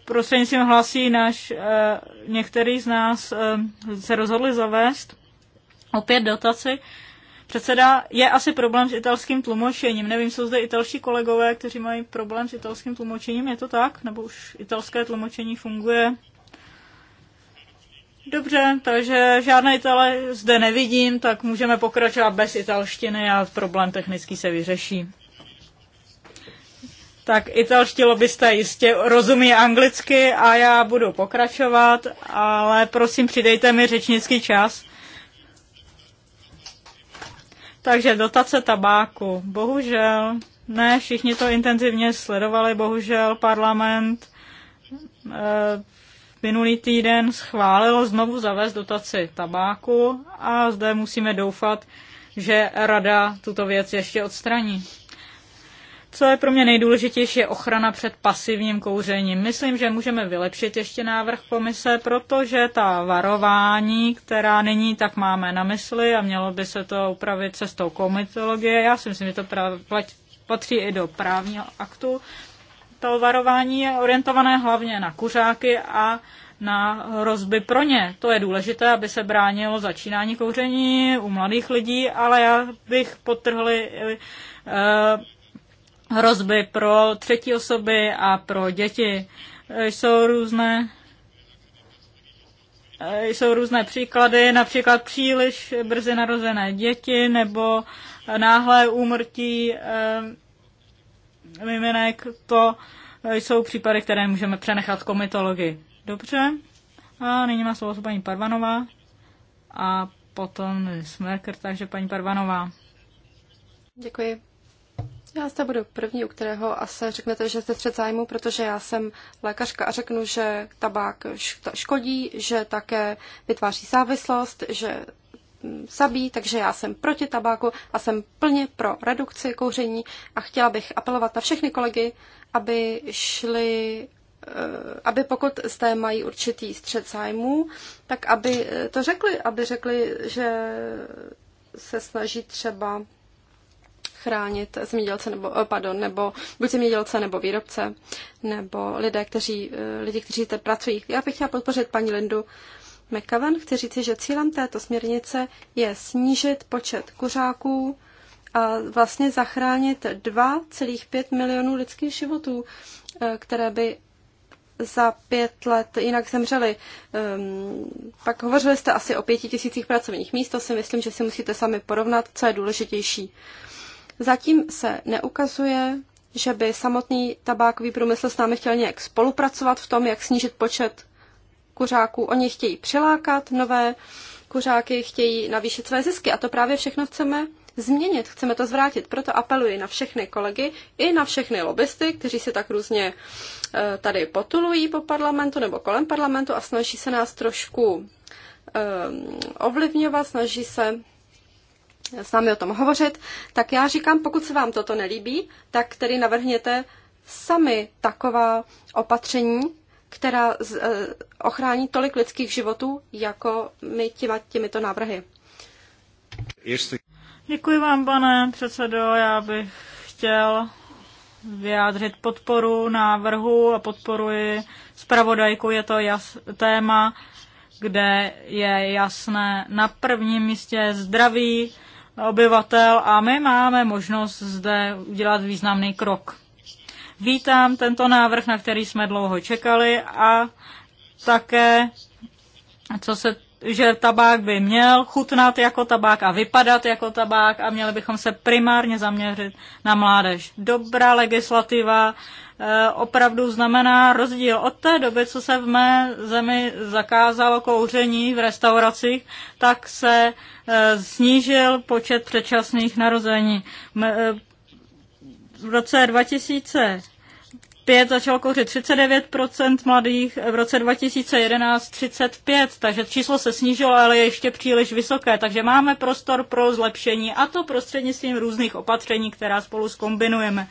prostřednictvím hlasí náš eh, některý z nás eh, se rozhodli zavést opět dotaci. Předseda, je asi problém s italským tlumočením. Nevím, jsou zde italští kolegové, kteří mají problém s italským tlumočením. Je to tak? Nebo už italské tlumočení funguje? Dobře, takže žádné Itale zde nevidím, tak můžeme pokračovat bez italštiny a problém technický se vyřeší tak italští lobbysté jistě rozumí anglicky a já budu pokračovat, ale prosím přidejte mi řečnický čas. Takže dotace tabáku. Bohužel, ne, všichni to intenzivně sledovali, bohužel parlament eh, minulý týden schválil znovu zavést dotaci tabáku a zde musíme doufat, že rada tuto věc ještě odstraní. Co je pro mě nejdůležitější, je ochrana před pasivním kouřením. Myslím, že můžeme vylepšit ještě návrh komise, protože ta varování, která není, tak máme na mysli a mělo by se to upravit cestou komitologie. Já si myslím, že to patří i do právního aktu. To varování je orientované hlavně na kuřáky a na hrozby pro ně. To je důležité, aby se bránilo začínání kouření u mladých lidí, ale já bych potrhli eh, hrozby pro třetí osoby a pro děti. E, jsou různé e, jsou různé příklady, například příliš brzy narozené děti nebo náhlé úmrtí e, miminek. To jsou případy, které můžeme přenechat komitologii. Dobře. A nyní má slovo paní Parvanová a potom Smerker, takže paní Parvanová. Děkuji, já zde budu první, u kterého asi řeknete, že jste střed zájmu, protože já jsem lékařka a řeknu, že tabák škodí, že také vytváří závislost, že zabíjí, mm, takže já jsem proti tabáku a jsem plně pro redukci kouření a chtěla bych apelovat na všechny kolegy, aby šli eh, aby pokud zde mají určitý střed zájmů, tak aby eh, to řekli, aby řekli, že se snaží třeba chránit zemědělce nebo, eh, pardon, nebo buď zemědělce nebo výrobce, nebo lidé, kteří, eh, lidi, kteří zde pracují. Já bych chtěla podpořit paní Lindu McCavan. Chci říci, že cílem této směrnice je snížit počet kuřáků a vlastně zachránit 2,5 milionů lidských životů, eh, které by za pět let jinak zemřeli. Um, ehm, pak hovořili jste asi o pěti tisících pracovních míst, to si myslím, že si musíte sami porovnat, co je důležitější. Zatím se neukazuje, že by samotný tabákový průmysl s námi chtěl nějak spolupracovat v tom, jak snížit počet kuřáků. Oni chtějí přilákat nové kuřáky, chtějí navýšit své zisky a to právě všechno chceme změnit, chceme to zvrátit. Proto apeluji na všechny kolegy i na všechny lobbysty, kteří se tak různě eh, tady potulují po parlamentu nebo kolem parlamentu a snaží se nás trošku eh, ovlivňovat, snaží se s námi o tom hovořit, tak já říkám, pokud se vám toto nelíbí, tak tedy navrhněte sami taková opatření, která e, ochrání tolik lidských životů, jako my těma, těmito návrhy. Děkuji vám, pane předsedo. Já bych chtěl vyjádřit podporu návrhu a podporuji zpravodajku. Je to jas, téma, kde je jasné na prvním místě zdraví obyvatel a my máme možnost zde udělat významný krok. Vítám tento návrh, na který jsme dlouho čekali a také, co se, že tabák by měl chutnat jako tabák a vypadat jako tabák a měli bychom se primárně zaměřit na mládež. Dobrá legislativa, Eh, opravdu znamená rozdíl. Od té doby, co se v mé zemi zakázalo kouření v restauracích, tak se eh, snížil počet předčasných narození. Eh, v roce 2000 5 začalo kouřit 39% mladých, v roce 2011 35, takže číslo se snížilo, ale je ještě příliš vysoké, takže máme prostor pro zlepšení a to prostřednictvím různých opatření, která spolu skombinujeme.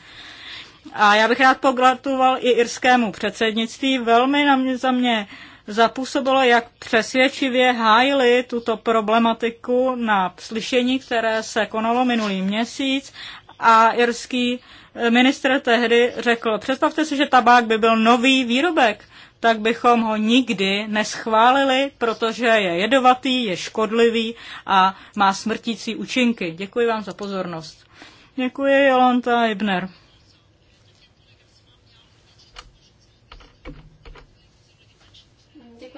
A já bych rád pogratuloval i irskému předsednictví. Velmi na mě za mě zapůsobilo, jak přesvědčivě hájili tuto problematiku na slyšení, které se konalo minulý měsíc a irský eh, ministr tehdy řekl, představte si, že tabák by byl nový výrobek, tak bychom ho nikdy neschválili, protože je jedovatý, je škodlivý a má smrtící účinky. Děkuji vám za pozornost. Děkuji, Jolanta Ibner.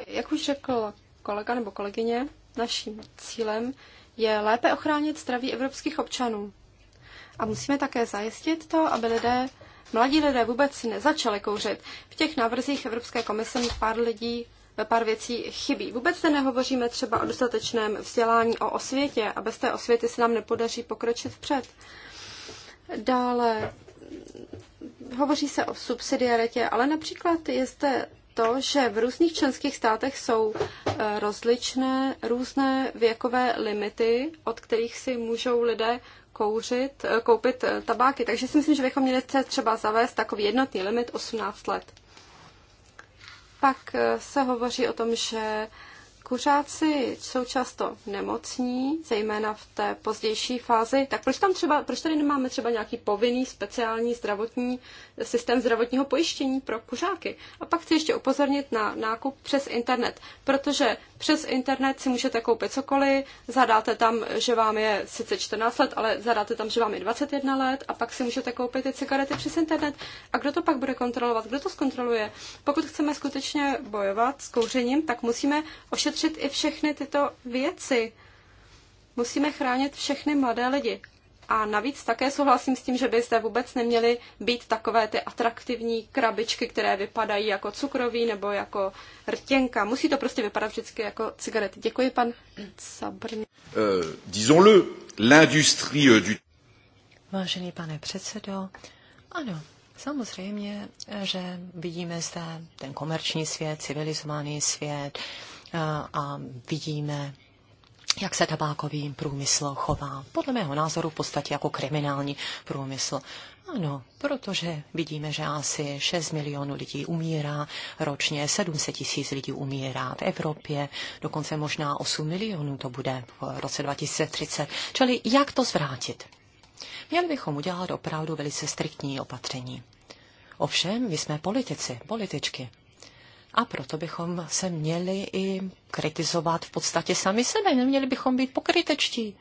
Jak už řekl kolega nebo kolegyně, naším cílem je lépe ochránit zdraví evropských občanů. A musíme také zajistit to, aby lidé, mladí lidé vůbec nezačali kouřit. V těch návrzích Evropské komise pár lidí pár věcí chybí. Vůbec se nehovoříme třeba o dostatečném vzdělání, o osvětě a bez té osvěty se nám nepodaří pokročit vpřed. Dále hovoří se o subsidiaritě, ale například je zde to, že v různých členských státech jsou eh, rozličné různé věkové limity, od kterých si můžou lidé kouřit, eh, koupit eh, tabáky. Takže si myslím, že bychom měli třeba zavést takový jednotný limit 18 let. Pak se hovoří o tom, že Kuřáci jsou často nemocní, zejména v té pozdější fázi. Tak proč tam třeba, proč tady nemáme třeba nějaký povinný speciální zdravotní systém zdravotního pojištění pro kuřáky? A pak chci ještě upozornit na nákup přes internet, protože přes internet si můžete koupit cokoliv, zadáte tam, že vám je sice 14 let, ale zadáte tam, že vám je 21 let a pak si můžete koupit ty cigarety přes internet. A kdo to pak bude kontrolovat? Kdo to zkontroluje? Pokud chceme skutečně bojovat s kouřením, tak musíme ošetřit šetřit i všechny tyto věci. Musíme chránit všechny mladé lidi. A navíc také souhlasím s tím, že by zde vůbec neměly být takové ty atraktivní krabičky, které vypadají jako cukroví nebo jako rtěnka. Musí to prostě vypadat vždycky jako cigarety. Děkuji, pan Sabrně. Uh, Disons-le, l'industrie du... Vážený pane předsedo, ano, samozřejmě, že vidíme zde ten komerční svět, civilizovaný svět, Eh, a vidíme, jak se tabákový průmysl chová. Podle mého názoru v podstatě jako kriminální průmysl. Ano, protože vidíme, že asi 6 milionů lidí umírá ročně, 700 tisíc lidí umírá v Evropě, dokonce možná 8 milionů to bude v roce 2030. Čili jak to zvrátit? Měli bychom udělat opravdu velice striktní opatření. Ovšem, my jsme politici, političky. A proto bychom se měli i kritizovat v podstatě sami sebe, neměli bychom být pokrytečtí.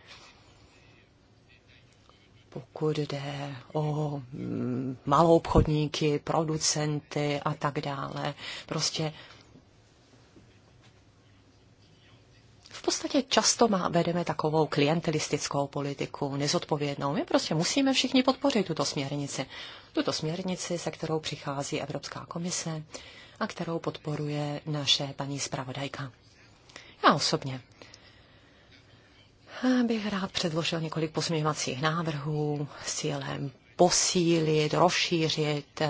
Pokud jde o mm, malou obchodníky, producenty a tak dále, prostě v podstatě často má, vedeme takovou klientelistickou politiku, nezodpovědnou. My prostě musíme všichni podpořit tuto směrnici. Tuto směrnici, se kterou přichází Evropská komise a kterou podporuje naše paní zpravodajka. Já osobně bych rád předložil několik posměvacích návrhů s cílem posílit, rozšířit eh,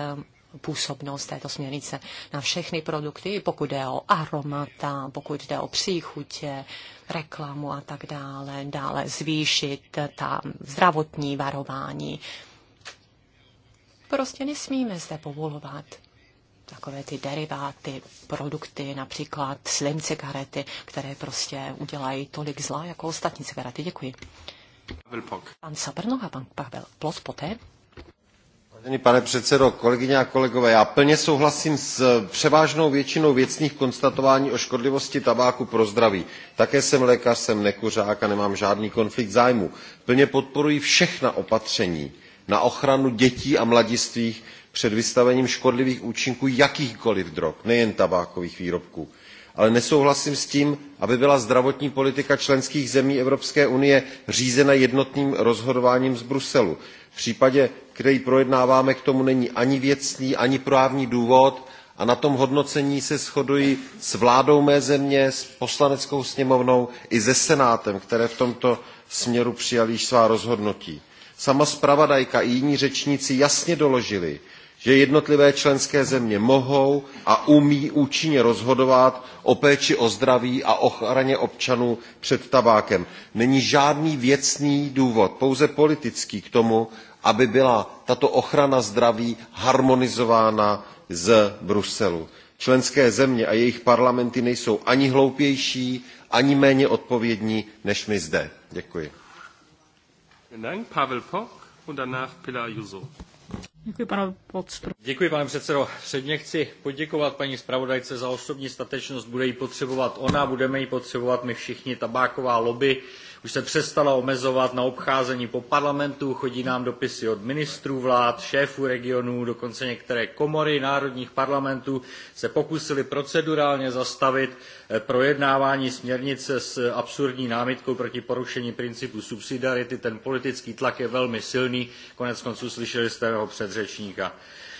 působnost této směrnice na všechny produkty, pokud jde o aromata, pokud jde o příchutě, reklamu a tak dále, dále zvýšit ta zdravotní varování. Prostě nesmíme zde povolovat takové ty deriváty, produkty, například slim cigarety, které prostě udělají tolik zla jako ostatní cigarety. Děkuji. Pavel Pok. Pan Sabrnok a pan Pavel Plot poté. Vážený pane předsedo, kolegyně a kolegové, já plně souhlasím s převážnou většinou věcných konstatování o škodlivosti tabáku pro zdraví. Také jsem lékař, jsem nekuřák a nemám žádný konflikt zájmu. Plně podporuji všechna opatření na ochranu dětí a mladistvých před vystavením škodlivých účinků jakýchkoliv drog, nejen tabákových výrobků. Ale nesouhlasím s tím, aby byla zdravotní politika členských zemí Evropské unie řízena jednotným rozhodováním z Bruselu. V případě, který projednáváme, k tomu není ani věcný, ani právní důvod a na tom hodnocení se shoduji s vládou mé země, s poslaneckou sněmovnou i se senátem, které v tomto směru přijali již svá rozhodnutí. Sama zpravodajka i jiní řečníci jasně doložili, že jednotlivé členské země mohou a umí účinně rozhodovat o péči o zdraví a ochraně občanů před tabákem. Není žádný věcný důvod, pouze politický k tomu, aby byla tato ochrana zdraví harmonizována z Bruselu. Členské země a jejich parlamenty nejsou ani hloupější, ani méně odpovědní než my zde. Děkuji. Pavel Pok a Děkuji, pane Podstru. Děkuji, pane předsedo. Předně chci poděkovat paní zpravodajce za osobní statečnost. Bude ji potřebovat ona, budeme ji potřebovat my všichni, tabáková lobby už se přestala omezovat na obcházení po parlamentu, chodí nám dopisy od ministrů vlád, šéfů regionů, dokonce některé komory národních parlamentů se pokusili procedurálně zastavit eh, projednávání směrnice s absurdní námitkou proti porušení principu subsidiarity. Ten politický tlak je velmi silný, konec konců slyšeli jste mého předřečníka.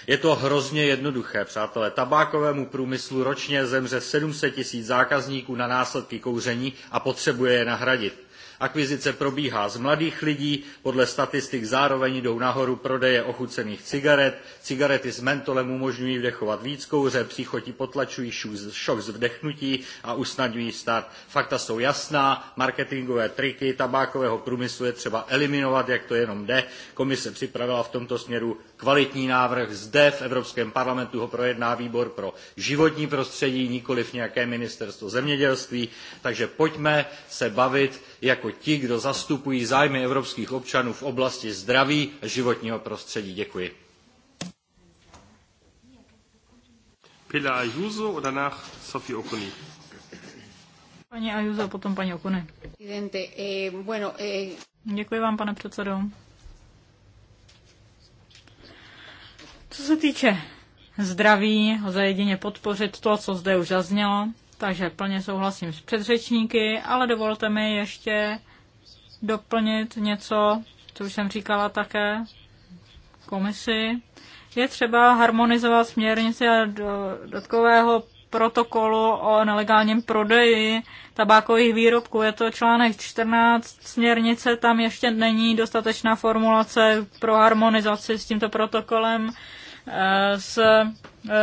Je to hrozně jednoduché, přátelé. Tabákovému průmyslu ročně zemře 700 tisíc zákazníků na následky kouření a potřebuje je nahradit. Akvizice probíhá z mladých lidí, podle statistik zároveň jdou nahoru prodeje ochucených cigaret, cigarety s mentolem umožňují vdechovat víc kouře, příchotí potlačují šok z vdechnutí a usnadňují start. Fakta jsou jasná, marketingové triky tabákového průmyslu je třeba eliminovat, jak to jenom jde. Komise připravila v tomto směru kvalitní návrh. Zde v Evropském parlamentu ho projedná výbor pro životní prostředí, nikoliv nějaké ministerstvo zemědělství. Takže pojďme se bavit jako ti, kdo zastupují zájmy evropských občanů v oblasti zdraví a životního prostředí. Děkuji. Pilar Ayuso a danach Sophie Okuni. Paní Ayuso, potom paní Okuni. Eh, eh, Děkuji vám, pane předsedo. Co se týče zdraví, lze jedině podpořit to, co zde už zaznělo, takže plně souhlasím s předřečníky, ale dovolte mi ještě doplnit něco, co už jsem říkala také komisi. Je třeba harmonizovat směrnici a dodatkového protokolu o nelegálním prodeji tabákových výrobků. Je to článek 14 směrnice, tam ještě není dostatečná formulace pro harmonizaci s tímto protokolem. Eh, z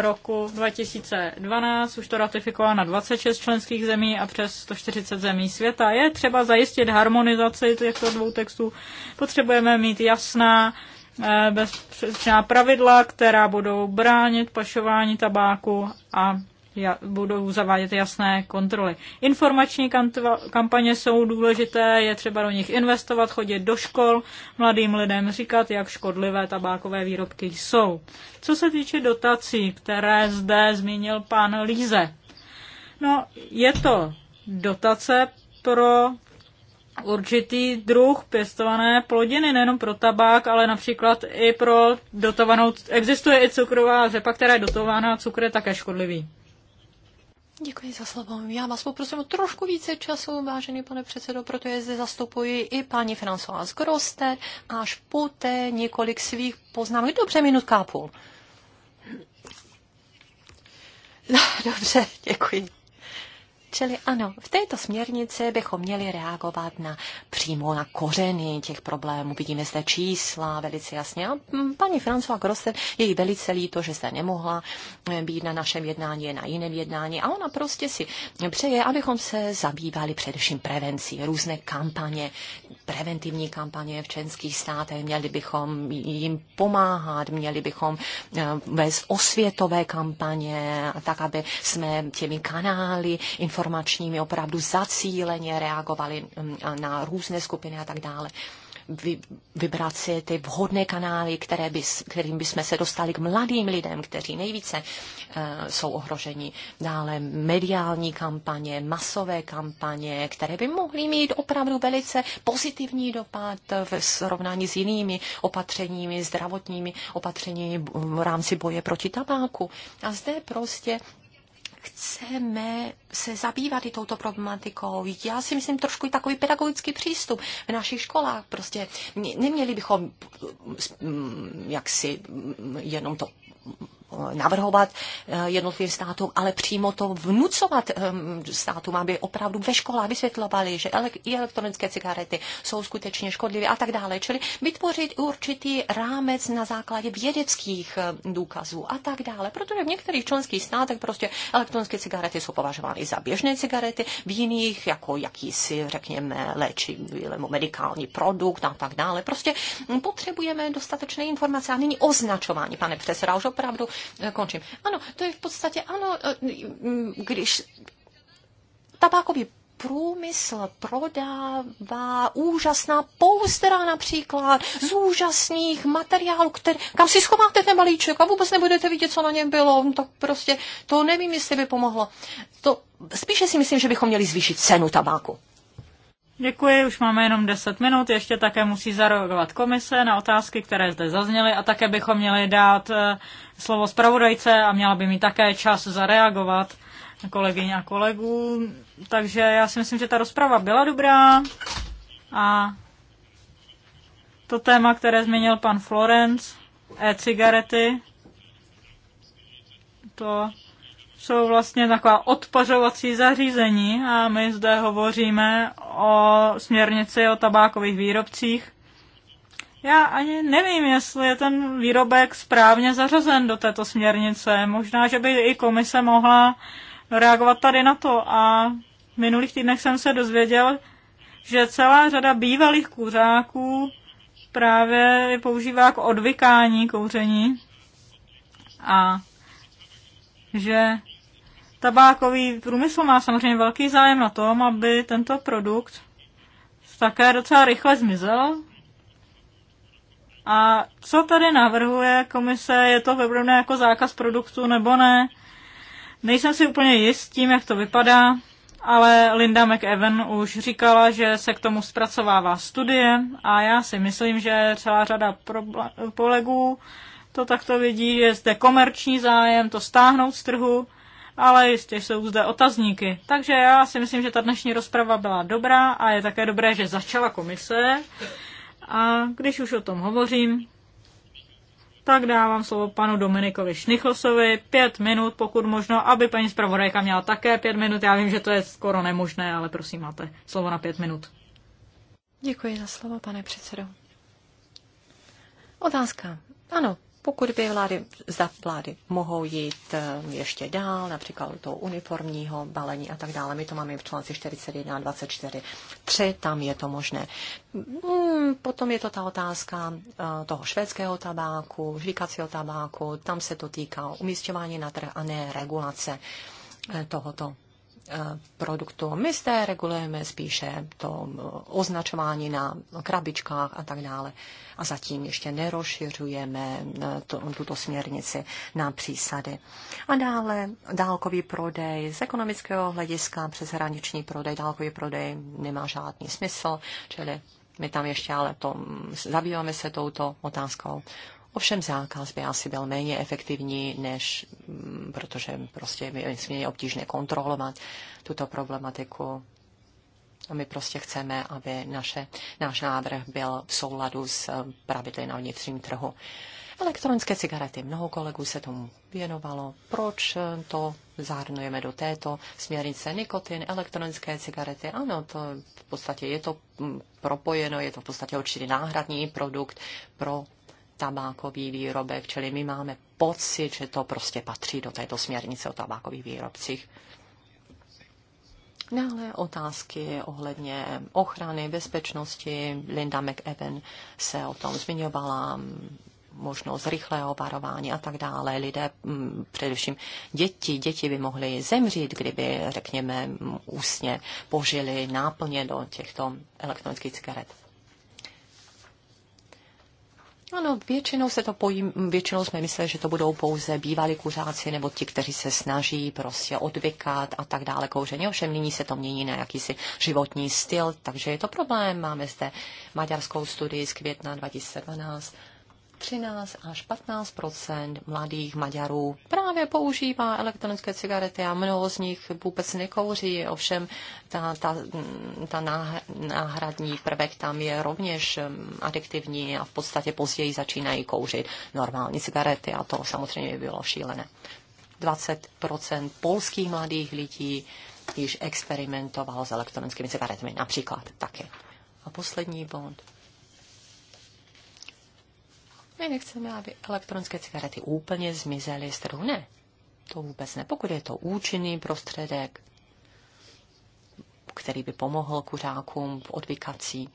roku 2012, už to ratifikovala na 26 členských zemí a přes 140 zemí světa. Je třeba zajistit harmonizaci těchto dvou textů. Potřebujeme mít jasná eh, bezpečná pravidla, která budou bránit pašování tabáku a budou zavádět jasné kontroly. Informační kampaně jsou důležité, je třeba do nich investovat, chodit do škol, mladým lidem říkat, jak škodlivé tabákové výrobky jsou. Co se týče dotací, které zde zmínil pan Líze, no je to dotace pro určitý druh pěstované plodiny, nejenom pro tabák, ale například i pro dotovanou, existuje i cukrová řepa, která je dotována cukr je také škodlivý. Děkuji za slovo. Já vás poprosím o trošku více času, vážený pane předsedo, protože zde zastupuji i paní Françoise Groster až poté několik svých poznámek. Dobře, minutka a půl. No, dobře, děkuji. Čili ano, v této směrnici bychom měli reagovat na přímo na kořeny těch problémů. Vidíme zde čísla velice jasně. A mm, paní François Grosset, je jí velice líto, že se nemohla eh, být na našem jednání, na jiném jednání. A ona prostě si přeje, abychom se zabývali především prevencí, různé kampaně, preventivní kampaně v členských státech, měli bychom jim pomáhat, měli bychom eh, vést osvětové kampaně, tak aby jsme těmi kanály informačními opravdu zacíleně reagovali mm, na různé skupiny a tak dále vy, vybrat si ty vhodné kanály, které by, kterým bychom se dostali k mladým lidem, kteří nejvíce uh, jsou ohroženi. Dále mediální kampaně, masové kampaně, které by mohly mít opravdu velice pozitivní dopad v srovnání s jinými opatřeními, zdravotními opatřeními v rámci boje proti tabáku. A zde prostě chceme se zabývat i touto problematikou. Já si myslím trošku i takový pedagogický přístup v našich školách. Prostě neměli bychom mm, mm, jak mm, jenom to Eh, navrhovat eh, jednotlivým státům, ale přímo to vnucovat ehm, státům, aby opravdu ve školách vysvětlovali, že i elektronické cigarety jsou skutečně škodlivé a tak dále. Čili vytvořit určitý rámec na základě vědeckých eh, důkazů a tak dále, protože v některých členských státech prostě elektronické cigarety jsou považovány za běžné cigarety, v jiných jako jakýsi, řekněme, léčivý nebo medikální produkt a tak dále. Prostě potřebujeme dostatečné informace a nyní označování, pane předseda, už opravdu Eh, končím. Ano, to je v podstatě, ano, eh, mm, když tabákový průmysl prodává úžasná pouzdra například z úžasných materiálů, který, kam si schováte ten balíček a vůbec nebudete vidět, co na něm bylo, hm, tak prostě to nevím, jestli by pomohlo. To spíše si myslím, že bychom měli zvýšit cenu tabáku. Děkuji, už máme jenom 10 minut, ještě také musí zareagovat komise na otázky, které zde zazněly a také bychom měli dát eh, slovo zpravodajce a měla by mi také čas zareagovat kolegyň a kolegů. Takže já si myslím, že ta rozprava byla dobrá a to téma, které zmínil pan Florence, e-cigarety, to jsou vlastně taková odpařovací zařízení a my zde hovoříme o směrnici o tabákových výrobcích. Já ani nevím, jestli je ten výrobek správně zařazen do této směrnice. Možná, že by i komise mohla reagovat tady na to. A v minulých týdnech jsem se dozvěděl, že celá řada bývalých kuřáků právě používá k odvykání kouření a že Tabákový průmysl má samozřejmě velký zájem na tom, aby tento produkt také docela rychle zmizel. A co tady navrhuje komise, je to vybrané jako zákaz produktu nebo ne? Nejsem si úplně jist tím, jak to vypadá, ale Linda McEwen už říkala, že se k tomu zpracovává studie a já si myslím, že celá řada kolegů to takto vidí, že zde komerční zájem to stáhnout z trhu ale jistě jsou zde otazníky. Takže já si myslím, že ta dnešní rozprava byla dobrá a je také dobré, že začala komise. A když už o tom hovořím, tak dávám slovo panu Dominikovi Šnichlosovi. Pět minut, pokud možno, aby paní zpravodajka měla také pět minut. Já vím, že to je skoro nemožné, ale prosím, máte slovo na pět minut. Děkuji za slovo, pane předsedo. Otázka. Ano, pokud by vlády, za vlády mohou jít eh, ještě dál, například do toho uniformního balení a tak dále. My to máme v článci 41 a 24. Tři, tam je to možné. Hmm, potom je to ta otázka eh, toho švédského tabáku, žvíkacího tabáku, tam se to týká umístěvání na trh a ne regulace eh, tohoto Eh, produktů. My zde regulujeme spíše to eh, označování na krabičkách a tak dále. A zatím ještě nerozšiřujeme eh, to, tuto směrnici na přísady. A dále dálkový prodej z ekonomického hlediska, přeshraniční prodej, dálkový prodej nemá žádný smysl, čili my tam ještě ale to, zabýváme se touto otázkou. Ovšem zákaz by asi byl méně efektivní, než mm, protože prostě je nesmírně obtížné kontrolovat tuto problematiku. A my prostě chceme, aby naše, náš návrh byl v souladu s eh, pravidly na vnitřním trhu. Elektronické cigarety. Mnoho kolegů se tomu věnovalo. Proč eh, to zahrnujeme do této směrnice? Nikotin, elektronické cigarety. Ano, to v podstatě je to mm, propojeno, je to v podstatě určitý náhradní produkt pro tabákový výrobek, čili my máme pocit, že to prostě patří do této směrnice o tabákových výrobcích. Dále no, otázky ohledně ochrany, bezpečnosti. Linda McEwen se o tom zmiňovala, možnost rychlého varování a tak dále. Lidé, mm, především děti, děti by mohly zemřít, kdyby, řekněme, mm, ústně požili náplně do těchto elektronických cigaret. Ano, většinou se to pojím, většinou jsme mysleli, že to budou pouze bývalí kuřáci nebo ti, kteří se snaží prostě odvykat a tak dále kouření. Ovšem nyní se to mění na jakýsi životní styl, takže je to problém. Máme zde maďarskou studii z května 2012 13 až 15 mladých Maďarů právě používá elektronické cigarety a mnoho z nich vůbec nekouří. Ovšem ta, ta, ta náhradní prvek tam je rovněž um, adiktivní a v podstatě později začínají kouřit normální cigarety a to samozřejmě by bylo šílené. 20 polských mladých lidí již experimentovalo s elektronickými cigaretami například taky. A poslední bod my nechceme, aby elektronické cigarety úplně zmizely z trhu. Ne, to vůbec ne. Pokud je to účinný prostředek, který by pomohl kuřákům v odvykací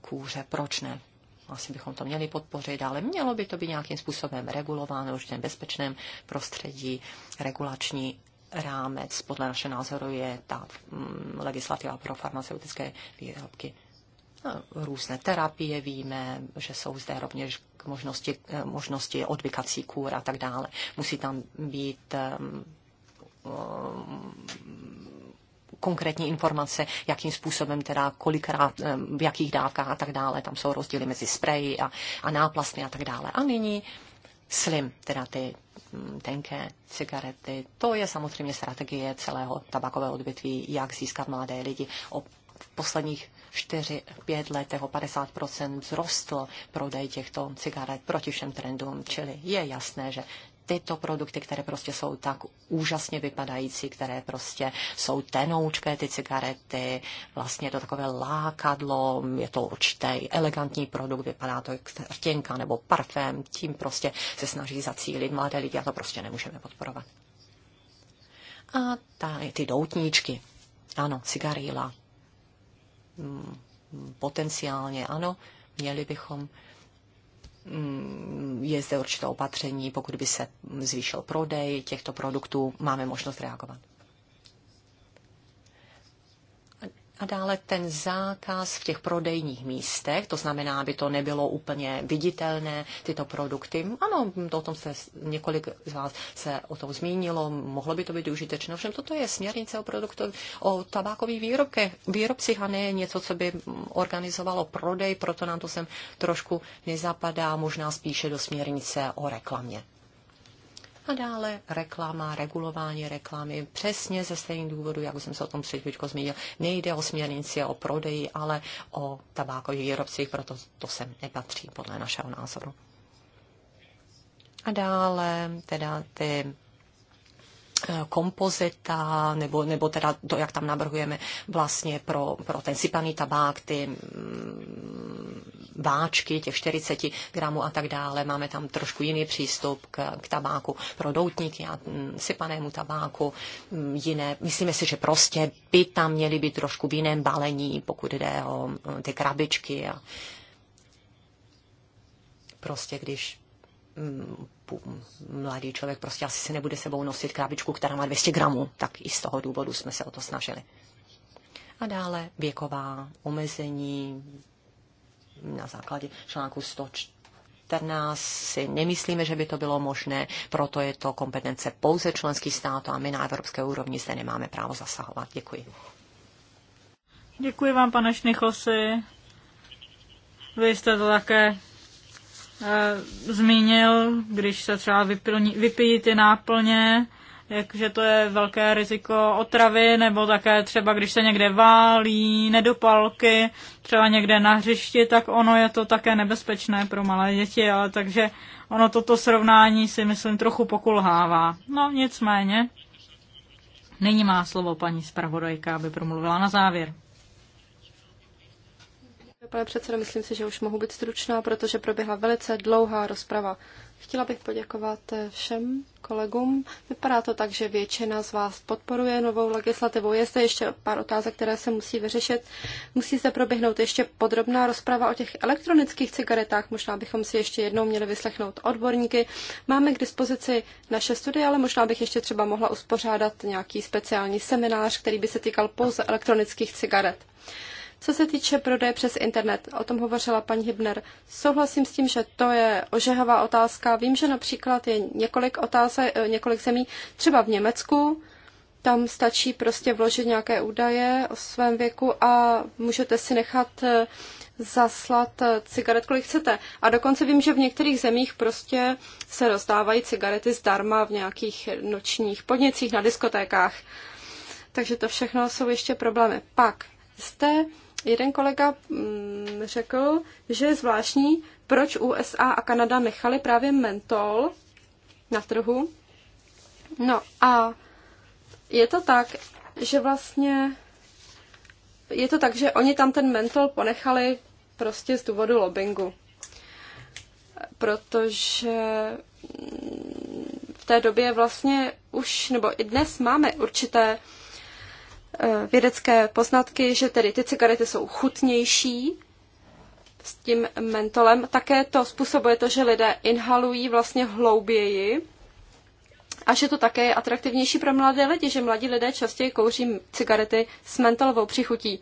kůře, proč ne? Asi bychom to měli podpořit, ale mělo by to být nějakým způsobem regulováno v určitém bezpečném prostředí, regulační rámec. Podle našeho názoru je ta mm, legislativa pro farmaceutické výrobky No, různé terapie, víme, že jsou zde rovněž možnosti, eh, možnosti odvykací kůr a tak dále. Musí tam být ehm, ehm, konkrétní informace, jakým způsobem teda, kolikrát, ehm, v jakých dávkách a tak dále. Tam jsou rozdíly mezi spreji a, a náplastmi a tak dále. A nyní slim, teda ty mm, tenké cigarety. To je samozřejmě strategie celého tabakového odvětví, jak získat mladé lidi. O, posledních 4-5 letech o 50% vzrostl prodej těchto cigaret proti všem trendům, čili je jasné, že tyto produkty, které prostě jsou tak úžasně vypadající, které prostě jsou tenoučké, ty cigarety, vlastně je to takové lákadlo, je to určitý elegantní produkt, vypadá to jak rtěnka nebo parfém, tím prostě se snaží zacílit mladé lidi a to prostě nemůžeme podporovat. A ta, ty doutníčky, ano, cigarýla, Mm, potenciálně ano, měli bychom mm, je zde určité opatření, pokud by se zvýšil prodej těchto produktů, máme možnost reagovat. A dále ten zákaz v těch prodejních místech, to znamená, aby to nebylo úplně viditelné, tyto produkty. Ano, to o tom se několik z vás se o tom zmínilo, mohlo by to být užitečné. Všem toto je směrnice o produktu, o tabákových výrobcích a ne něco, co by organizovalo prodej, proto nám to sem trošku nezapadá, možná spíše do směrnice o reklamě. A dále reklama, regulování reklamy, přesně ze stejných důvodů, jak jsem se o tom předtím zmínil, nejde o směrnici o prodeji, ale o tabákových výrobcích, proto to sem nepatří podle našeho názoru. A dále teda ty Eh, kompozita, nebo, nebo teda to, jak tam navrhujeme vlastně pro, pro ten sypaný tabák, ty váčky, mm, těch 40 gramů a tak dále. Máme tam trošku jiný přístup k, k tabáku pro doutníky a mm, sypanému tabáku. Mm, jiné, myslíme si, že prostě by tam měly být trošku v jiném balení, pokud jde o ty krabičky a prostě když Hm, mladý člověk prostě asi si nebude sebou nosit krabičku, která má 200 gramů, tak i z toho důvodu jsme se o to snažili. A dále věková omezení na základě článku 114 si nemyslíme, že by to bylo možné, proto je to kompetence pouze členských států a my na evropské úrovni zde nemáme právo zasahovat. Děkuji. Děkuji vám, pane Šnichosi. Vy jste to také Eh, zmínil, když se třeba vyplní, vypijí ty náplně, že to je velké riziko otravy, nebo také třeba, když se někde válí, nedopalky, třeba někde na hřišti, tak ono je to také nebezpečné pro malé děti, ale takže ono toto srovnání si myslím trochu pokulhává. No nicméně, nyní má slovo paní zpravodajka, aby promluvila na závěr pane předsedo. Myslím si, že už mohu být stručná, protože proběhla velice dlouhá rozprava. Chtěla bych poděkovat eh, všem kolegům. Vypadá to tak, že většina z vás podporuje novou legislativu. Je zde ještě pár otázek, které se musí vyřešit. Musí se proběhnout ještě podrobná rozprava o těch elektronických cigaretách. Možná bychom si ještě jednou měli vyslechnout odborníky. Máme k dispozici naše studie, ale možná bych ještě třeba mohla uspořádat nějaký speciální seminář, který by se týkal pouze elektronických cigaret. Co se týče prodeje přes internet, o tom hovořila paní Hibner, souhlasím s tím, že to je ožehavá otázka. Vím, že například je několik, otáze, eh, několik zemí, třeba v Německu, tam stačí prostě vložit nějaké údaje o svém věku a můžete si nechat eh, zaslat eh, cigaret, kolik chcete. A dokonce vím, že v některých zemích prostě se rozdávají cigarety zdarma v nějakých nočních podnicích, na diskotékách. Takže to všechno jsou ještě problémy. Pak zde Jeden kolega mm, řekl, že je zvláštní, proč USA a Kanada nechali právě mentol na trhu. No a je to tak, že vlastně je to tak, že oni tam ten mentol ponechali prostě z důvodu lobbingu. Protože mm, v té době vlastně už, nebo i dnes máme určité Eh, vědecké poznatky, že tedy ty cigarety jsou chutnější s tím mentolem. Také to způsobuje to, že lidé inhalují vlastně hlouběji a že to také je atraktivnější pro mladé lidi, že mladí lidé častěji kouří cigarety s mentolovou přichutí.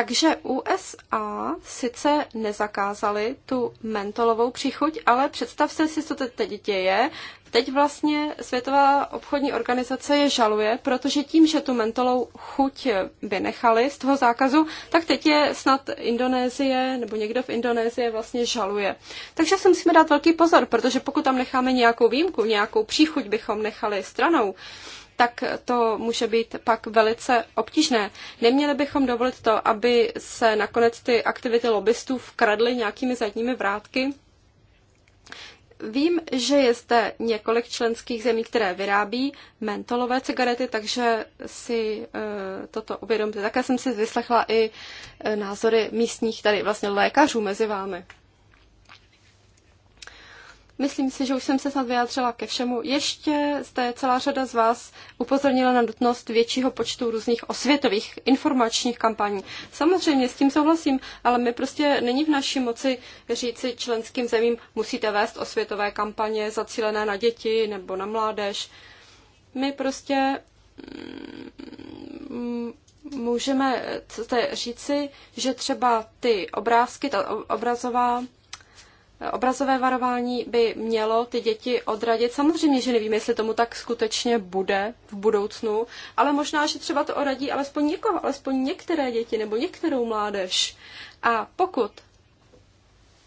Takže USA sice nezakázali tu mentolovou příchuť, ale představte si, co to teď děje. Teď vlastně Světová obchodní organizace je žaluje, protože tím, že tu mentolou chuť vynechali z toho zákazu, tak teď je snad Indonésie nebo někdo v Indonésii vlastně žaluje. Takže si musíme dát velký pozor, protože pokud tam necháme nějakou výjimku, nějakou příchuť bychom nechali stranou, tak to může být pak velice obtížné. Neměli bychom dovolit to, aby se nakonec ty aktivity lobbystů vkradly nějakými zadními vrátky. Vím, že je zde několik členských zemí, které vyrábí mentolové cigarety, takže si e, toto uvědomte. Také jsem si vyslechla i e, názory místních tady vlastně lékařů mezi vámi. Myslím si, že už jsem se snad vyjádřila ke všemu. Ještě jste celá řada z vás upozornila na nutnost většího počtu různých osvětových informačních kampaní. Samozřejmě s tím souhlasím, ale my prostě není v naší moci říci členským zemím, musíte vést osvětové kampaně zacílené na děti nebo na mládež. My prostě mm, můžeme říci, že třeba ty obrázky, ta obrazová Obrazové varování by mělo ty děti odradit. Samozřejmě, že nevíme, jestli tomu tak skutečně bude v budoucnu, ale možná, že třeba to odradí alespoň někoho, alespoň některé děti nebo některou mládež. A pokud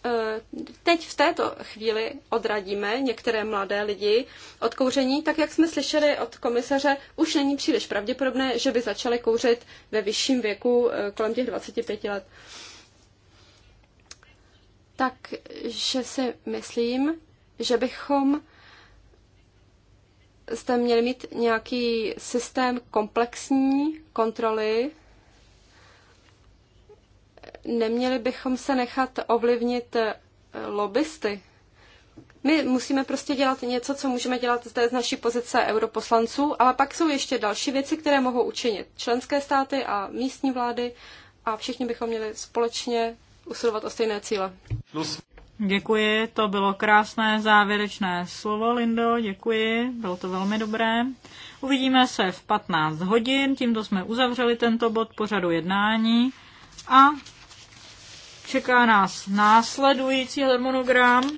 eh, teď v této chvíli odradíme některé mladé lidi od kouření, tak jak jsme slyšeli od komisaře, už není příliš pravděpodobné, že by začaly kouřit ve vyšším věku eh, kolem těch 25 let. Takže si myslím, že bychom jste měli mít nějaký systém komplexní kontroly. Neměli bychom se nechat ovlivnit lobbysty. My musíme prostě dělat něco, co můžeme dělat zde z naší pozice europoslanců, ale pak jsou ještě další věci, které mohou učinit členské státy a místní vlády a všichni bychom měli společně usilovat o stejné cíle. Děkuji, to bylo krásné závěrečné slovo, Lindo, děkuji, bylo to velmi dobré. Uvidíme se v 15 hodin, tímto jsme uzavřeli tento bod pořadu jednání a čeká nás následující harmonogram.